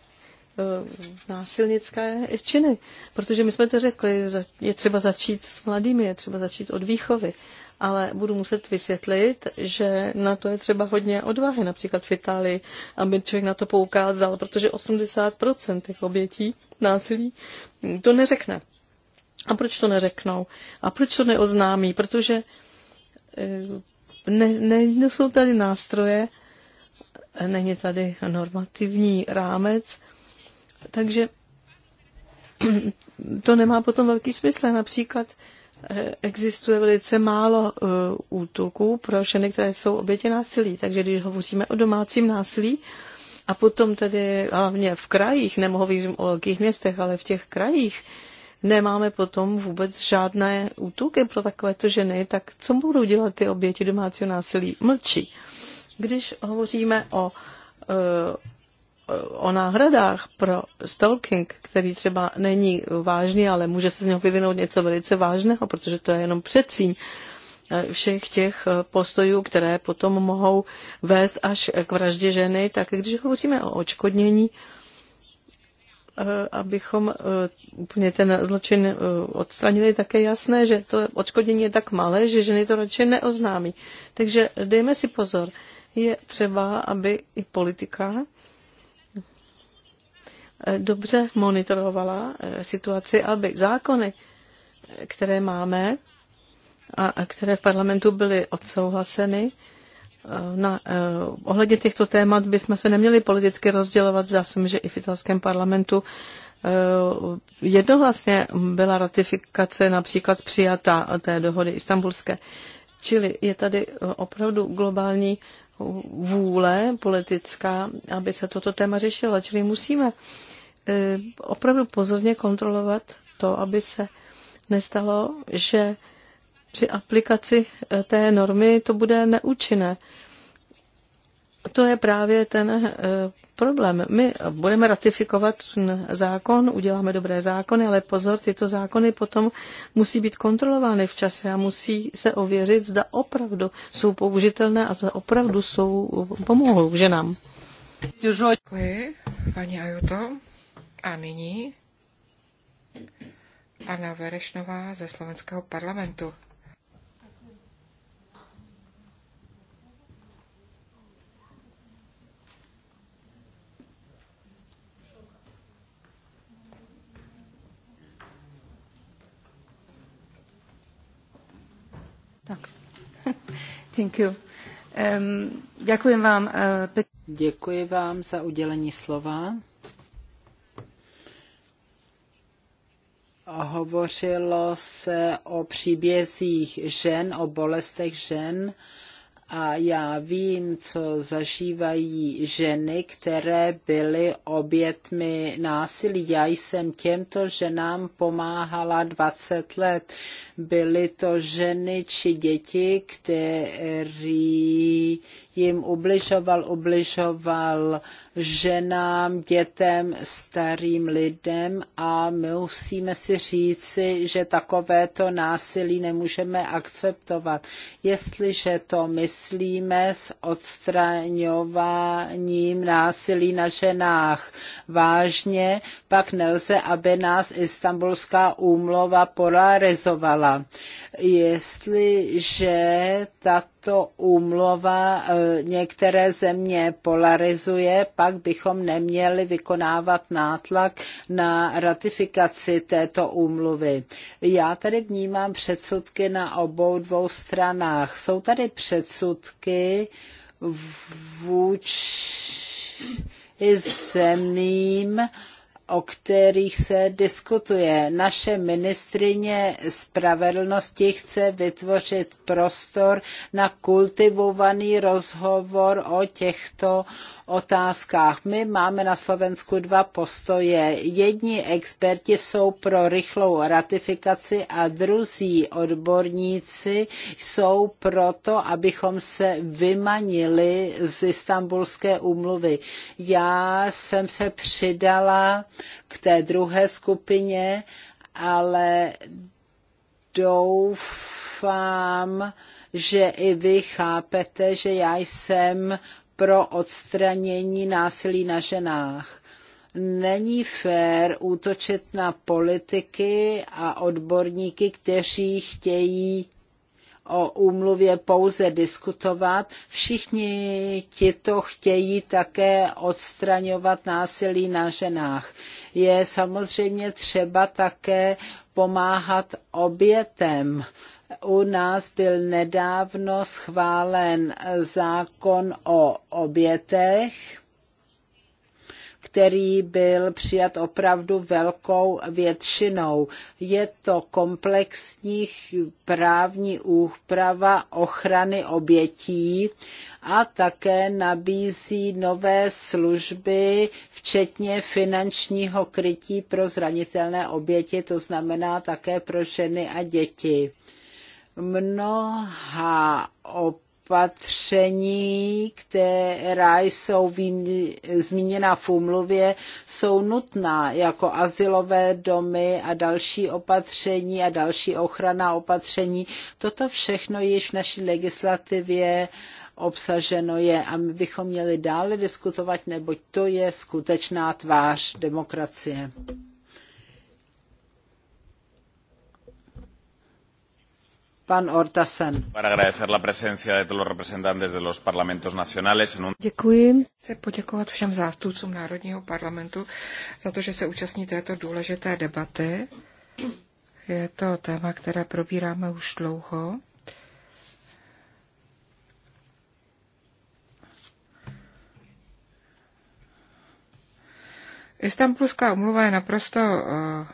Eh, násilnické činy. Protože my jsme to řekli, je třeba začít s mladými, je třeba začít od výchovy. Ale budu muset vysvětlit, že na to je třeba hodně odvahy, například v Itálii, aby člověk na to poukázal, protože 80% těch obětí násilí to neřekne. A proč to neřeknou? A proč to neoznámí? Protože eh, ne, ne, nejsou tady nástroje, není tady normativní rámec, takže to nemá potom velký smysl. Například eh, existuje velice málo eh, útulků pro ženy, které jsou oběti násilí. Takže když hovoříme o domácím násilí, a potom tedy hlavně v krajích, nemohu o velkých městech, ale v těch krajích, nemáme potom vůbec žádné útulky pro takovéto ženy, tak co budou dělat ty oběti domácího násilí? Mlčí. Když hovoříme o eh, o náhradách pro stalking, který třeba není vážný, ale může se z něho vyvinout něco velice vážného, protože to je jenom přecíň eh, všech těch eh, postojů, které potom mohou vést až k vraždě ženy, tak když hovoříme o očkodnění, eh, abychom úplně ten zločin odstranili, tak je jasné, že to odškodnění je tak malé, že ženy to radši neoznámí. Takže dejme si pozor. Je třeba, aby i politika Eh, dobře monitorovala eh, situaci, aby zákony, eh, které máme a, které v parlamentu byly odsouhlaseny, na, eh, ohledně těchto témat bychom se neměli politicky rozdělovat. Já jsem, že i v italském parlamentu eh, jednohlasně byla ratifikace například přijata té dohody istambulské. Čili je tady opravdu globální vůle politická, aby se toto téma řešilo. Čili musíme eh, opravdu pozorně kontrolovat to, aby se nestalo, že při aplikaci eh, té normy to bude neúčinné. To je právě ten eh, problém. My budeme ratifikovat zákon, uděláme dobré zákony, ale pozor, tyto zákony potom musí být kontrolovány v čase a musí se ověřit, zda opravdu jsou použitelné a zda opravdu jsou, pomohou ženám. Děkuji, paní Ajuto. A nyní Anna Verešnová ze slovenského parlamentu. *laughs* Um, děkuji vám. Uh, děkuji vám za udělení slova. Hovořilo se o příbězích žen, o bolestech žen a já vím, co zažívají ženy, které byly obětmi násilí. Já jsem těmto ženám pomáhala 20 let. Byly to ženy či děti, který jim ubližoval, ubližoval ženám, dětem, starým lidem a my musíme si říci, že takovéto násilí nemůžeme akceptovat. Jestliže to my myslíme s odstraňováním násilí na ženách vážně, pak nelze, aby nás Istanbulská úmlova polarizovala. Jestliže tak tato úmluva eh, některé země polarizuje, pak bychom neměli vykonávat nátlak na ratifikaci této úmluvy. Já tady vnímám předsudky na obou dvou stranách. Jsou tady předsudky vůči zemím, o kterých se diskutuje. Naše ministrině spravedlnosti chce vytvořit prostor na kultivovaný rozhovor o těchto otázkách. My máme na Slovensku dva postoje. Jedni experti jsou pro rychlou ratifikaci a druzí odborníci jsou proto, abychom se vymanili z istambulské úmluvy. Já jsem se přidala k té druhé skupině, ale doufám, že i vy chápete, že já jsem pro odstranění násilí na ženách. Není fér útočit na politiky a odborníky, kteří chtějí o úmluvě pouze diskutovat. Všichni ti to chtějí také odstraňovat násilí na ženách. Je samozřejmě třeba také pomáhat obětem. U nás byl nedávno schválen zákon o obětech který byl přijat opravdu velkou většinou. Je to komplexní právní úprava ochrany obětí a také nabízí nové služby, včetně finančního krytí pro zranitelné oběti, to znamená také pro ženy a děti. Mnoha opatření, která jsou zmíněna v úmluvě, jsou nutná, jako asilové domy a další opatření a další ochrana opatření. Toto všechno již v naší legislativě obsaženo je a my bychom měli dále diskutovat, neboť to je skutečná tvář demokracie. Pan Ortasen. Para agradecer la presencia Děkuji. Chci poděkovat všem zástupcům Národního parlamentu za to, že se účastní této důležité debaty. Je to téma, které probíráme už dlouho. Istanbulská umluva je naprosto eh,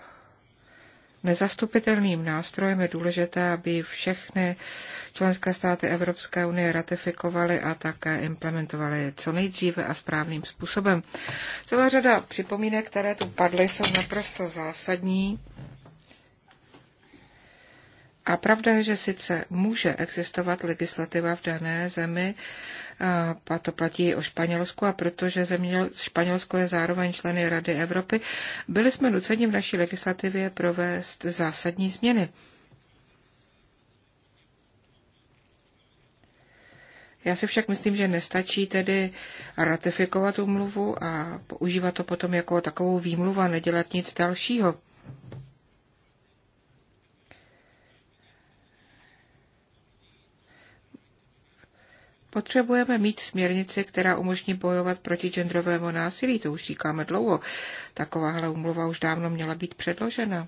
nezastupitelným nástrojem je důležité, aby všechny členské státy Evropské unie ratifikovaly a také implementovaly co nejdříve a správným způsobem. Celá řada připomínek, které tu padly, jsou naprosto zásadní. A pravda je, že sice může existovat legislativa v dané zemi, a to platí i o Španělsku, a protože zeměl, Španělsko je zároveň členy Rady Evropy, byli jsme nuceni v naší legislativě provést zásadní změny. Já si však myslím, že nestačí tedy ratifikovat umluvu a používat to potom jako takovou výmluvu a nedělat nic dalšího. Potřebujeme mít směrnici, která umožní bojovat proti genderovému násilí, to už říkáme dlouho. Takováhle umluva už dávno měla být předložena.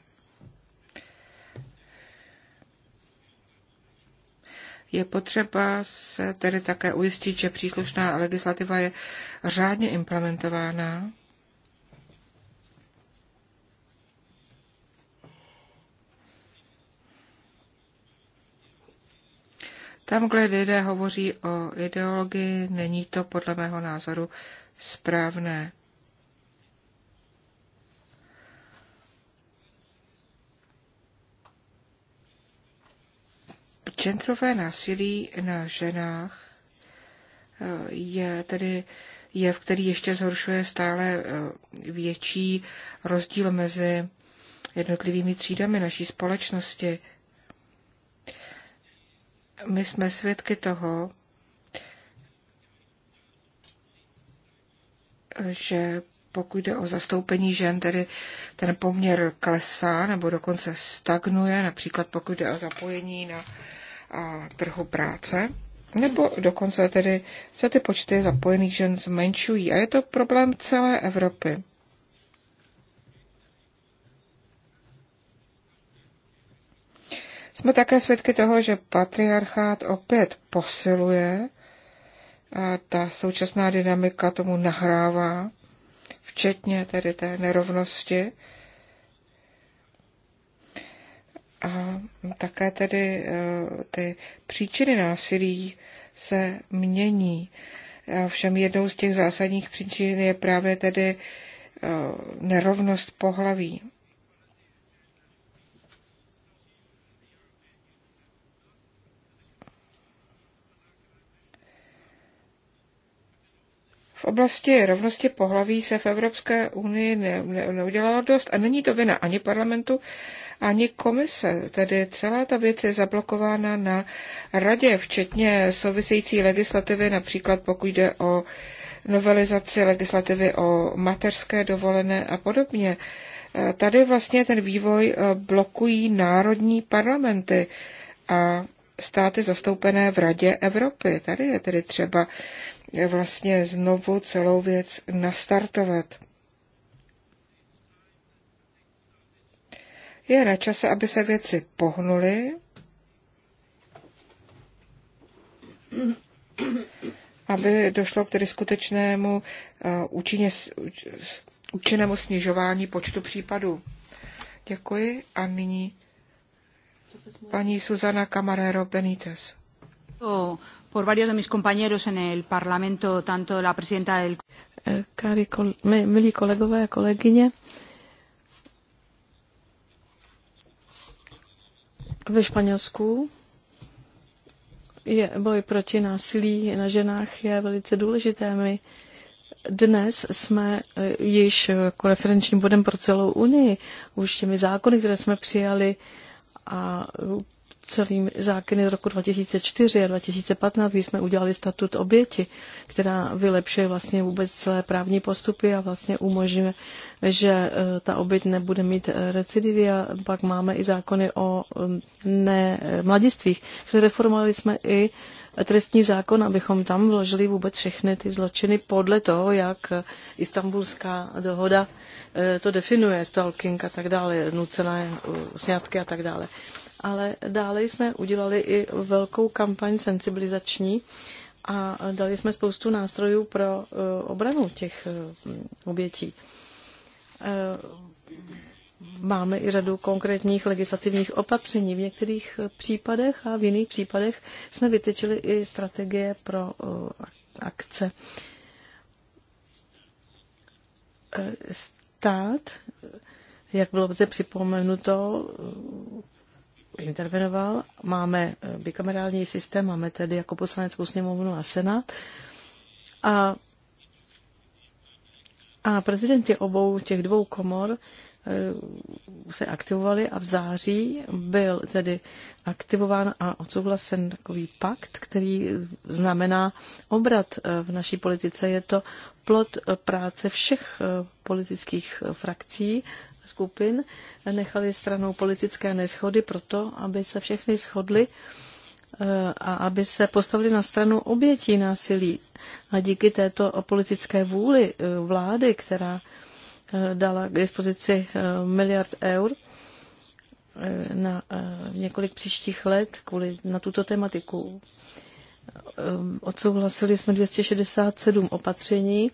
Je potřeba se tedy také ujistit, že příslušná legislativa je řádně implementována Tam, kde lidé hovoří o ideologii, není to podle mého názoru správné. Genderové násilí na ženách eh, je tedy jev, který ještě zhoršuje stále eh, větší rozdíl mezi jednotlivými třídami naší společnosti. My jsme svědky toho, že pokud jde o zastoupení žen, tedy ten poměr klesá nebo dokonce stagnuje, například pokud jde o zapojení na a, trhu práce, nebo dokonce tedy se ty počty zapojených žen zmenšují. A je to problém celé Evropy. Jsme také svědky toho, že patriarchát opět posiluje a ta současná dynamika tomu nahrává, včetně tedy té nerovnosti. A také tedy e, ty příčiny násilí se mění. Všem jednou z těch zásadních příčin je právě tedy e, nerovnost pohlaví. V oblasti rovnosti pohlaví se v Evropské unii ne, ne, neudělalo dost a není to vina ani parlamentu, ani komise. Tedy celá ta věc je zablokována na radě, včetně související legislativy, například pokud jde o novelizaci legislativy o mateřské dovolené a podobně. Tady vlastně ten vývoj eh, blokují národní parlamenty a státy zastoupené v Radě Evropy. Tady je tedy třeba eh, vlastně znovu celou věc nastartovat. Je na čase, aby se věci pohnuly. aby došlo k tedy skutečnému eh, účinně, účinnému snižování počtu případů. Děkuji a nyní paní Susana Camarero Benítez. Por varios de mis compañeros en el Parlamento, tanto la presidenta del... kol, eh, milí kolegové a kolegyně, ve Španělsku je boj proti násilí na ženách je velice důležité. My dnes jsme eh, již jako referenčním bodem pro celou Unii. Už těmi zákony, které jsme přijali a uh, celým zákony z roku 2004 a 2015, kdy jsme udělali statut oběti, která vylepšuje vlastně vůbec celé právní postupy a vlastně umožňuje, že uh, ta oběť nebude mít uh, recidivy a pak máme i zákony o um, ne mladistvích. Reformovali jsme i uh, trestní zákon, abychom tam vložili vůbec všechny ty zločiny podle toho, jak istambulská dohoda eh, to definuje, stalking a tak dále, nucené eh, sňatky a tak dále. Ale dále jsme udělali i velkou kampaň sensibilizační a dali jsme spoustu nástrojů pro eh, obranu těch obětí máme i řadu konkrétních legislativních opatření v některých případech a v jiných případech jsme vytečili i strategie pro akce. E, stát, jak bylo zde připomenuto, intervenoval. Máme bikamerální systém, máme tedy jako poslaneckou sněmovnu a senát. A, a prezidenty obou těch dvou komor Eh, se aktivovaly a v září byl tedy aktivován a odsouhlasen takový pakt, který znamená obrat eh, v naší politice. Je to plot práce všech eh, politických frakcí skupin. Nechali stranou politické neschody proto, aby se všechny shodly a aby se postavili na stranu obětí násilí. A díky této politické vůli vlády, která Eh, dala k dispozici eh, miliard eur eh, na několik příštích let kvůli, na tuto tematiku. Odsouhlasili jsme 267 opatření,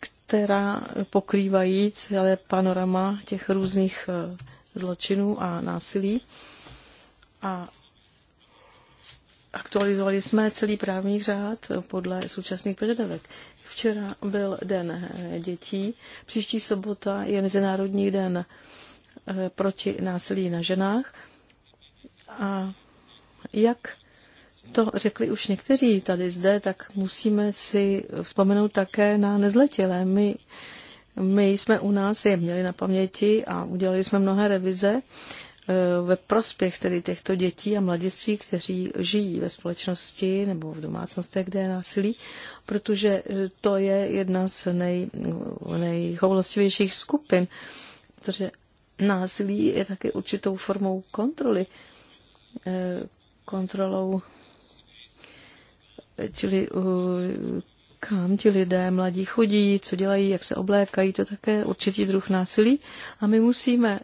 která pokrývají celé panorama těch různých zločinů a násilí. A aktualizovali jsme celý právní řád podle současných požadavek. Včera byl den eh, dětí, příští sobota je Mezinárodní den eh, proti násilí na ženách. A jak to řekli už někteří tady zde, tak musíme si vzpomenout také na nezletilé. My, my jsme u nás je měli na paměti a udělali jsme mnohé revize Eh, ve prospěch tedy těchto dětí a mladiství, kteří žijí ve společnosti nebo v domácnostech, kde je násilí, protože eh, to je jedna z nej, nejhoulostivějších skupin, protože násilí je také určitou formou kontroly, eh, kontrolou, čili kam ti lidé mladí chodí, co dělají, jak se oblékají, to také určitý druh násilí. A my musíme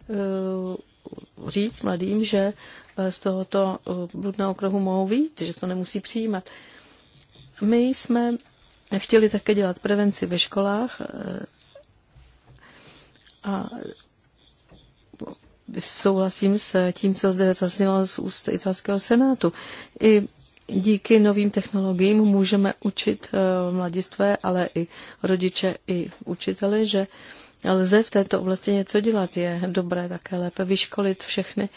říct mladým, že eh, z tohoto eh, bludného okruhu mohou vít, že to nemusí přijímat. My jsme chtěli také dělat prevenci ve školách eh, a souhlasím s tím, co zde zaznělo z úst italského senátu. I díky novým technologiím můžeme učit mladistvé, ale i rodiče, i učitele, že uh, lze v této oblasti něco dělat. Je dobré také lépe vyškolit všechny,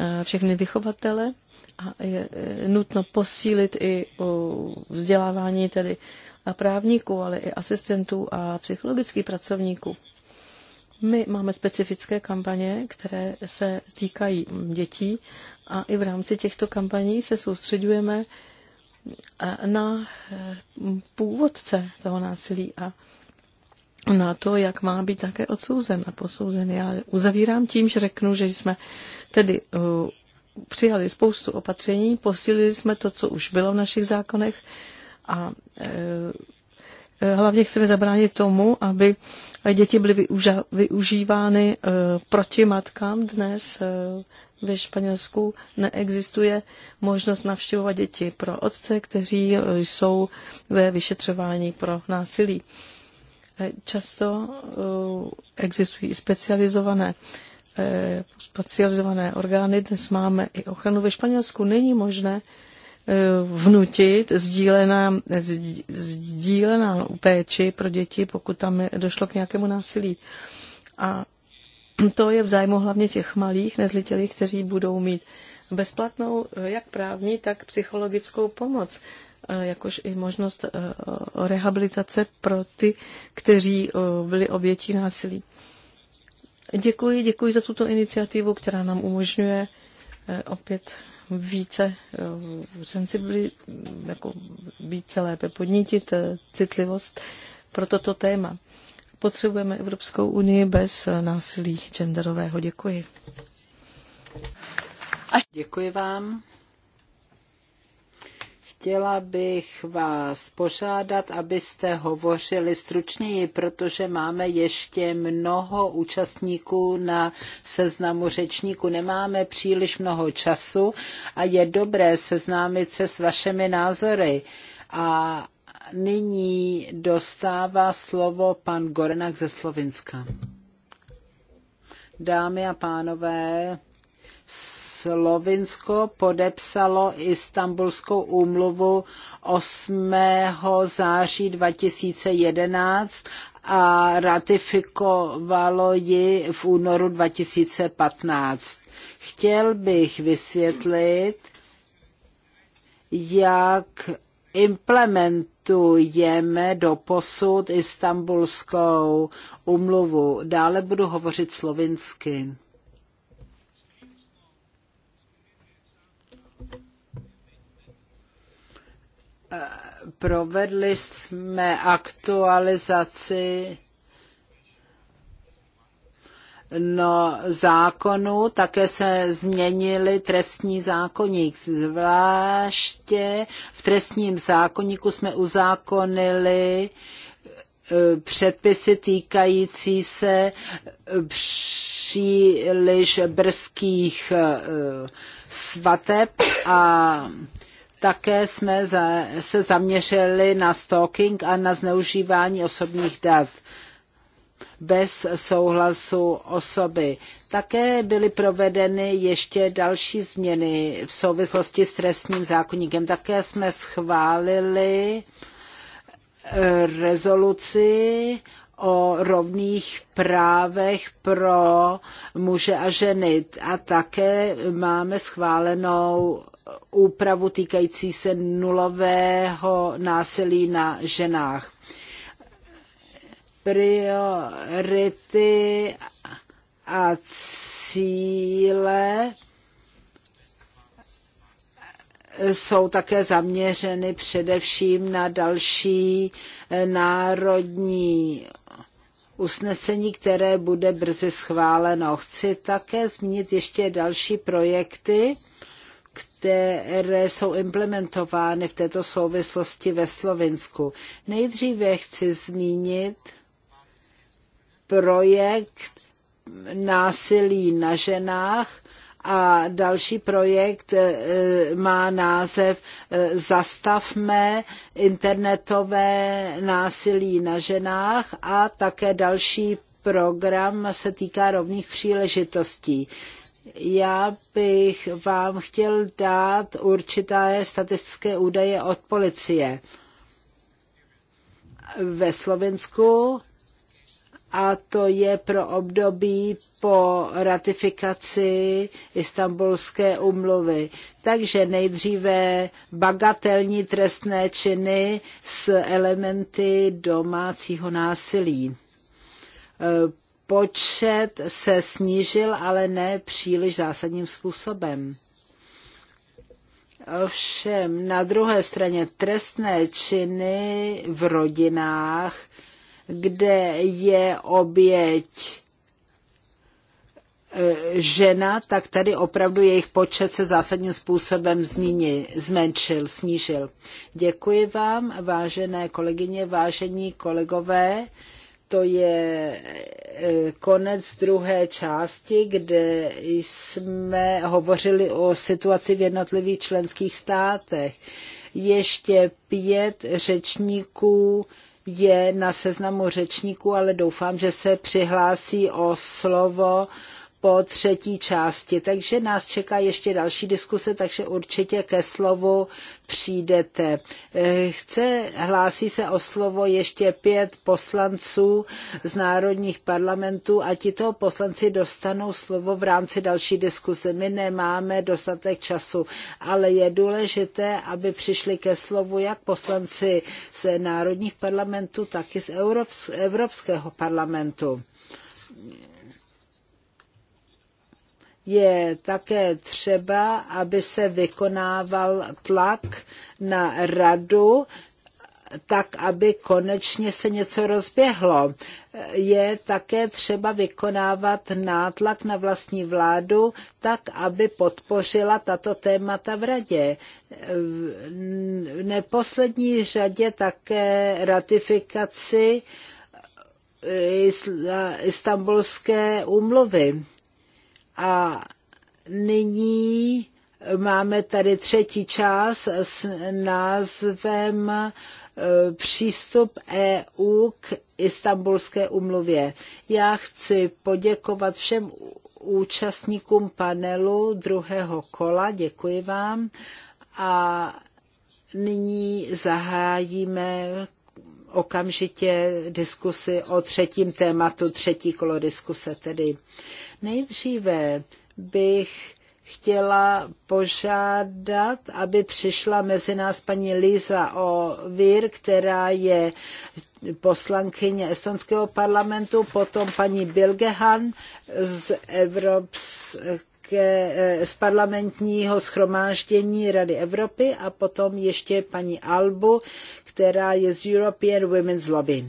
eh, všechny vychovatele a je eh, nutno posílit i eh, vzdělávání tedy a právníků, ale i asistentů a psychologických pracovníků. My máme specifické kampaně, které se týkají dětí a i v rámci těchto kampaní se soustředujeme na původce toho násilí a na to, jak má být také odsouzen a posouzen. Já uzavírám tím, že řeknu, že jsme tedy uh, přijali spoustu opatření, posílili jsme to, co už bylo v našich zákonech a uh, uh, hlavně chceme zabránit tomu, aby děti byly využívány proti matkám dnes ve Španělsku neexistuje možnost navštěvovat děti pro otce, kteří jsou ve vyšetřování pro násilí. Eh, často eh, existují specializované eh, specializované orgány. Dnes máme i ochranu. Ve Španělsku není možné vnutit sdílená, sdílená péči pro děti, pokud tam došlo k nějakému násilí. A to je v zájmu hlavně těch malých, nezlitělých, kteří budou mít bezplatnou jak právní, tak psychologickou pomoc jakož i možnost e, rehabilitace pro ty, kteří e, byli obětí násilí. Děkuji, děkuji za tuto iniciativu, která nám umožňuje e, opět více sensibili, jako více lépe podnítit citlivost pro toto téma. Potřebujeme Evropskou unii bez násilí genderového. Děkuji. děkuji vám. Chtěla bych vás požádat, abyste hovořili stručněji, protože máme ještě mnoho účastníků na seznamu řečníků. Nemáme příliš mnoho času a je dobré seznámit se s vašimi názory. A nyní dostává slovo pan Gornak ze Slovinska. Dámy a pánové, Slovinsko podepsalo Istanbulskou úmluvu 8. září 2011 a ratifikovalo ji v únoru 2015. Chtěl bych vysvětlit, jak implementujeme do posud Istanbulskou umluvu. Dále budu hovořit slovinsky. provedli jsme aktualizaci no, zákonu, také se změnili trestní zákonník. Zvláště v trestním zákonníku jsme uzákonili eh, předpisy týkající se eh, příliš brzkých eh, svateb a také jsme se zaměřili na stalking a na zneužívání osobních dat bez souhlasu osoby. Také byly provedeny ještě další změny v souvislosti s trestním zákonníkem. Také jsme schválili eh, rezoluci o rovných právech pro muže a ženy. A také máme schválenou úpravu týkající se nulového násilí na ženách. Priority a cíle jsou také zaměřeny především na další eh, národní usnesení, které bude brzy schváleno. Chci také zmínit ještě další projekty, které jsou implementovány v této souvislosti ve Slovensku. Nejdříve chci zmínit projekt násilí na ženách a další projekt eh, má název eh, Zastavme internetové násilí na ženách a také další program se týká rovných příležitostí já bych vám chtěl dát určité statistické údaje od policie ve Slovensku a to je pro období po ratifikaci Istanbulské umluvy. Takže nejdříve bagatelní trestné činy s elementy domácího násilí počet se snížil, ale ne příliš zásadním způsobem. Ovšem, na druhé straně trestné činy v rodinách, kde je oběť e, žena, tak tady opravdu jejich počet se zásadním způsobem zmíni, zmenšil, snížil. Děkuji vám, vážené kolegyně, vážení kolegové to je e, konec druhé části, kde jsme hovořili o situaci v jednotlivých členských státech. Ještě pět řečníků je na seznamu řečníků, ale doufám, že se přihlásí o slovo po třetí části. Takže nás čeká ještě další diskuse, takže určitě ke slovu přijdete. Eh, chce, hlásí se o slovo ještě pět poslanců z národních parlamentů a tito poslanci dostanou slovo v rámci další diskuse. My nemáme dostatek času, ale je důležité, aby přišli ke slovu jak poslanci z národních parlamentů, tak i z Evropského parlamentu. je také třeba, aby se vykonával tlak na radu, tak, aby konečně se něco rozběhlo. Je také třeba vykonávat nátlak na vlastní vládu, tak, aby podpořila tato témata v radě. V neposlední řadě také ratifikaci Istanbulské úmluvy a nyní máme tady třetí část s názvem e, přístup EU k Istanbulské umluvě. Já chci poděkovat všem účastníkům panelu druhého kola, děkuji vám. A nyní zahájíme okamžitě diskusi o třetím tématu, třetí kolo diskuse tedy. Nejdříve bych chtěla požádat, aby přišla mezi nás paní Líza vír, která je poslankyně estonského parlamentu, potom paní Bilgehan z Evropské také eh, z parlamentního schromáždění Rady Evropy a potom ještě paní Albu, která je z European Women's Lobby.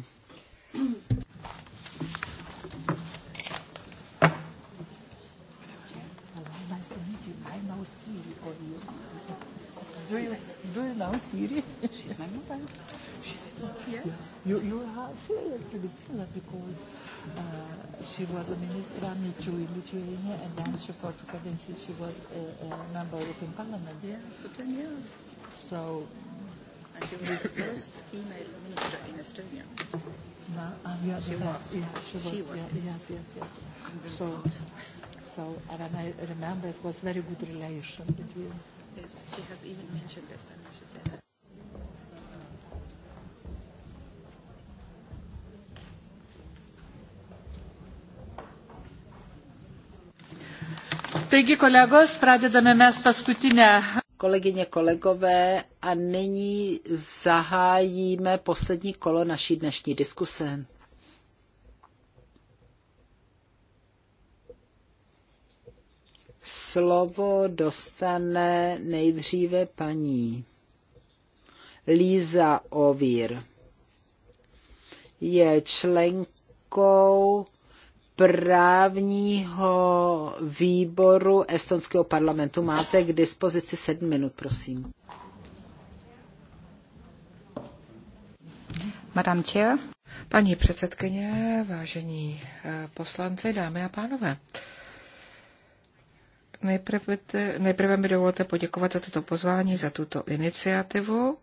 Do you, do you know Siri? She's my mother. She's, yes. You, you are because Uh, she was a minister, me too, in Lithuania, and then she, for two she was a, a member of European Parliament. Yes, for 10 years. So. And she was the first female minister in Estonia. No, um, yeah, she, was. Yeah, she was. She was. Yeah, yes, yes, yes. yes. So, so, and I remember it was very good relation between. Yes, she has even mentioned this time. She said that. Taigi, kolegos, pradedame mes paskutinę. Kolegyně, kolegové, a nyní zahájíme poslední kolo naší dnešní diskuse. Slovo dostane nejdříve paní Líza Ovír. Je členkou právního výboru Estonského parlamentu. Máte k dispozici sedm minut, prosím. Madame Chair. Paní předsedkyně, vážení eh, poslanci, dámy a pánové. Nejprve, nejprve mi dovolte poděkovat za toto pozvání, za tuto iniciativu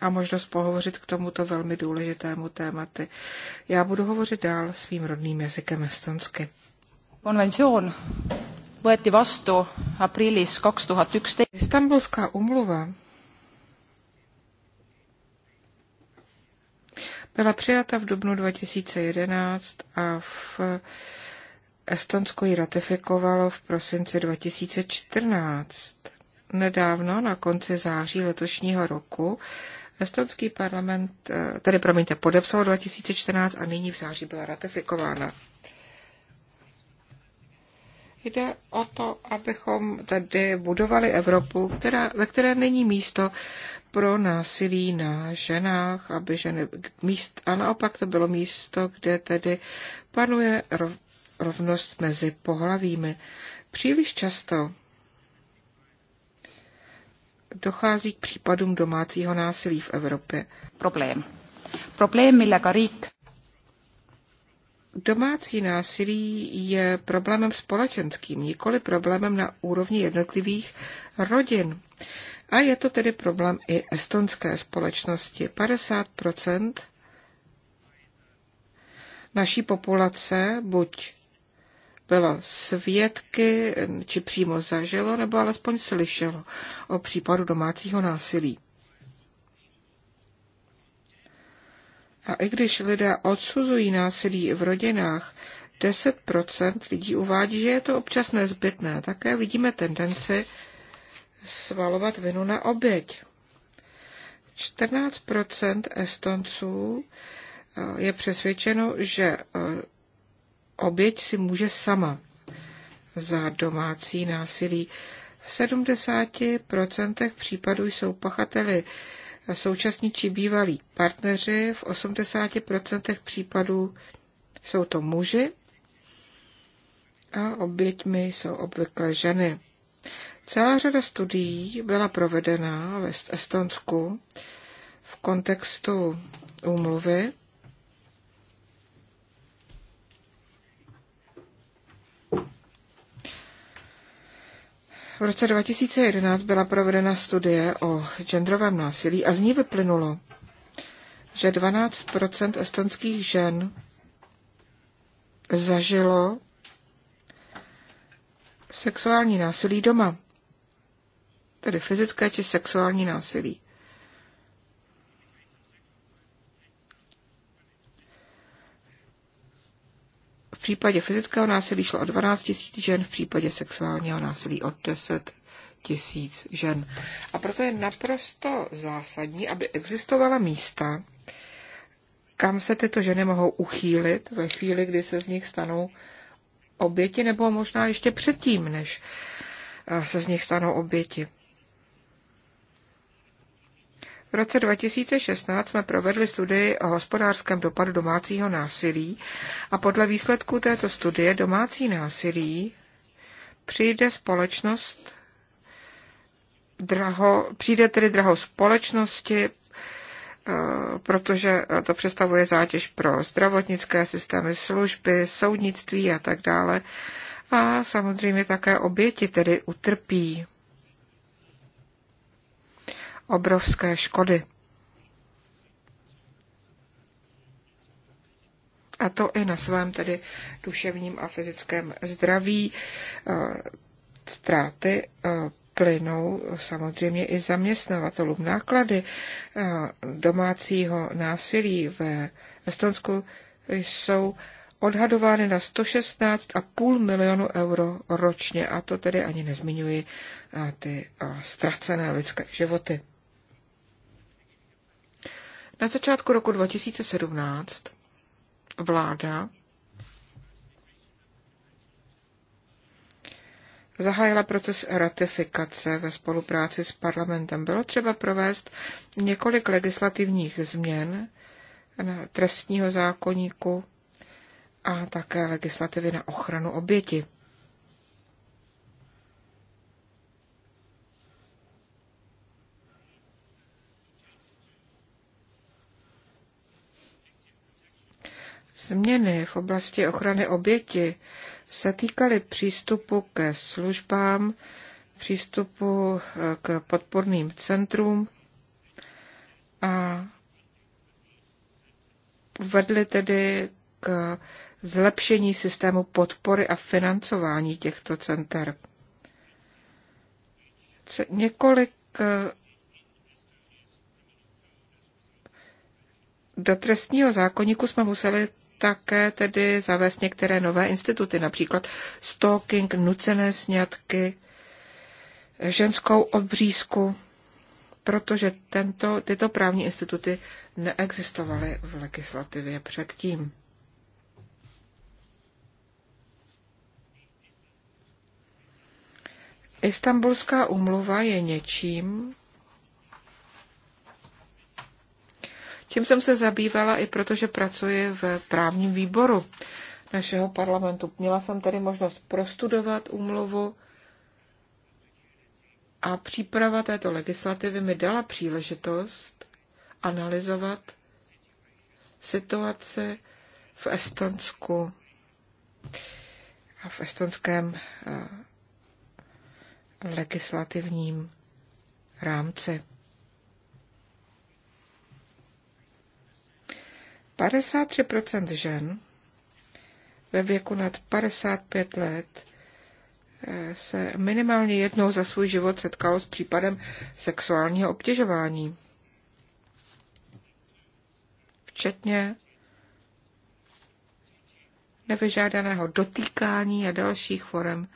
a možnost pohovořit k tomuto velmi důležitému tématu. Já budu hovořit dál svým rodným jazykem estonsky. Konvention võeti vastu aprílis 2011. Istanbulská umluva byla přijata v dubnu 2011 a v Estonsko ji ratifikovalo v prosinci 2014. Nedávno, na konci září letošního roku, Estonský parlament, eh, tedy promiňte, podepsal 2014 a nyní v září byla ratifikována. Jde o to, abychom tady budovali Evropu, která, ve které není místo pro násilí na ženách, aby ženy, míst, a naopak to bylo místo, kde tedy panuje rovnost mezi pohlavími. Příliš často dochází k případům domácího násilí v Evropě. Problém. Problém, millega jako riik Domácí násilí je problémem společenským, nikoli problémem na úrovni jednotlivých rodin. A je to tedy problém i estonské společnosti. 50 naší populace buď bylo svědky, či přímo zažilo, nebo alespoň slyšelo o případu domácího násilí. A i když lidé odsuzují násilí v rodinách, 10% lidí uvádí, že je to občas nezbytné. Také vidíme tendenci svalovat vinu na oběť. 14% Estonců eh, je přesvědčeno, že eh, oběť si může sama za domácí násilí. V 70% případů jsou pachateli současní či bývalí partneři, v 80% případů jsou to muži a oběťmi jsou obvykle ženy. Celá řada studií byla provedena ve Estonsku v kontextu úmluvy V roce 2011 byla provedena studie o genderovém násilí a z ní vyplynulo, že 12 estonských žen zažilo sexuální násilí doma, tedy fyzické či sexuální násilí. případě fyzického násilí šlo o 12 tisíc žen, v případě sexuálního násilí o 10 tisíc žen. A proto je naprosto zásadní, aby existovala místa, kam se tyto ženy mohou uchýlit ve chvíli, kdy se z nich stanou oběti, nebo možná ještě předtím, než eh, se z nich stanou oběti. V roce 2016 jsme provedli studii o hospodářském dopadu domácího násilí a podle výsledků této studie domácí násilí přijde společnost draho, přijde tedy draho společnosti, eh, protože to představuje zátěž pro zdravotnické systémy, služby, soudnictví a tak dále. A samozřejmě také oběti tedy utrpí obrovské škody. A to i na svém tedy duševním a fyzickém zdraví. E, ztráty e, plynou samozřejmě i zaměstnavatelům. Náklady e, domácího násilí ve Estonsku jsou odhadovány na 116,5 milionu euro ročně, a to tedy ani nezmiňuji ty ztracené lidské životy. Na začátku roku 2017 vláda zahájila proces ratifikace ve spolupráci s parlamentem. Bylo třeba provést několik legislativních změn na trestního zákoníku a také legislativy na ochranu oběti. Změny v oblasti ochrany oběti se týkaly přístupu ke službám, přístupu eh, k podporným centrům a vedly tedy k zlepšení systému podpory a financování těchto center. Několik eh, do trestního zákoníku jsme museli také tedy zavést některé nové instituty, například stalking, nucené sňatky, ženskou obřízku, protože tento, tyto právní instituty neexistovaly v legislativě předtím. Istanbulská umluva je něčím, Tím jsem se zabývala i proto, že pracuji v právním výboru našeho parlamentu. Měla jsem tedy možnost prostudovat úmluvu a příprava této legislativy mi dala příležitost analyzovat situaci v Estonsku a v estonském eh, legislativním rámci. 53% žen ve věku nad 55 let eh, se minimálně jednou za svůj život setkalo s případem sexuálního obtěžování. Včetně nevyžádaného dotýkání a dalších forem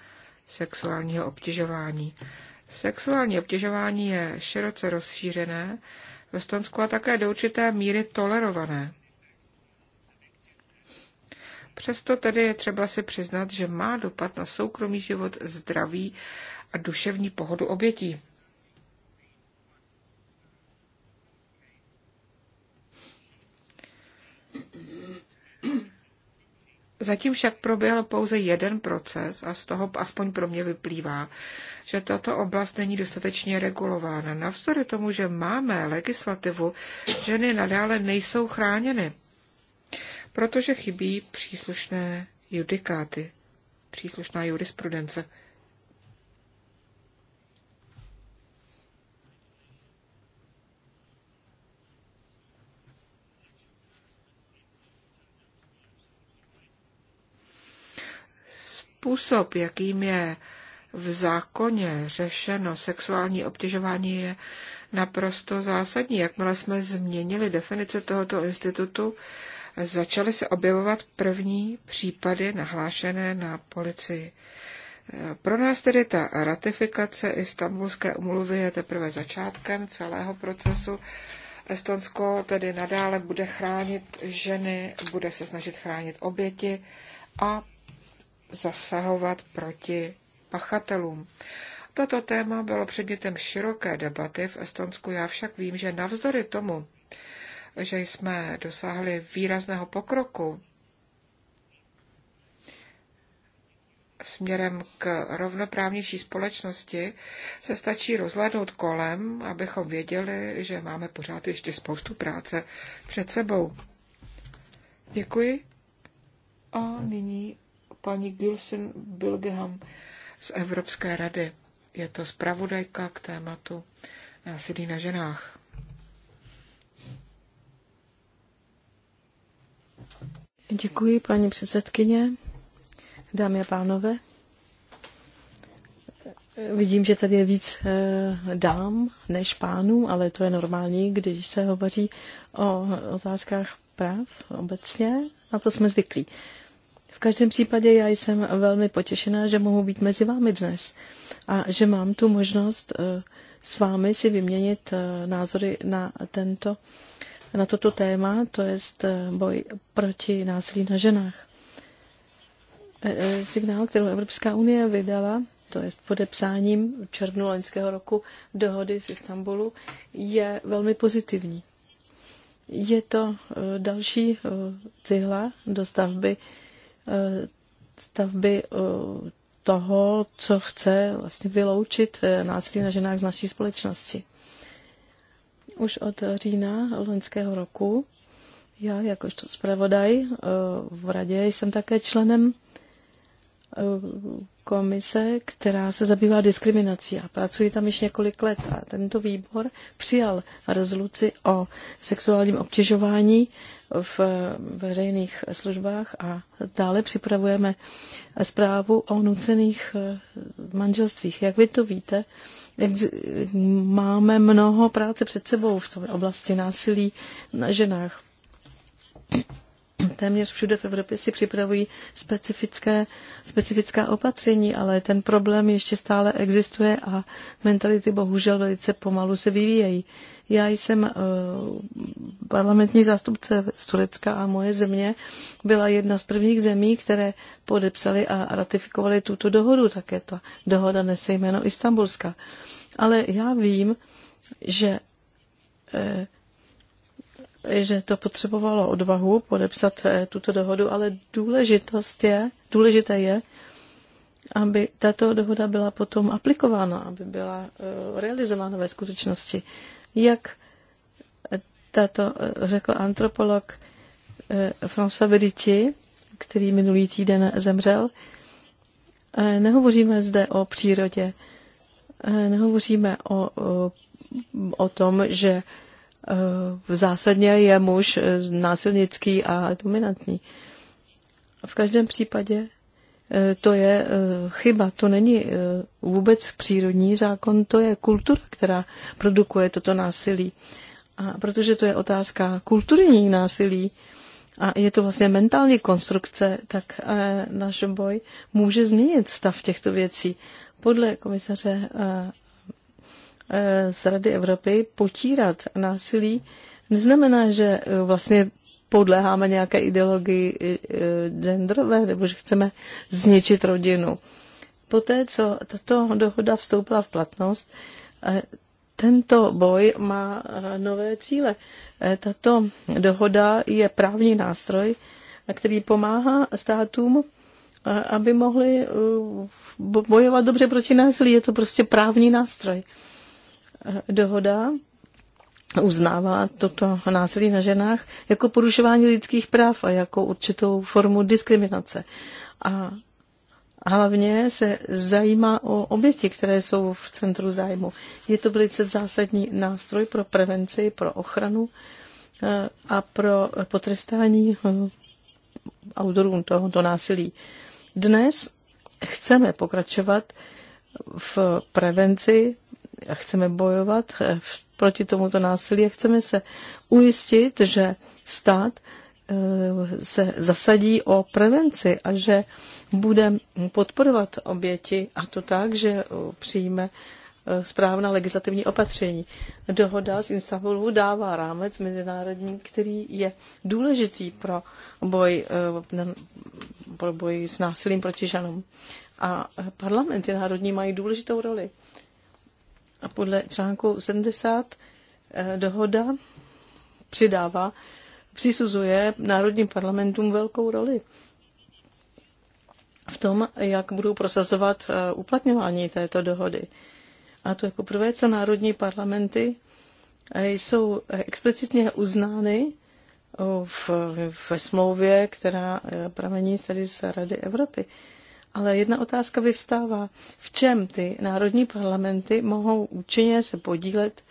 sexuálního obtěžování. Sexuální obtěžování je široce rozšířené, v Stonsku a také do určité míry tolerované. Přesto tedy je třeba si přiznat, že má dopad na soukromý život, zdraví a duševní pohodu obětí. Zatím však proběhl pouze jeden proces a z toho aspoň pro mě vyplývá, že tato oblast není dostatečně regulována. Navzdory tomu, že máme legislativu, ženy nadále nejsou chráněny protože chybí příslušné judikáty, příslušná jurisprudence. Způsob, jakým je v zákoně řešeno sexuální obtěžování, je naprosto zásadní. Jakmile jsme změnili definice tohoto institutu, začaly se objevovat první případy nahlášené na policii. Pro nás tedy ta ratifikace Istanbulské umluvy je teprve začátkem celého procesu. Estonsko tedy nadále bude chránit ženy, bude se snažit chránit oběti a zasahovat proti pachatelům. Toto téma bylo předmětem široké debaty v Estonsku. Já však vím, že navzdory tomu, že jsme dosáhli výrazného pokroku směrem k rovnoprávnější společnosti, se stačí rozhlednout kolem, abychom věděli, že máme pořád ještě spoustu práce před sebou. Děkuji. A nyní paní Gilson Bilgeham z Evropské rady. Je to zpravodajka k tématu násilí na ženách. Děkuji, paní předsedkyně, dámy a pánové. Vidím, že tady je víc eh, dám než pánů, ale to je normální, když se hovoří o otázkách práv obecně. Na to jsme zvyklí. V každém případě já jsem velmi potěšená, že mohu být mezi vámi dnes a že mám tu možnost eh, s vámi si vyměnit eh, názory na tento na toto téma, to je eh, boj proti násilí na ženách. Eh, eh, signál, kterou Evropská unie vydala, to je podepsáním v červnu loňského roku dohody z Istanbulu, je velmi pozitivní. Je to další cihla do stavby, stavby toho, co chce vlastně vyloučit násilí na ženách z naší společnosti. Už od října loňského roku já jakožto zpravodaj eh, v radě jsem také členem komise, která se zabývá diskriminací a pracuje tam již několik let. A tento výbor přijal rezoluci o sexuálním obtěžování v veřejných službách a dále připravujeme zprávu o nucených eh, manželstvích. Jak vy to víte, máme mnoho práce před sebou v oblasti násilí na ženách téměř všude v Evropě si připravují specifické, specifická opatření, ale ten problém ještě stále existuje a mentality bohužel velice pomalu se vyvíjejí. Já jsem eh, parlamentní zástupce z Turecka a moje země byla jedna z prvních zemí, které podepsali a ratifikovali tuto dohodu. Také ta dohoda nese jméno Istanbulska. Ale já vím, že eh, že to potřebovalo odvahu podepsat eh, tuto dohodu, ale důležitost je, důležité je, aby tato dohoda byla potom aplikována, aby byla eh, realizována ve skutečnosti. Jak eh, tato řekl antropolog François Veriti, který minulý týden zemřel, nehovoříme zde o přírodě, nehovoříme o, o, o tom, že Eh, zásadně je muž eh, násilnický a dominantní. V každém případě eh, to je chyba, to není vůbec přírodní zákon, to je kultura, která produkuje toto násilí. A protože to je otázka kulturní násilí a je to vlastně mentální konstrukce, tak náš boj může změnit stav těchto věcí. Podle komisaře Eh, z Rady Evropy potírat násilí, neznamená, že eh, vlastně podléháme nějaké ideologii eh, genderové nebo že chceme zničit rodinu. Poté, co tato dohoda vstoupila v platnost, tento boj má nové cíle. Tato dohoda je právní nástroj, který pomáhá státům, aby mohli bojovat dobře proti násilí. Je to prostě právní nástroj dohoda uznává toto násilí na ženách jako porušování lidských práv a jako určitou formu diskriminace. A hlavně se zajímá o oběti, které jsou v centru zájmu. Je to velice zásadní nástroj pro prevenci, pro ochranu eh, a pro potrestání eh, autorů tohoto násilí. Dnes chceme pokračovat v prevenci chceme bojovat eh, proti tomuto násilí a chceme se ujistit, že stát eh, se zasadí o prevenci a že bude podporovat oběti a to tak, že eh, přijme správná legislativní opatření. Dohoda z Istanbulu dává rámec mezinárodní, který je důležitý pro boj, pro boj s násilím proti ženům. A parlamenty národní mají důležitou roli. A podle článku 70 eh, dohoda přidává, přisuzuje národním parlamentům velkou roli v tom, jak budou prosazovat eh, uplatňování této dohody. A to je poprvé, co národní parlamenty eh, jsou explicitně uznány v, ve smlouvě, která pramení z Rady Evropy. Ale jedna otázka vyvstává. V čem ty národní parlamenty mohou účinně se podílet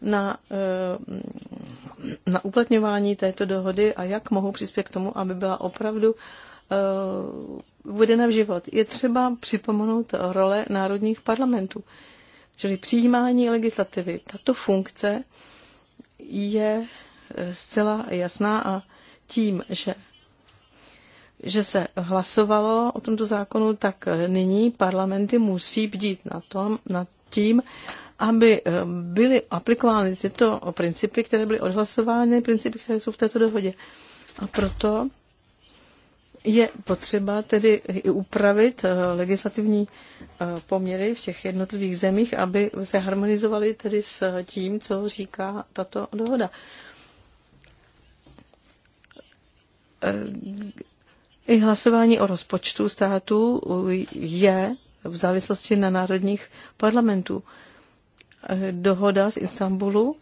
na, eh, na uplatňování této dohody a jak mohou přispět k tomu, aby byla opravdu eh, uvedena v život. Je třeba připomenout role národních parlamentů, čili přijímání legislativy. Tato funkce je eh, zcela jasná a tím, že že se hlasovalo o tomto zákonu, tak nyní parlamenty musí bdít na tom, nad tím, aby eh, byly aplikovány tyto principy, které byly odhlasovány, principy, které jsou v této dohodě. A proto je potřeba tedy i upravit eh, legislativní eh, poměry v těch jednotlivých zemích, aby se harmonizovaly tedy s tím, co říká tato dohoda i hlasování o rozpočtu státu je v závislosti na národních parlamentů. Dohoda z Istanbulu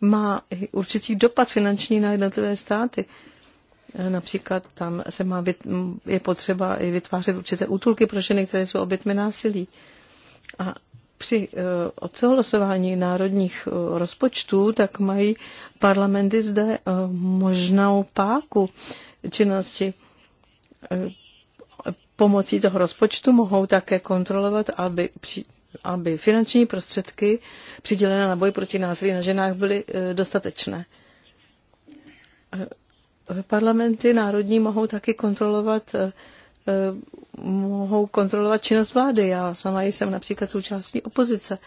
má určitý dopad finanční na jednotlivé státy. Například tam se má, je potřeba i vytvářet určité útulky pro ženy, které jsou obětmi násilí. A při eh, odsouhlasování národních eh, rozpočtů, tak mají parlamenty zde eh, možnou páku činnosti. Eh, pomocí toho rozpočtu mohou také kontrolovat, aby, při, aby finanční prostředky přidělené na boj proti násilí na ženách byly eh, dostatečné. Eh, parlamenty národní mohou taky kontrolovat mohou kontrolovat činnost vlády. Já sama jsem například součástí opozice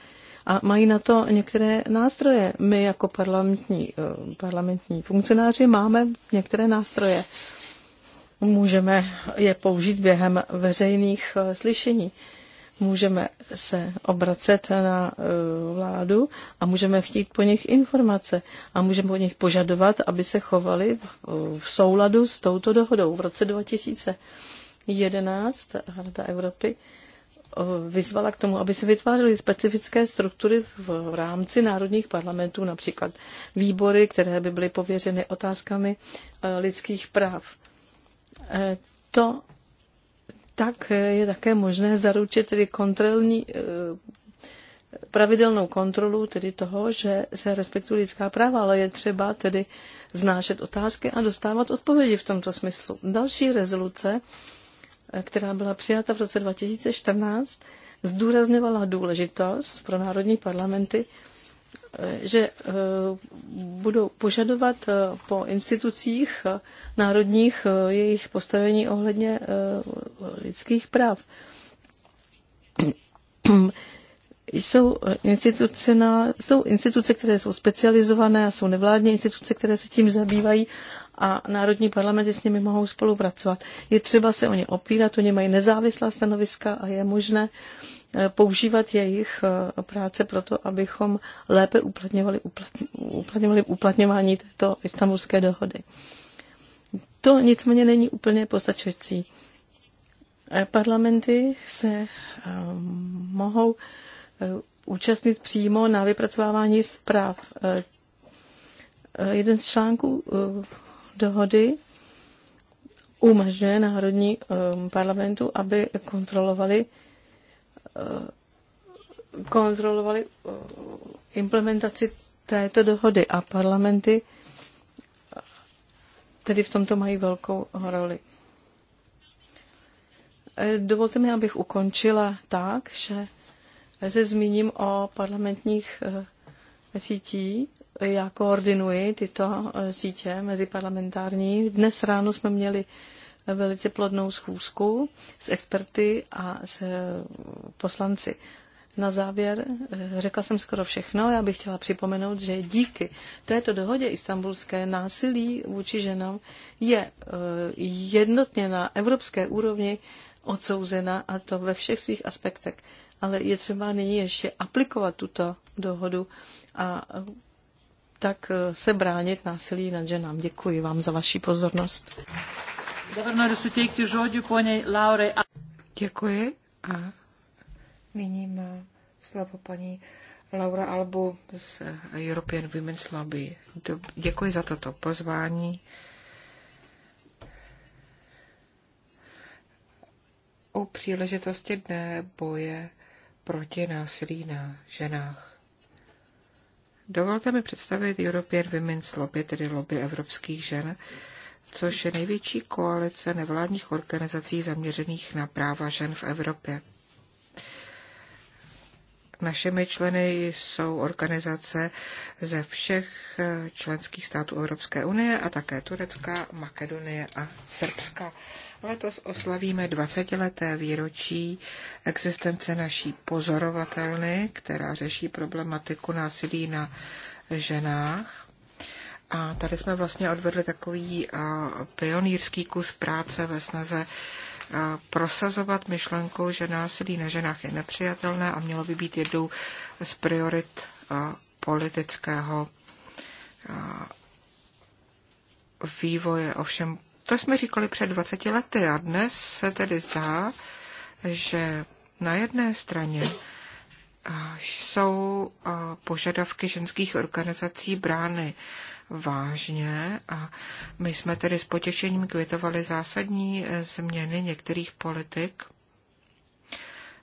a mají na to některé nástroje. My jako parlamentní, parlamentní funkcionáři máme některé nástroje můžeme je použít během veřejných eh, slyšení. Můžeme se obracet na eh, vládu a můžeme chtít po nich informace a můžeme po nich požadovat, aby se chovali v souladu s touto dohodou. V roce 2011 Rada Evropy eh, vyzvala k tomu, aby se vytvářely specifické struktury v rámci národních parlamentů, například výbory, které by byly pověřeny otázkami lidských práv to tak je také možné zaručit tedy kontrolní, eh, pravidelnou kontrolu tedy toho, že se respektují lidská práva, ale je třeba tedy vznášet otázky a dostávat odpovědi v tomto smyslu. Další rezoluce, eh, která byla přijata v roce 2014, zdůrazňovala důležitost pro národní parlamenty že eh, budou požadovat eh, po institucích eh, národních jejich postavení ohledně lidských práv. *clears throat* Jsou instituce, na, jsou instituce, které jsou specializované a jsou nevládní instituce, které se tím zabývají a národní parlamenty s nimi mohou spolupracovat. Je třeba se o ně opírat, oni mají nezávislá stanoviska a je možné uh, Eh, používat jejich eh, práce proto, abychom lépe uplatňovali, uplatňovali uplatňování této istambulské dohody. To nicméně není úplně postačující. Eh, parlamenty se mohou účastnit přímo na vypracovávání zpráv. Jeden z článků dohody umožňuje národní parlamentu, aby kontrolovali Eh, kontrolovali eh, implementaci této dohody a parlamenty eh, tedy v tomto mají velkou roli. Dovolte mi, abych ukončila tak, že se zmíním o parlamentních sítí. Já koordinuji tyto sítě meziparlamentární. Dnes ráno jsme měli uh, velice plodnou schůzku s experty a s eh, poslanci. Na závěr eh, řekla jsem skoro všechno. Já bych chtěla připomenout, že díky této dohodě istambulské násilí vůči ženám je eh, jednotně na evropské úrovni odsouzena a to ve všech svých aspektech. Ale je třeba nyní ještě aplikovat tuto dohodu a tak se bránit násilí nad ženám. Děkuji vám za vaši pozornost. Dabar noriu suteikti žodžiu poniai Laurai. Děkuji a nyní má slovo paní Laura Albu z European Women's Lobby. Děkuji za toto pozvání. U příležitosti dne boje proti násilí na ženách. Dovolte mi představit European Women's Lobby, tedy lobby evropských žen, což je největší koalice nevládních organizací zaměřených na práva žen v Evropě. Našimi členy jsou organizace ze všech členských států Evropské unie a také Turecka, Makedonie a Srbska. Letos oslavíme 20-leté výročí existence naší pozorovatelny, která řeší problematiku násilí na ženách. A tady jsme vlastně odvedli takový pionýrský kus práce ve snaze prosazovat myšlenku, že násilí na ženách je nepřijatelné a mělo by být jednou z priorit politického vývoje. Ovšem, to jsme říkali před 20 lety a dnes se tedy zdá, že na jedné straně jsou požadavky ženských organizací brány vážně a my jsme tedy s potěšením kvitovali zásadní eh, změny některých politik,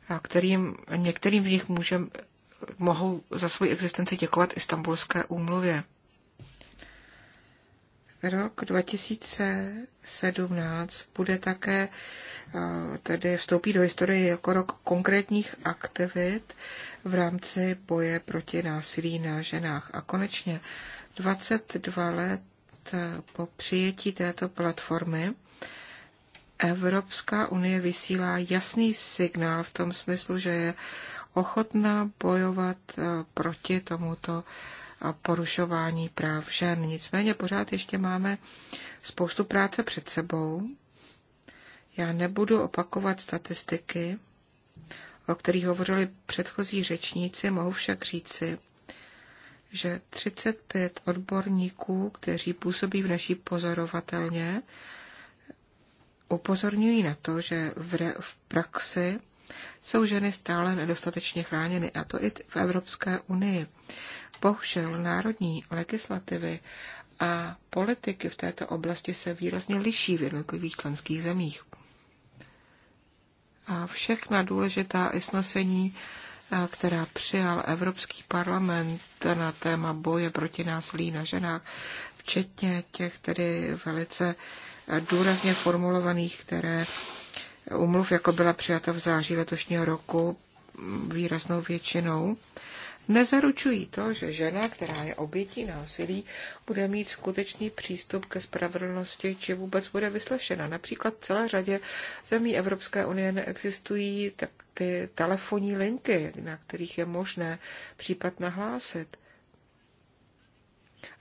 a kterým, některým z nich můžem, mohou za svou existenci děkovat Istanbulské úmluvě. Rok 2017 bude také eh, tedy vstoupí do historie jako rok konkrétních aktivit v rámci boje proti násilí na ženách. A konečně 22 let eh, po přijetí této platformy Evropská unie vysílá jasný signál v tom smyslu, že je ochotná bojovat eh, proti tomuto eh, porušování práv žen. Nicméně pořád ještě máme spoustu práce před sebou. Já nebudu opakovat statistiky, o kterých hovořili předchozí řečníci, mohu však říci, že 35 odborníků, kteří působí v naší pozorovatelně, upozorňují na to, že v, re, v praxi jsou ženy stále nedostatečně chráněny, a to i v Evropské unii. Bohužel národní legislativy a politiky v této oblasti se výrazně liší v jednotlivých členských zemích. A všechna důležitá i snesení která přijal Evropský parlament na téma boje proti násilí na ženách, včetně těch tedy velice důrazně formulovaných, které umluv, jako byla přijata v září letošního roku výraznou většinou nezaručují to, že žena, která je obětí násilí, bude mít skutečný přístup ke spravedlnosti či vůbec bude vyslešena. Například v celé řadě zemí Evropské unie neexistují tak ty telefonní linky, na kterých je možné případ nahlásit.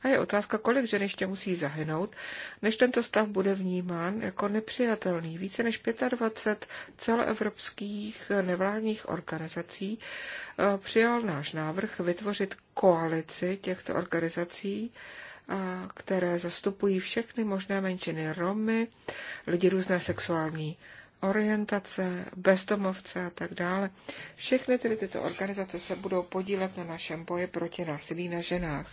A je otázka, kolik žen ještě musí zahynout, než tento stav bude vnímán jako nepřijatelný. Více než 25 celoevropských nevládních organizací eh, přijal náš návrh vytvořit koalici těchto organizací, eh, které zastupují všechny možné menšiny Romy, lidi různé sexuální orientace, bezdomovce a tak dále. Všechny tedy tyto organizace se budou podílet na našem boji proti násilí na ženách.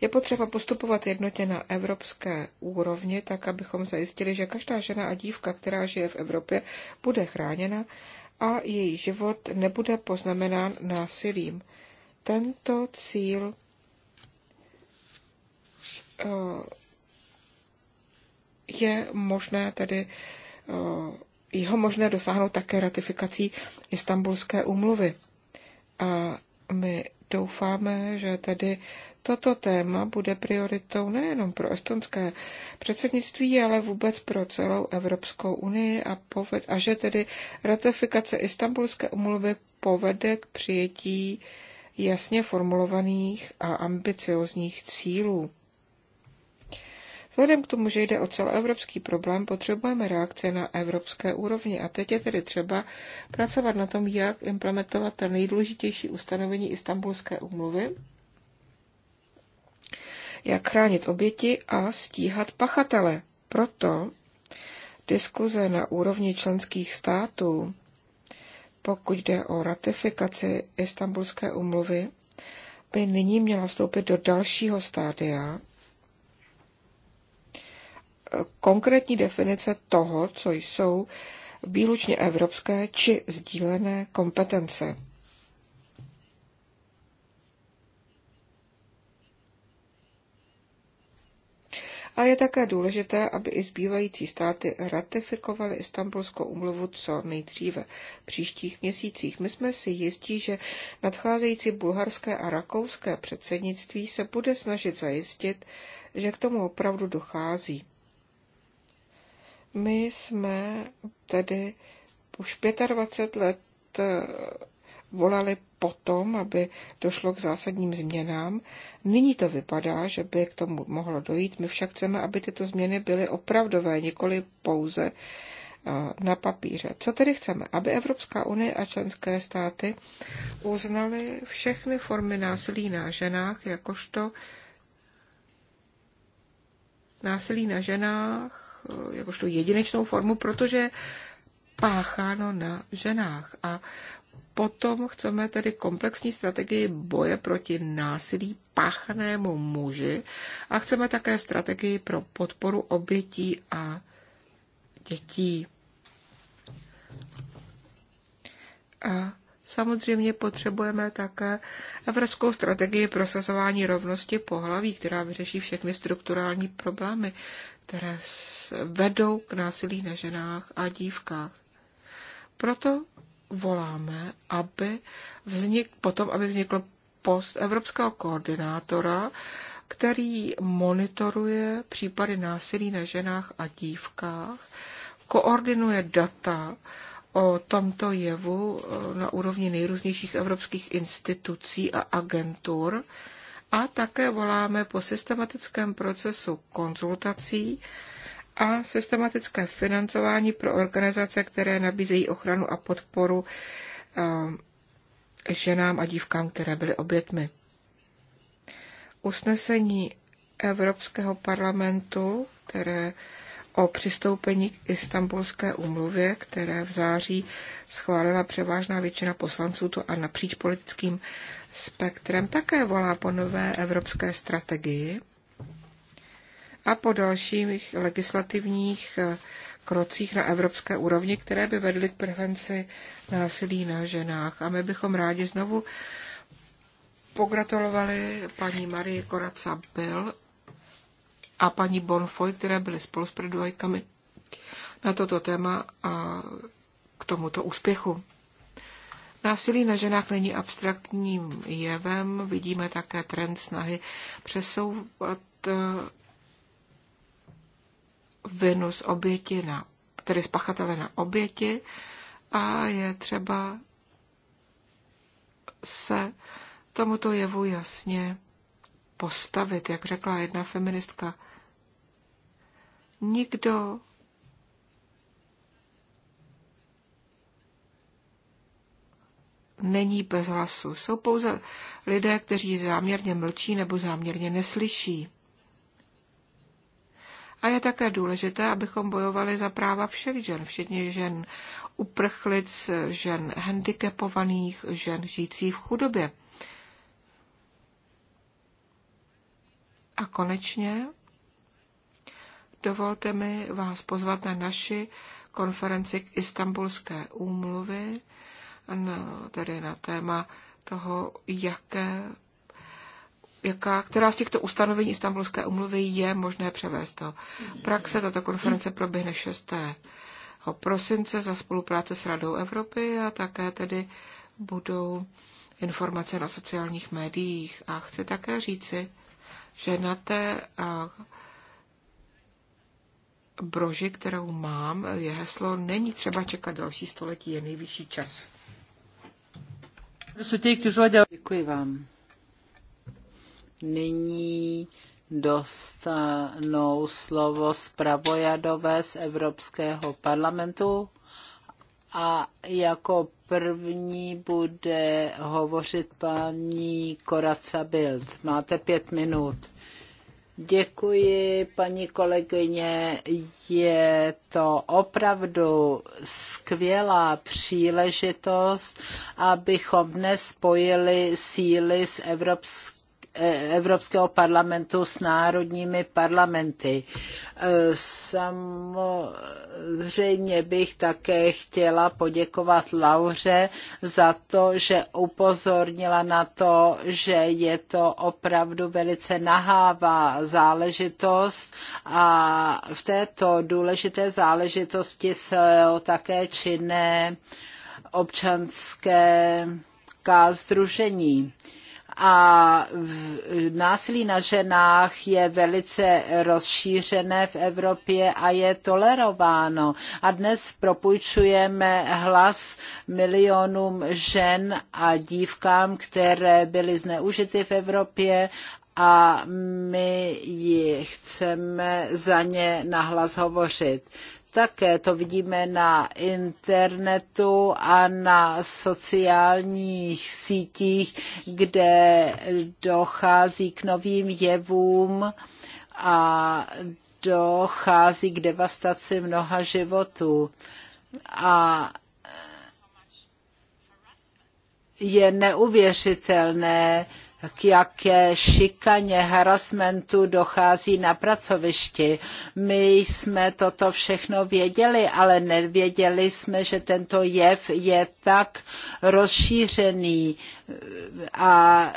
Je potřeba postupovat jednotně na evropské úrovni, tak abychom zajistili, že každá žena a dívka, která žije v Evropě, bude chráněna a její život nebude poznamenán násilím. Tento cíl eh, je možné tedy eh, jeho možné dosáhnout také ratifikací Istanbulské úmluvy. A my doufáme, že tedy toto téma bude prioritou nejenom pro estonské předsednictví, ale vůbec pro celou Evropskou unii a, poved- a že tedy ratifikace Istanbulské umluvy povede k přijetí jasně formulovaných a ambiciozních cílů. Vzhledem k tomu, že jde o celoevropský problém, potřebujeme reakce na evropské úrovni a teď je tedy třeba pracovat na tom, jak implementovat ta nejdůležitější ustanovení Istanbulské úmluvy, jak chránit oběti a stíhat pachatele. Proto diskuze na úrovni členských států, pokud jde o ratifikaci Istanbulské úmluvy, by nyní měla vstoupit do dalšího stádia, konkrétní definice toho, co jsou výlučně evropské či sdílené kompetence. A je také důležité, aby i zbývající státy ratifikovaly Istanbulskou umluvu co nejdříve v příštích měsících. My jsme si jistí, že nadcházející bulharské a rakouské předsednictví se bude snažit zajistit, že k tomu opravdu dochází. My jsme tedy už 25 let eh, volali potom, aby došlo k zásadním změnám. Nyní to vypadá, že by k tomu mohlo dojít. My však chceme, aby tyto změny byly opravdové, nikoli pouze eh, na papíře. Co tedy chceme? Aby Evropská unie a členské státy uznaly všechny formy násilí na ženách, jakožto násilí na ženách Eh, jakožto jedinečnou formu, protože pácháno na ženách. A potom chceme tedy komplexní strategii boje proti násilí páchanému muži a chceme také strategii pro podporu obětí a dětí. A samozřejmě potřebujeme také evropskou strategii prosazování rovnosti pohlaví, která vyřeší všechny strukturální problémy které vedou k násilí na ženách a dívkách. Proto voláme, aby vznik, potom, aby vznikl post evropského koordinátora, který monitoruje případy násilí na ženách a dívkách, koordinuje data o tomto jevu eh, na úrovni nejrůznějších evropských institucí a agentur, a také voláme po systematickém procesu konzultací a systematické financování pro organizace, které nabízejí ochranu a podporu eh, ženám a dívkám, které byly obětmi. Usnesení Evropského parlamentu, které o přistoupení k Istanbulské úmluvě, které v září schválila převážná většina poslanců to a napříč politickým spektrem, také volá po nové evropské strategii a po dalších legislativních eh, krocích na evropské úrovni, které by vedly k prevenci násilí na ženách. A my bychom rádi znovu pogratulovali paní Marie Koraca Bill a paní Bonfoy, které byly spolu s predvojkami na toto téma a k tomuto úspěchu. Násilí na ženách není abstraktním jevem, vidíme také trend snahy přesouvat eh, vinu z oběti na, tedy z pachatele na oběti a je třeba se tomuto jevu jasně postavit, jak řekla jedna feministka nikdo není bez hlasu. Jsou pouze lidé, kteří záměrně mlčí nebo záměrně neslyší. A je také důležité, abychom bojovali za práva všech žen, včetně žen uprchlic, žen handicapovaných, žen žijící v chudobě. A konečně Dovolte mi vás pozvat na naši konferenci k Istanbulské úmluvy, na, tedy na téma toho, jaké, jaká, která z těchto ustanovení Istanbulské úmluvy je možné převést do praxe. Tato konference proběhne 6. prosince za spolupráce s Radou Evropy a také tedy budou informace na sociálních médiích. A chci také říci, že na té broži, kterou mám, je heslo Není třeba čekat další století, je nejvyšší čas. Děkuji vám. Nyní dostanou slovo zpravojadové z Evropského parlamentu a jako první bude hovořit paní Koraca Bild. Máte pět minut. Děkuji, paní kolegyně. Je to opravdu skvělá příležitost, abychom dnes spojili síly s Evropským Evropského parlamentu s národními parlamenty. Samozřejmě bych také chtěla poděkovat Lauře za to, že upozornila na to, že je to opravdu velice nahává záležitost a v této důležité záležitosti jsou také činné občanské sdružení a násilí na ženách je velice rozšířené v Evropě a je tolerováno. A dnes propůjčujeme hlas milionům žen a dívkám, které byly zneužity v Evropě a my ji chceme za ně nahlas hovořit také. To vidíme na internetu a na sociálních sítích, kde dochází k novým jevům a dochází k devastaci mnoha životů. A je neuvěřitelné, k jaké šikaně, harassmentu dochází na pracovišti. My jsme toto všechno věděli, ale nevěděli jsme, že tento jev je tak rozšířený a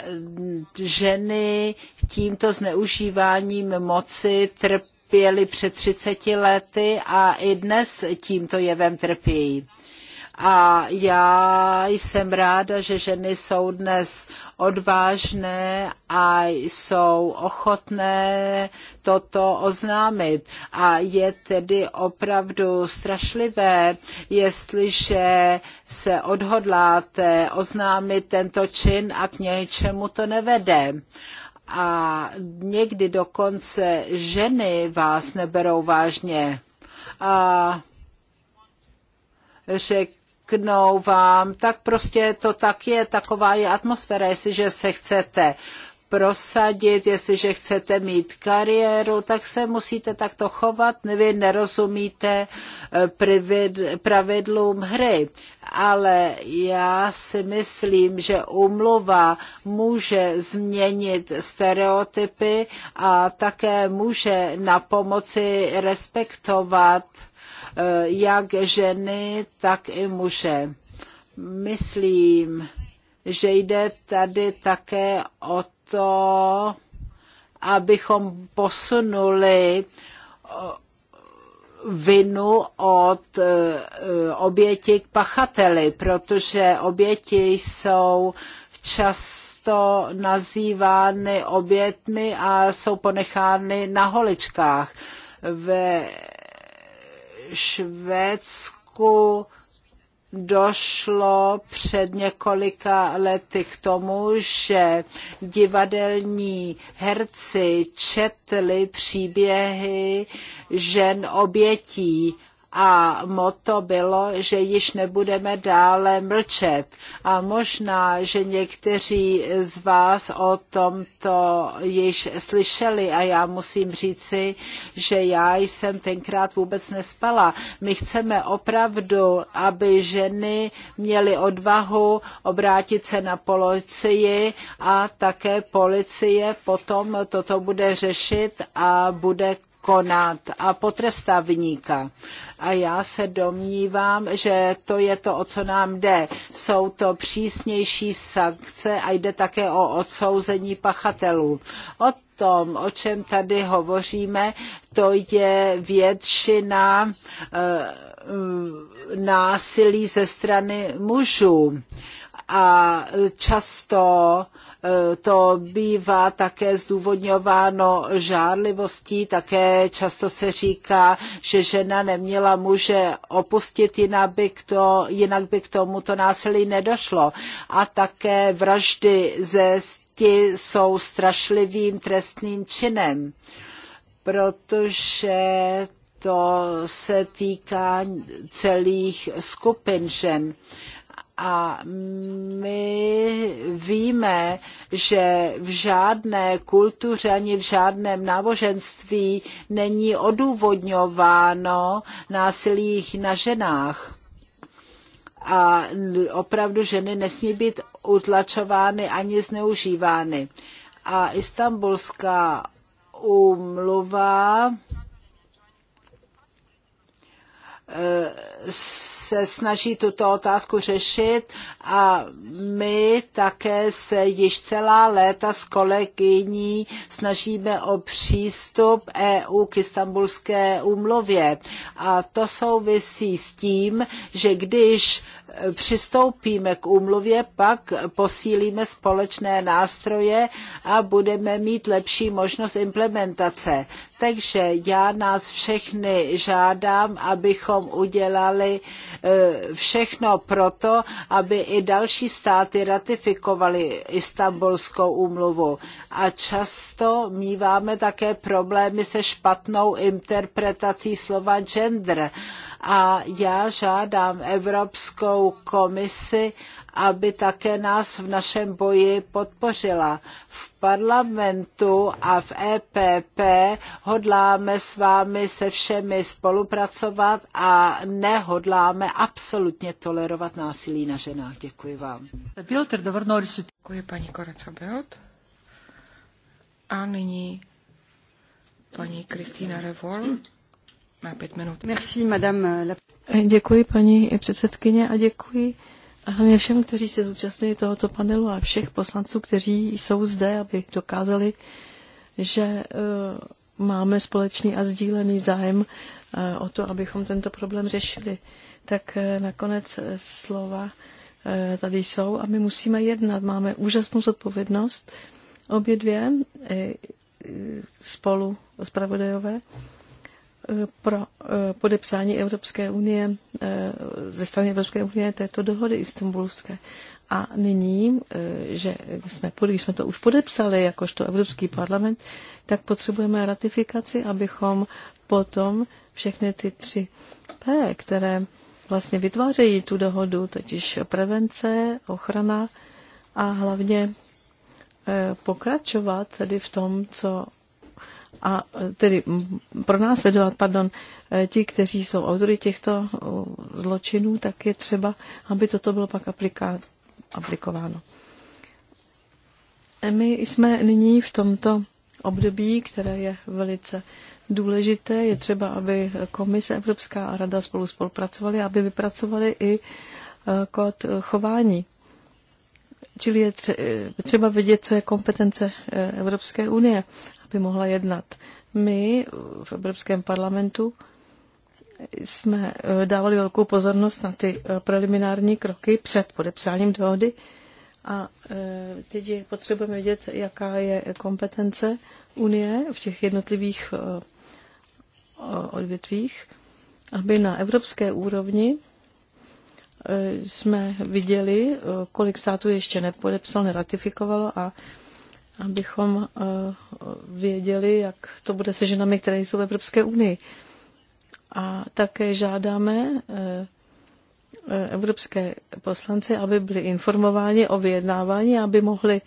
ženy tímto zneužíváním moci trpěly před 30 lety a i dnes tímto jevem trpějí. A já jsem ráda, že ženy jsou dnes odvážné a jsou ochotné toto oznámit. A je tedy opravdu strašlivé, jestliže se odhodláte oznámit tento čin a k něčemu to nevede a někdy dokonce ženy vás neberou vážně. A řek, řeknou vám, tak prostě to tak je, taková je atmosféra, jestliže se chcete prosadit, jestliže chcete mít kariéru, tak se musíte takto chovat, vy nerozumíte eh, pravidlům hry. Ale já si myslím, že umluva může změnit stereotypy a také může na pomoci respektovat Eh, jak ženy, tak i muže. Myslím, že jde tady také o to, abychom posunuli eh, vinu od eh, oběti k pachateli, protože oběti jsou často nazývány obětmi a jsou ponechány na holičkách. Ve Švédsku došlo před několika lety k tomu, že divadelní herci četli příběhy žen obětí a moto bylo, že již nebudeme dále mlčet. A možná, že někteří z vás o tomto již slyšeli a já musím říci, že já jsem tenkrát vůbec nespala. My chceme opravdu, aby ženy měly odvahu obrátit se na policii a také policie potom toto bude řešit a bude konat a potrestá vyníka. A já se domnívám, že to je to, o co nám jde. Jsou to přísnější sankce a jde také o odsouzení pachatelů. O tom, o čem tady hovoříme, to je většina eh, mm, násilí ze strany mužů. A často to bývá také zdůvodňováno žárlivostí, také často se říká, že žena neměla muže opustit, jinak by k, to, jinak by k tomuto násilí nedošlo. A také vraždy ze sti jsou strašlivým trestným činem, protože to se týká celých skupin žen. A my víme, že v žádné kultuře ani v žádném náboženství není odůvodňováno násilí na ženách. A opravdu ženy nesmí být utlačovány ani zneužívány. A istambulská úmluva eh, se snaží tuto otázku řešit a my také se již celá léta s kolegyní snažíme o přístup EU k istambulské úmluvě. A to souvisí s tím, že když přistoupíme k úmluvě, pak posílíme společné nástroje a budeme mít lepší možnost implementace. Takže já nás všechny žádám, abychom udělali dělali eh, všechno proto, aby i další státy ratifikovaly Istanbulskou úmluvu. A často míváme také problémy se špatnou interpretací slova gender. A já žádám Evropskou komisi, aby také nás v našem boji podpořila. V parlamentu a v EPP hodláme s vámi se všemi spolupracovat a nehodláme absolutně tolerovat násilí na ženách. Děkuji vám. Děkuji paní Koreca Bild. A nyní paní Kristýna Revol na pět minut. Merci, madame. Děkuji paní předsedkyně a děkuji hlavně všem, kteří se zúčastnili tohoto panelu a všech poslanců, kteří jsou zde, aby dokázali, že e, máme společný a sdílený zájem e, o to, abychom tento problém řešili. Tak e, nakonec slova tady jsou a my musíme jednat. Máme úžasnou zodpovědnost obě dvě spolu zpravodajové pro eh, podepsání Evropské unie, eh, ze strany Evropské unie této dohody istambulské. A nyní, eh, že jsme, když jsme to už podepsali, jakožto Evropský parlament, tak potřebujeme ratifikaci, abychom potom všechny ty tři P, které vlastně vytvářejí tu dohodu, totiž prevence, ochrana a hlavně pokračovat tedy v tom, co a tedy pro nás sledovat, pardon, ti, kteří jsou autory těchto uh, zločinů, tak je třeba, aby toto bylo pak apliká, aplikováno. My jsme nyní v tomto období, které je velice důležité. Je třeba, aby Komise Evropská a Rada spolu spolupracovali, aby vypracovali i uh, kód chování. Čili je třeba vědět, co je kompetence uh, Evropské unie by mohla jednat. My v Evropském parlamentu jsme eh, dávali velkou pozornost na ty eh, preliminární kroky před podepsáním dohody a eh, teď potřebujeme vědět, jaká je kompetence Unie v těch jednotlivých odvětvích, aby na evropské úrovni jsme viděli, kolik států ještě nepodepsal, neratifikovalo a abychom eh, věděli, jak to bude se ženami, které jsou v Evropské unii. A také žádáme eh, evropské poslanci, aby byli informováni o vyjednávání, aby mohli eh,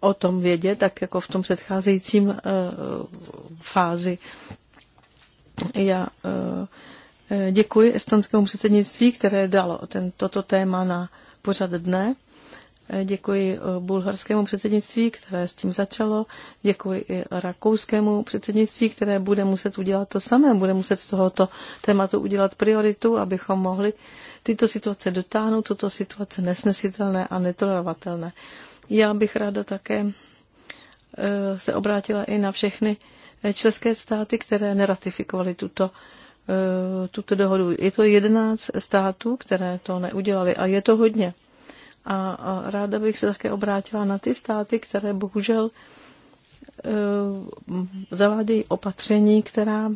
o tom vědět, tak jako v tom předcházejícím fázi. Já děkuji estonskému předsednictví, které dalo tento toto téma na pořad dne. Děkuji eh, bulharskému předsednictví, které s tím začalo. Děkuji i rakouskému předsednictví, které bude muset udělat to samé. Bude muset z tohoto tématu udělat prioritu, abychom mohli tyto situace dotáhnout, tuto situace nesnesitelné a netolerovatelné. Já bych ráda také eh, se obrátila i na všechny eh, české státy, které neratifikovaly tuto tuto dohodu. Je to 11 států, které to neudělali a je to hodně. A, a ráda bych se také obrátila na ty státy, které bohužel e, zavádějí opatření, která e,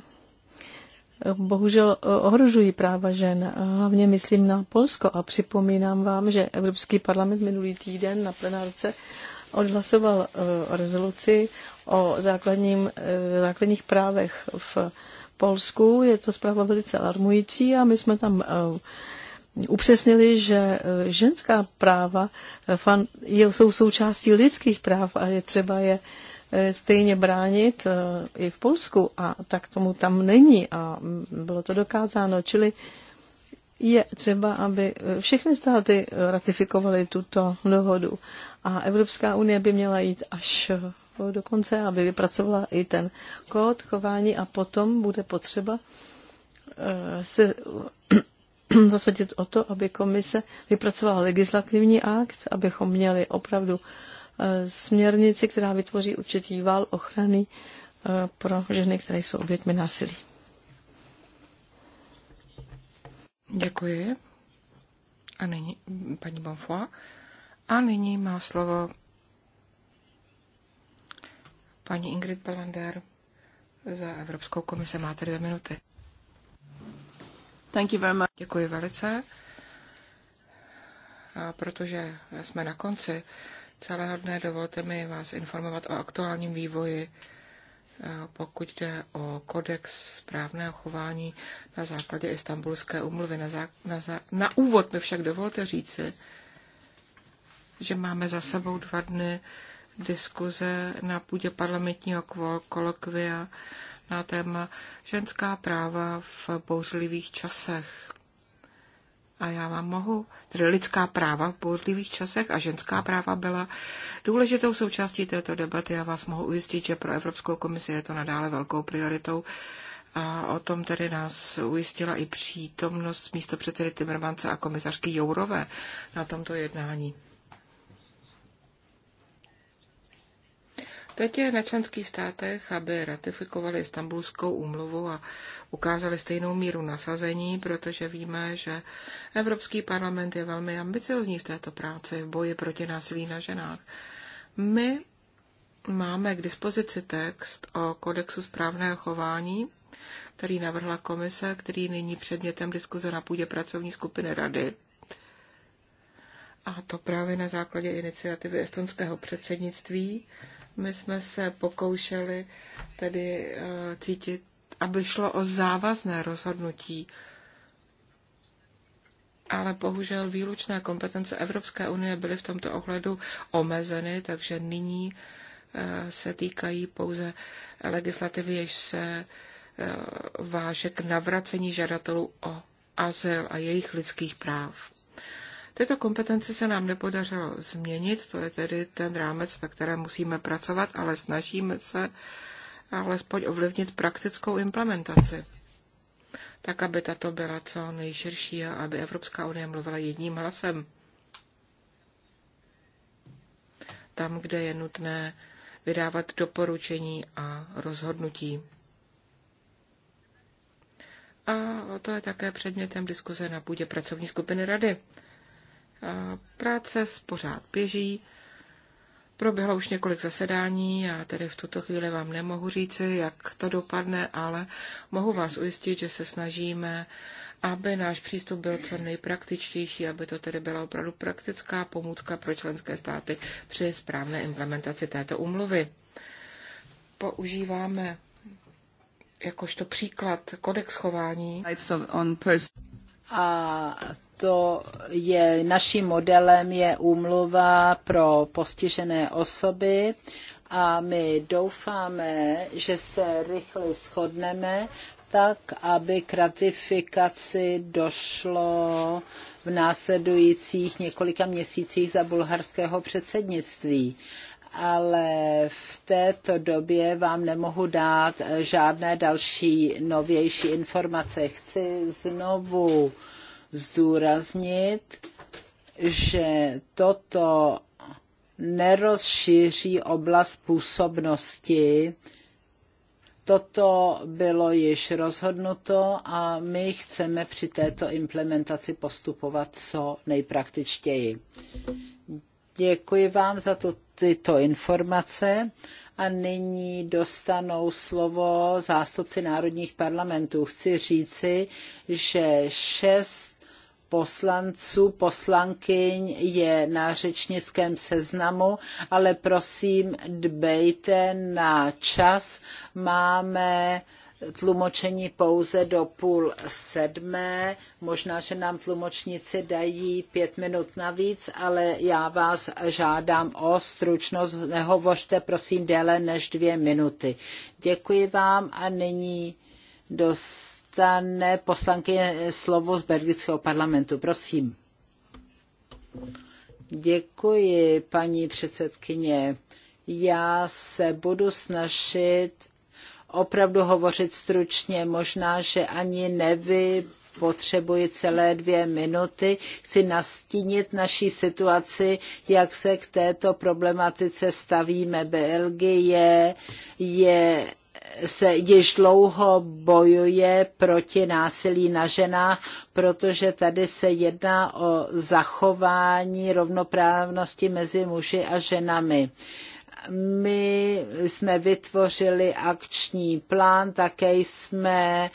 bohužel e, ohrožují práva žen. A hlavně myslím na Polsko a připomínám vám, že Evropský parlament minulý týden na plenárce odhlasoval e, rezoluci o základním, základních právech v Polsku. Je to zpráva velice alarmující a my jsme tam upřesnili, že eh, ženská práva eh, jsou součástí lidských práv a je třeba je eh, stejně bránit i v Polsku a tak tomu tam není a mm, bylo to dokázáno. Čili je třeba, aby všechny státy ratifikovaly tuto dohodu a Evropská unie by měla jít až do konce, aby vypracovala i ten kód chování a potom bude potřeba se *clears throat* zasadit o to, aby komise vypracovala legislativní akt, abychom měli opravdu e, směrnici, která vytvoří určitý val ochrany e, pro ženy, které jsou oběťmi násilí. Děkuji. A nyní paní Bonfoy. A nyní má slovo paní Ingrid Balander za Evropskou komisi. Máte dvě minuty. Thank you very much. Děkuji velice. A protože jsme na konci celého dne, dovolte mi vás informovat o aktuálním vývoji, eh, pokud jde o kodex správného chování na základě Istanbulské umluvy. Na, zá, na, zá, na úvod mi však dovolte říci, že máme za sebou dva dny diskuze na půdě parlamentního kolokvia na téma ženská práva v bouřlivých časech. A já vám mohu, tedy lidská práva v bouřlivých časech a ženská práva byla důležitou součástí této debaty. Já vás mohu ujistit, že pro Evropskou komisi je to nadále velkou prioritou. A o tom tedy nás ujistila i přítomnost místo předsedy Timmermansa a komisařky Jourové na tomto jednání. Teď je na členských státech, aby ratifikovali Istanbulskou úmluvu a ukázali stejnou míru nasazení, protože víme, že Evropský parlament je velmi ambiciozní v této práci, v boji proti násilí na ženách. My máme k dispozici text o kodexu správného chování, který navrhla komise, který nyní předmětem diskuze na půdě pracovní skupiny rady. A to právě na základě iniciativy estonského předsednictví my jsme se pokoušeli tedy eh, cítit, aby šlo o závazné rozhodnutí, ale bohužel výlučné kompetence Evropské unie byly v tomto ohledu omezeny, takže nyní eh, se týkají pouze legislativy, jež se eh, váže k navracení žadatelů o azyl a jejich lidských práv. Tyto kompetence se nám nepodařilo změnit, to je tedy ten rámec, ve kterém musíme pracovat, ale snažíme se alespoň ovlivnit praktickou implementaci, tak aby tato byla co nejširší a aby Evropská unie mluvila jedním hlasem. Tam, kde je nutné vydávat doporučení a rozhodnutí. A to je také předmětem diskuze na půdě pracovní skupiny Rady. Práce pořád běží. Proběhlo už několik zasedání a tedy v tuto chvíli vám nemohu říci, jak to dopadne, ale mohu vás ujistit, že se snažíme, aby náš přístup byl co nejpraktičtější, aby to tedy byla opravdu praktická pomůcka pro členské státy při správné implementaci této úmluvy. Používáme jakožto příklad kodex chování. A to je, naším modelem je úmluva pro postižené osoby a my doufáme, že se rychle shodneme, tak aby k ratifikaci došlo v následujících několika měsících za bulharského předsednictví ale v této době vám nemohu dát žádné další novější informace. Chci znovu zdůraznit, že toto nerozšíří oblast působnosti. Toto bylo již rozhodnuto a my chceme při této implementaci postupovat co nejpraktičtěji. Děkuji vám za to, tyto informace a nyní dostanou slovo zástupci národních parlamentů. Chci říci, že šest poslanců, poslankyň je na řečnickém seznamu, ale prosím, dbejte na čas. Máme tlumočení pouze do půl sedmé. Možná, že nám tlumočníci dají pět minut navíc, ale já vás žádám o stručnost. Nehovořte prosím déle než dvě minuty. Děkuji vám a nyní dost dostane poslankyně slovo z belgického parlamentu. Prosím. Děkuji, paní předsedkyně. Já se budu snažit opravdu hovořit stručně, možná, že ani nevy potřebuji celé dvě minuty. Chci nastínit naší situaci, jak se k této problematice stavíme. Belgie je se již dlouho bojuje proti násilí na ženách, protože tady se jedná o zachování rovnoprávnosti mezi muži a ženami my jsme vytvořili akční plán, také jsme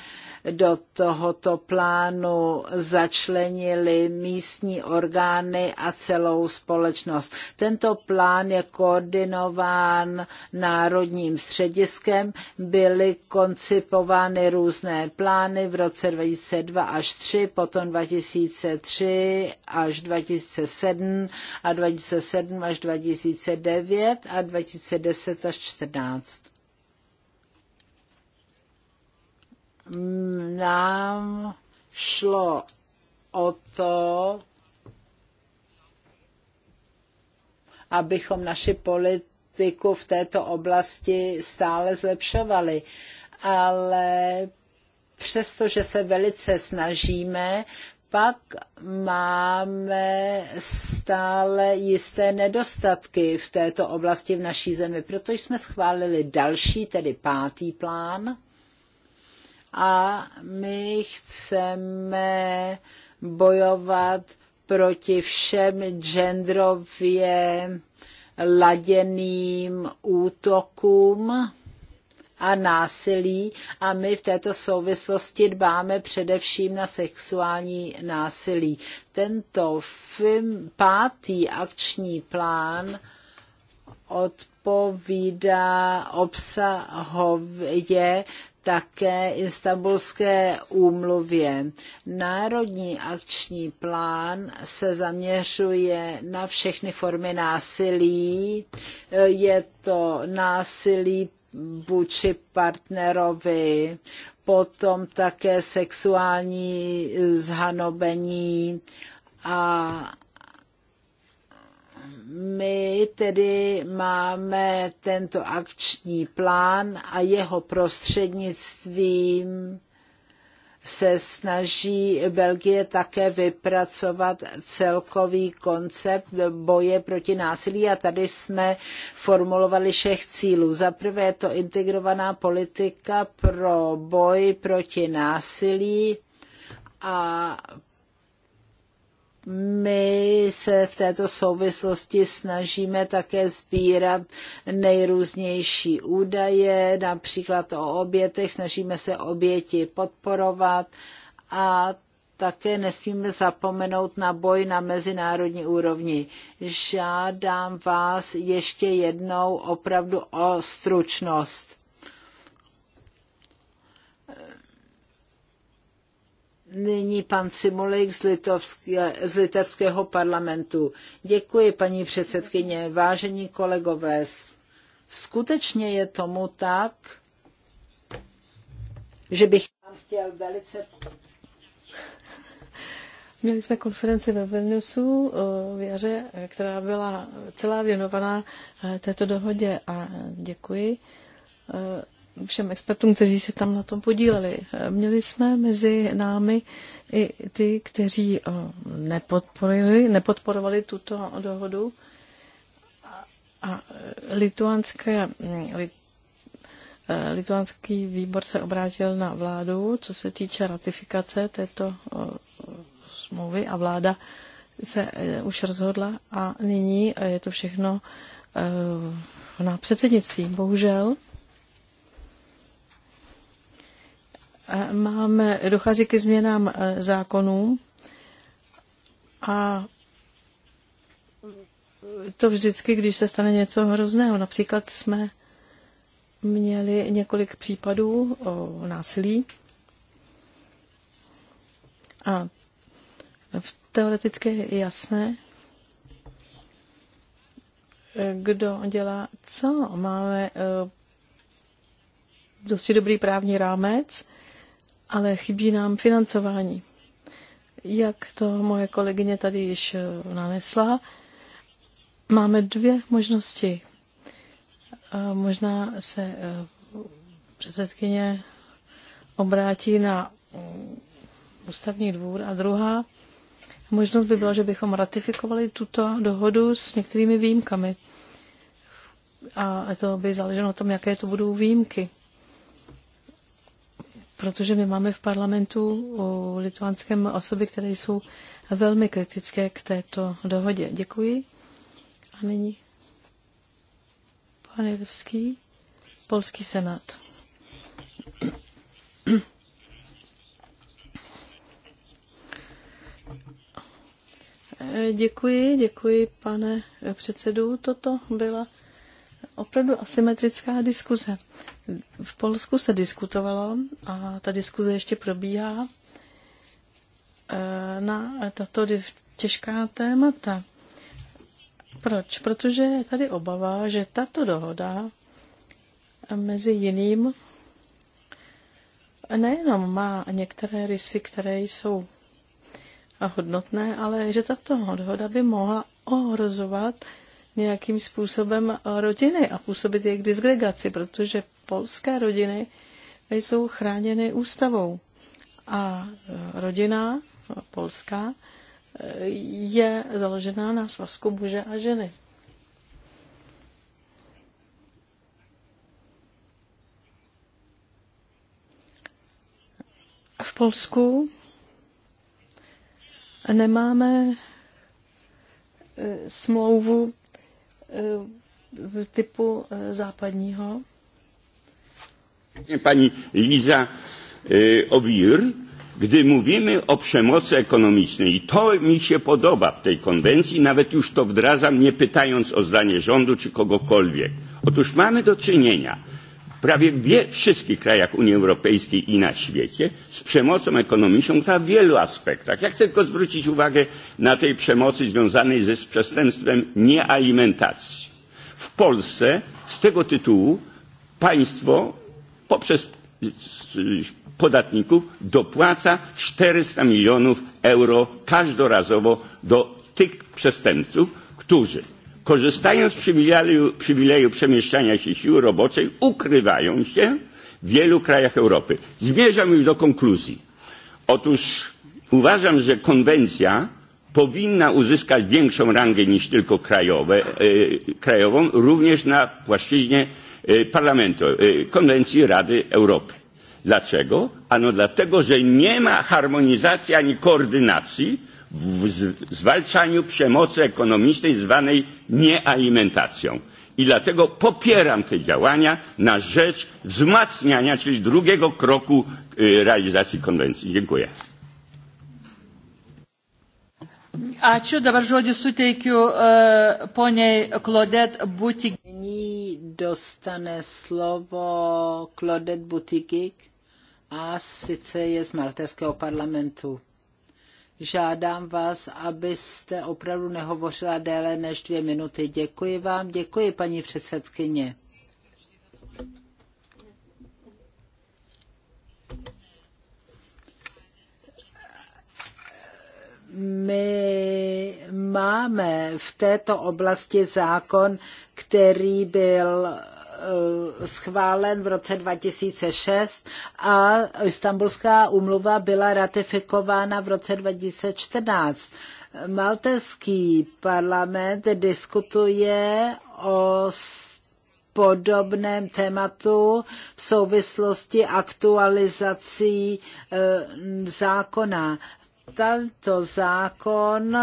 do tohoto plánu začlenili místní orgány a celou společnost. Tento plán je koordinován národním střediskem, byly koncipovány různé plány v roce 2002 až 3, potom 2003 až 2007 a 2007 až 2009 a 2010 až 14. nám šlo o to, abychom naši politiku v této oblasti stále zlepšovali. Ale přestože se velice snažíme, pak máme stále jisté nedostatky v této oblasti v naší zemi. Proto jsme schválili další, tedy pátý plán a my chceme bojovat proti všem genderově laděným útokům a násilí a my v této souvislosti dbáme především na sexuální násilí. Tento film, pátý akční plán odpovídá obsahově také Istanbulské úmluvě. Národní akční plán se zaměřuje na všechny formy násilí. Je to násilí vůči partnerovi, potom také sexuální zhanobení a my tedy máme tento akční plán a jeho prostřednictvím se snaží Belgie také vypracovat celkový koncept boje proti násilí a tady jsme formulovali šest cílů. Za prvé je to integrovaná politika pro boj proti násilí a my se v této souvislosti snažíme také sbírat nejrůznější údaje, například o obětech, snažíme se oběti podporovat a také nesmíme zapomenout na boj na mezinárodní úrovni. Žádám vás ještě jednou opravdu o stručnost Nyní pan Simulik z, Litovské, z litevského parlamentu. Děkuji, paní předsedkyně. Vážení kolegové, skutečně je tomu tak, že bych vám chtěl velice... Měli jsme konferenci ve Vilniusu v jaře, která byla celá věnovaná e, této dohodě a děkuji e, všem expertům, kteří se tam na tom podíleli. Měli jsme mezi námi i ty, kteří eh, nepodporili, nepodporovali tuto dohodu a lituanské, hm, eh, lituanský výbor se obrátil na vládu, co se týče ratifikace této eh, smlouvy a vláda se už rozhodla a nyní je to všechno na předsednictví. Bohužel máme, dochází ke změnám e, zákonů a to vždycky, když se stane něco hrozného. Například jsme měli několik případů o násilí a teoreticky je jasné, kdo dělá co. Máme e, dosti dobrý právní rámec, ale chybí nám financování. Jak to moje kolegyně tady již eh, nanesla, máme dvě možnosti. Eh, možná se eh, předsedkyně obrátí na mm, ústavní dvůr a druhá možnost by byla, že bychom ratifikovali tuto dohodu s některými výjimkami. A to by záleželo na tom, jaké to budou výjimky protože my máme v parlamentu o litvánském osoby, které jsou velmi kritické k této dohodě. Děkuji. A nyní pan Jedevský, Polský senát. Děkuji, děkuji, pane předsedu. Toto byla opravdu asymetrická diskuze. V Polsku se diskutovalo a ta diskuze ještě probíhá eh, na tato těžká témata. Proč? Protože je tady obava, že tato dohoda mezi jiným nejenom má některé rysy, které jsou hodnotné, ale že tato dohoda by mohla ohrozovat nějakým způsobem rodiny a působit jejich disgregaci, protože polské rodiny jsou chráněny ústavou a e, rodina e, polská e, je založená na svazku muže a ženy. V Polsku nemáme smlouvu typu západního Pani Liza e, Owir, gdy mówimy o przemocy ekonomicznej, i to mi się podoba w tej konwencji, nawet już to wdrażam, nie pytając o zdanie rządu czy kogokolwiek. Otóż mamy do czynienia prawie we wszystkich krajach Unii Europejskiej i na świecie z przemocą ekonomiczną, która w wielu aspektach. Ja chcę tylko zwrócić uwagę na tej przemocy związanej ze z przestępstwem niealimentacji. W Polsce z tego tytułu państwo poprzez podatników dopłaca 400 milionów euro każdorazowo do tych przestępców, którzy korzystając z przywileju, przywileju przemieszczania się siły roboczej ukrywają się w wielu krajach Europy. Zmierzam już do konkluzji. Otóż uważam, że konwencja powinna uzyskać większą rangę niż tylko krajowe, yy, e, krajową, również na płaszczyźnie E, parlamentu, e, Konwencji Rady Europy. Dlaczego? Ano dlatego, że nie ma harmonizacji ani koordynacji w zwalczaniu przemocy ekonomicznej zwanej niealimentacją. I dlatego popieram te działania na rzecz wzmacniania, czyli drugiego kroku e, realizacji konwencji. Dziękuję. Ačiū, dabar žodį suteikiu e, poniai Klodet Butik. Nyní dostane slovo Klodet Butikik a sice je z Malteského parlamentu. Žádám vás, abyste opravdu nehovořila déle než dvě minuty. Děkuji vám, děkuji paní předsedkyně. my máme v této oblasti zákon, který byl eh, schválen v roce 2006 a Istanbulská umluva byla ratifikována v roce 2014. Malteský parlament diskutuje o podobném tématu v souvislosti aktualizací eh, zákona tento zákon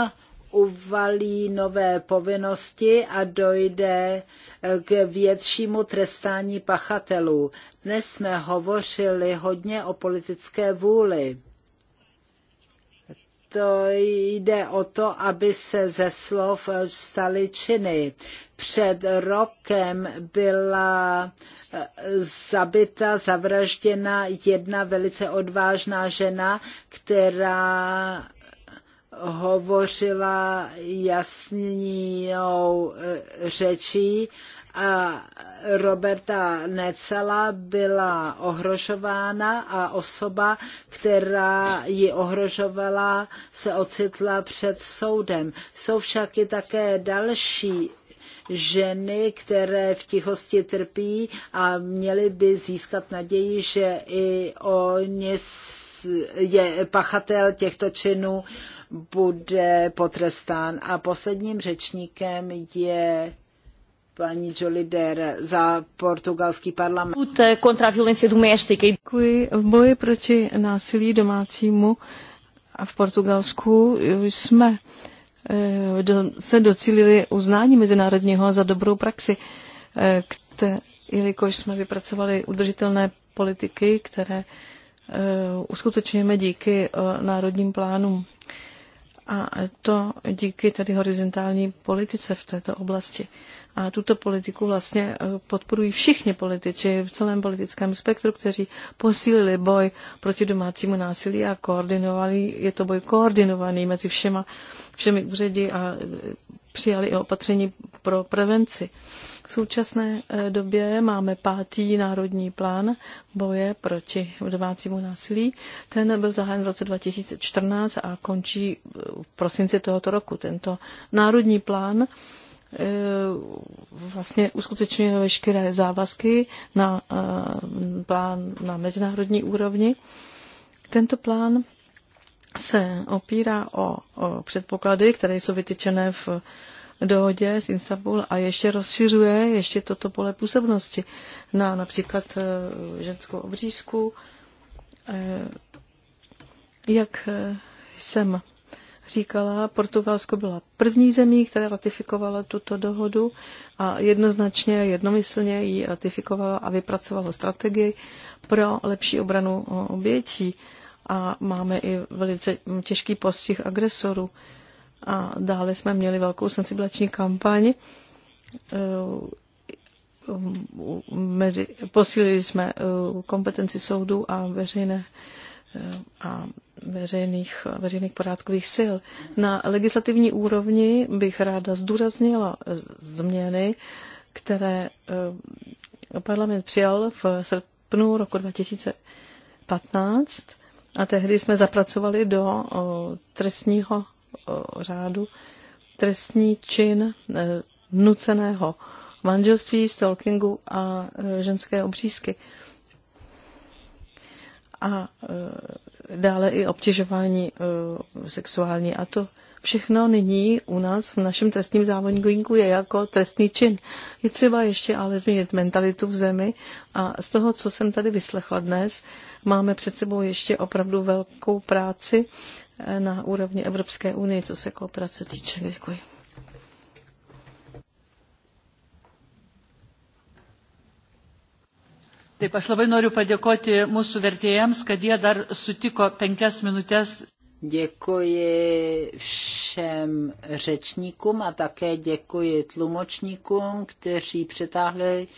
uvalí nové povinnosti a dojde eh, k většímu trestání pachatelů. Dnes jsme hovořili hodně o politické vůli to jde o to, aby se ze slov staly činy. Před rokem byla eh, zabita, zavražděna jedna velice odvážná žena, která hovořila jasnou řečí Roberta Necela byla ohrožována a osoba, která ji ohrožovala, se ocitla před soudem. Jsou však i také další ženy, které v tichosti trpí a měly by získat naději, že i oni je pachatel těchto činů bude potrestán. A posledním řečníkem je paní Jolider za portugalský parlament. Kontra violência doméstica. E- Děkuji. V boji proti násilí domácímu v Portugalsku jsme eh, se docílili uznání mezinárodního za dobrou praxi, eh, které, jelikož jsme vypracovali udržitelné politiky, které eh, uskutečňujeme díky národním plánům. A to díky tedy horizontální politice v této oblasti. A tuto politiku vlastně eh, podporují všichni političi v celém politickém spektru, kteří posílili boj proti domácímu násilí a koordinovali, je to boj koordinovaný mezi všema, všemi úřady a eh, přijali i opatření pro prevenci. Uh, v současné eh, době máme pátý národní plán boje proti domácímu násilí. Ten byl zahájen v roce 2014 a končí eh, v prosinci tohoto roku. Tento národní plán eh, vlastně uskutečňuje veškeré závazky na plán na mezinárodní úrovni. Tento plán se opírá o, o předpoklady, které jsou vytyčené v dohodě z Istanbul a ještě rozšiřuje ještě toto pole působnosti na například eh, ženskou obřízku. Eh, jak eh, jsem říkala, Portugalsko byla první zemí, která ratifikovala tuto dohodu a jednoznačně, jednomyslně ji ratifikovala a vypracovalo strategii pro lepší obranu obětí. A máme i velice těžký postih agresorů. A dále jsme měli velkou sensibilační kampaň. E, mezi, posílili jsme e, kompetenci soudů a veřejné e, a veřejných, veřejných porádkových sil. Na legislativní úrovni bych ráda zdůraznila změny, které parlament přijal v srpnu roku 2015 a tehdy jsme zapracovali do trestního řádu trestní čin e, nuceného manželství, stalkingu a e, ženské obřízky. A e, dále i obtěžování sexuální. A to všechno nyní u nás v našem trestním závodníku je jako trestný čin. Je třeba ještě ale změnit mentalitu v zemi a z toho, co jsem tady vyslechla dnes, máme před sebou ještě opravdu velkou práci na úrovni Evropské unie, co se kooperace týče. Děkuji. Taip, aš labai noriu padėkoti mūsų vertėjams, kad jie dar sutiko penkias minutės. Děkuji všem řečníkům a také děkuji tlumočníkům, kteří přetáhli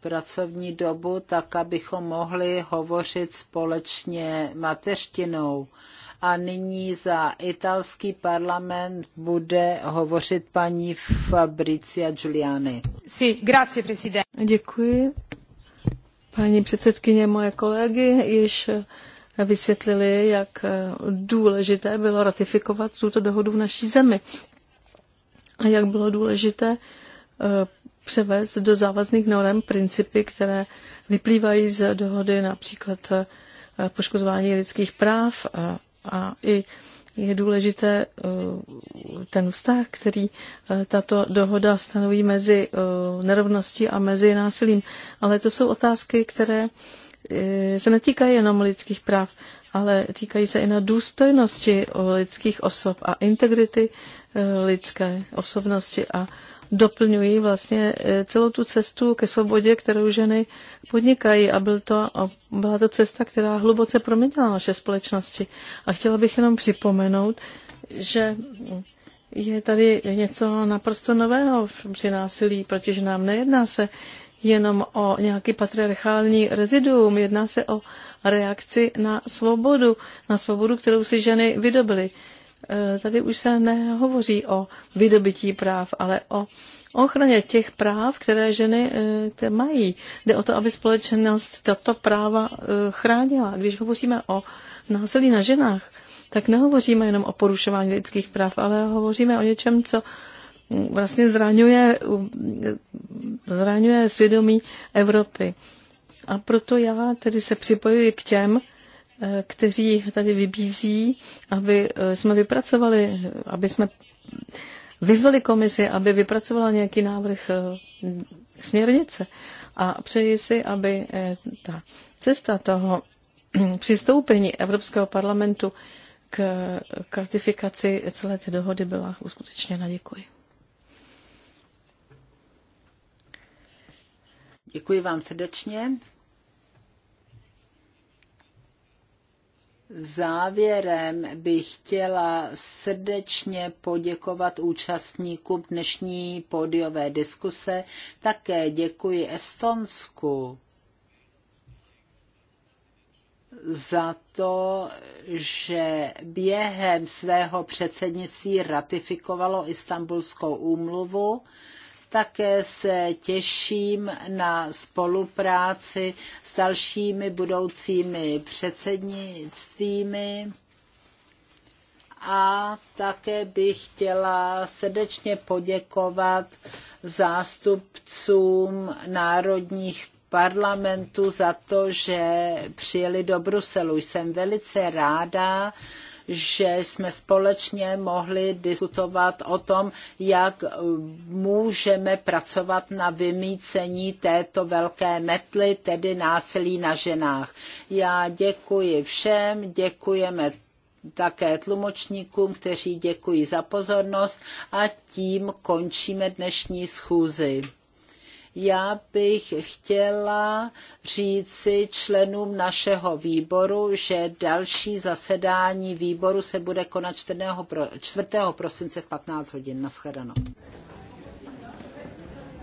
pracovní dobu, tak abychom mohli hovořit společně mateřtinou. A nyní za italský parlament bude hovořit paní Fabricia Giuliani. Sí, grazie, president. Děkuji. Paní předsedkyně, moje kolegy již vysvětlili, jak důležité bylo ratifikovat tuto dohodu v naší zemi a jak bylo důležité eh, převést do závazných norm principy, které vyplývají z dohody například eh, poškozování lidských práv a a i je důležité eh, ten vztah, který eh, tato dohoda stanoví mezi eh, nerovností a mezi násilím. Ale to jsou otázky, které se netýkají jenom lidských práv, ale týkají se i na důstojnosti lidských osob a integrity lidské osobnosti a doplňují vlastně e, celou tu cestu ke svobodě, kterou ženy podnikají a byl to, byla to cesta, která hluboce proměnila naše společnosti. A chtěla bych jenom připomenout, že je tady něco naprosto nového při násilí protože nám Nejedná se jenom o nějaký patriarchální reziduum, jedná se o reakci na svobodu, na svobodu, kterou si ženy vydobily. Eh, tady už se nehovoří o vydobití práv, ale o ochraně těch práv, které ženy které eh, mají. Jde o to, aby společnost tato práva eh, chránila. Když hovoříme o násilí na ženách, tak nehovoříme jenom o porušování lidských práv, ale hovoříme o něčem, co mm, vlastně zraňuje, zraňuje svědomí Evropy. A proto já tedy se připojuji k těm, kteří tady vybízí, aby eh, jsme vypracovali, aby jsme vyzvali komisi, aby vypracovala nějaký návrh eh, směrnice. A přeji si, aby eh, ta cesta toho *clears throat* přistoupení Evropského parlamentu k, kratifikaci celé té dohody byla uskutečněna. Děkuji. Děkuji vám srdečně. Závěrem bych chtěla srdečně poděkovat účastníkům dnešní pódiové diskuse. Také děkuji Estonsku za to, že během svého předsednictví ratifikovalo Istanbulskou úmluvu také se těším na spolupráci s dalšími budoucími předsednictvími a také bych chtěla srdečně poděkovat zástupcům národních parlamentů za to, že přijeli do Bruselu. Jsem velice ráda, že jsme společně mohli diskutovat o tom, jak můžeme pracovat na vymícení této velké metly, tedy násilí na ženách. Já děkuji všem, děkujeme také tlumočníkům, kteří děkuji za pozornost a tím končíme dnešní schůzi. Já bych chtěla říci členům našeho výboru, že další zasedání výboru se bude konat 4. prosince v 15 hodin. Naschledanou.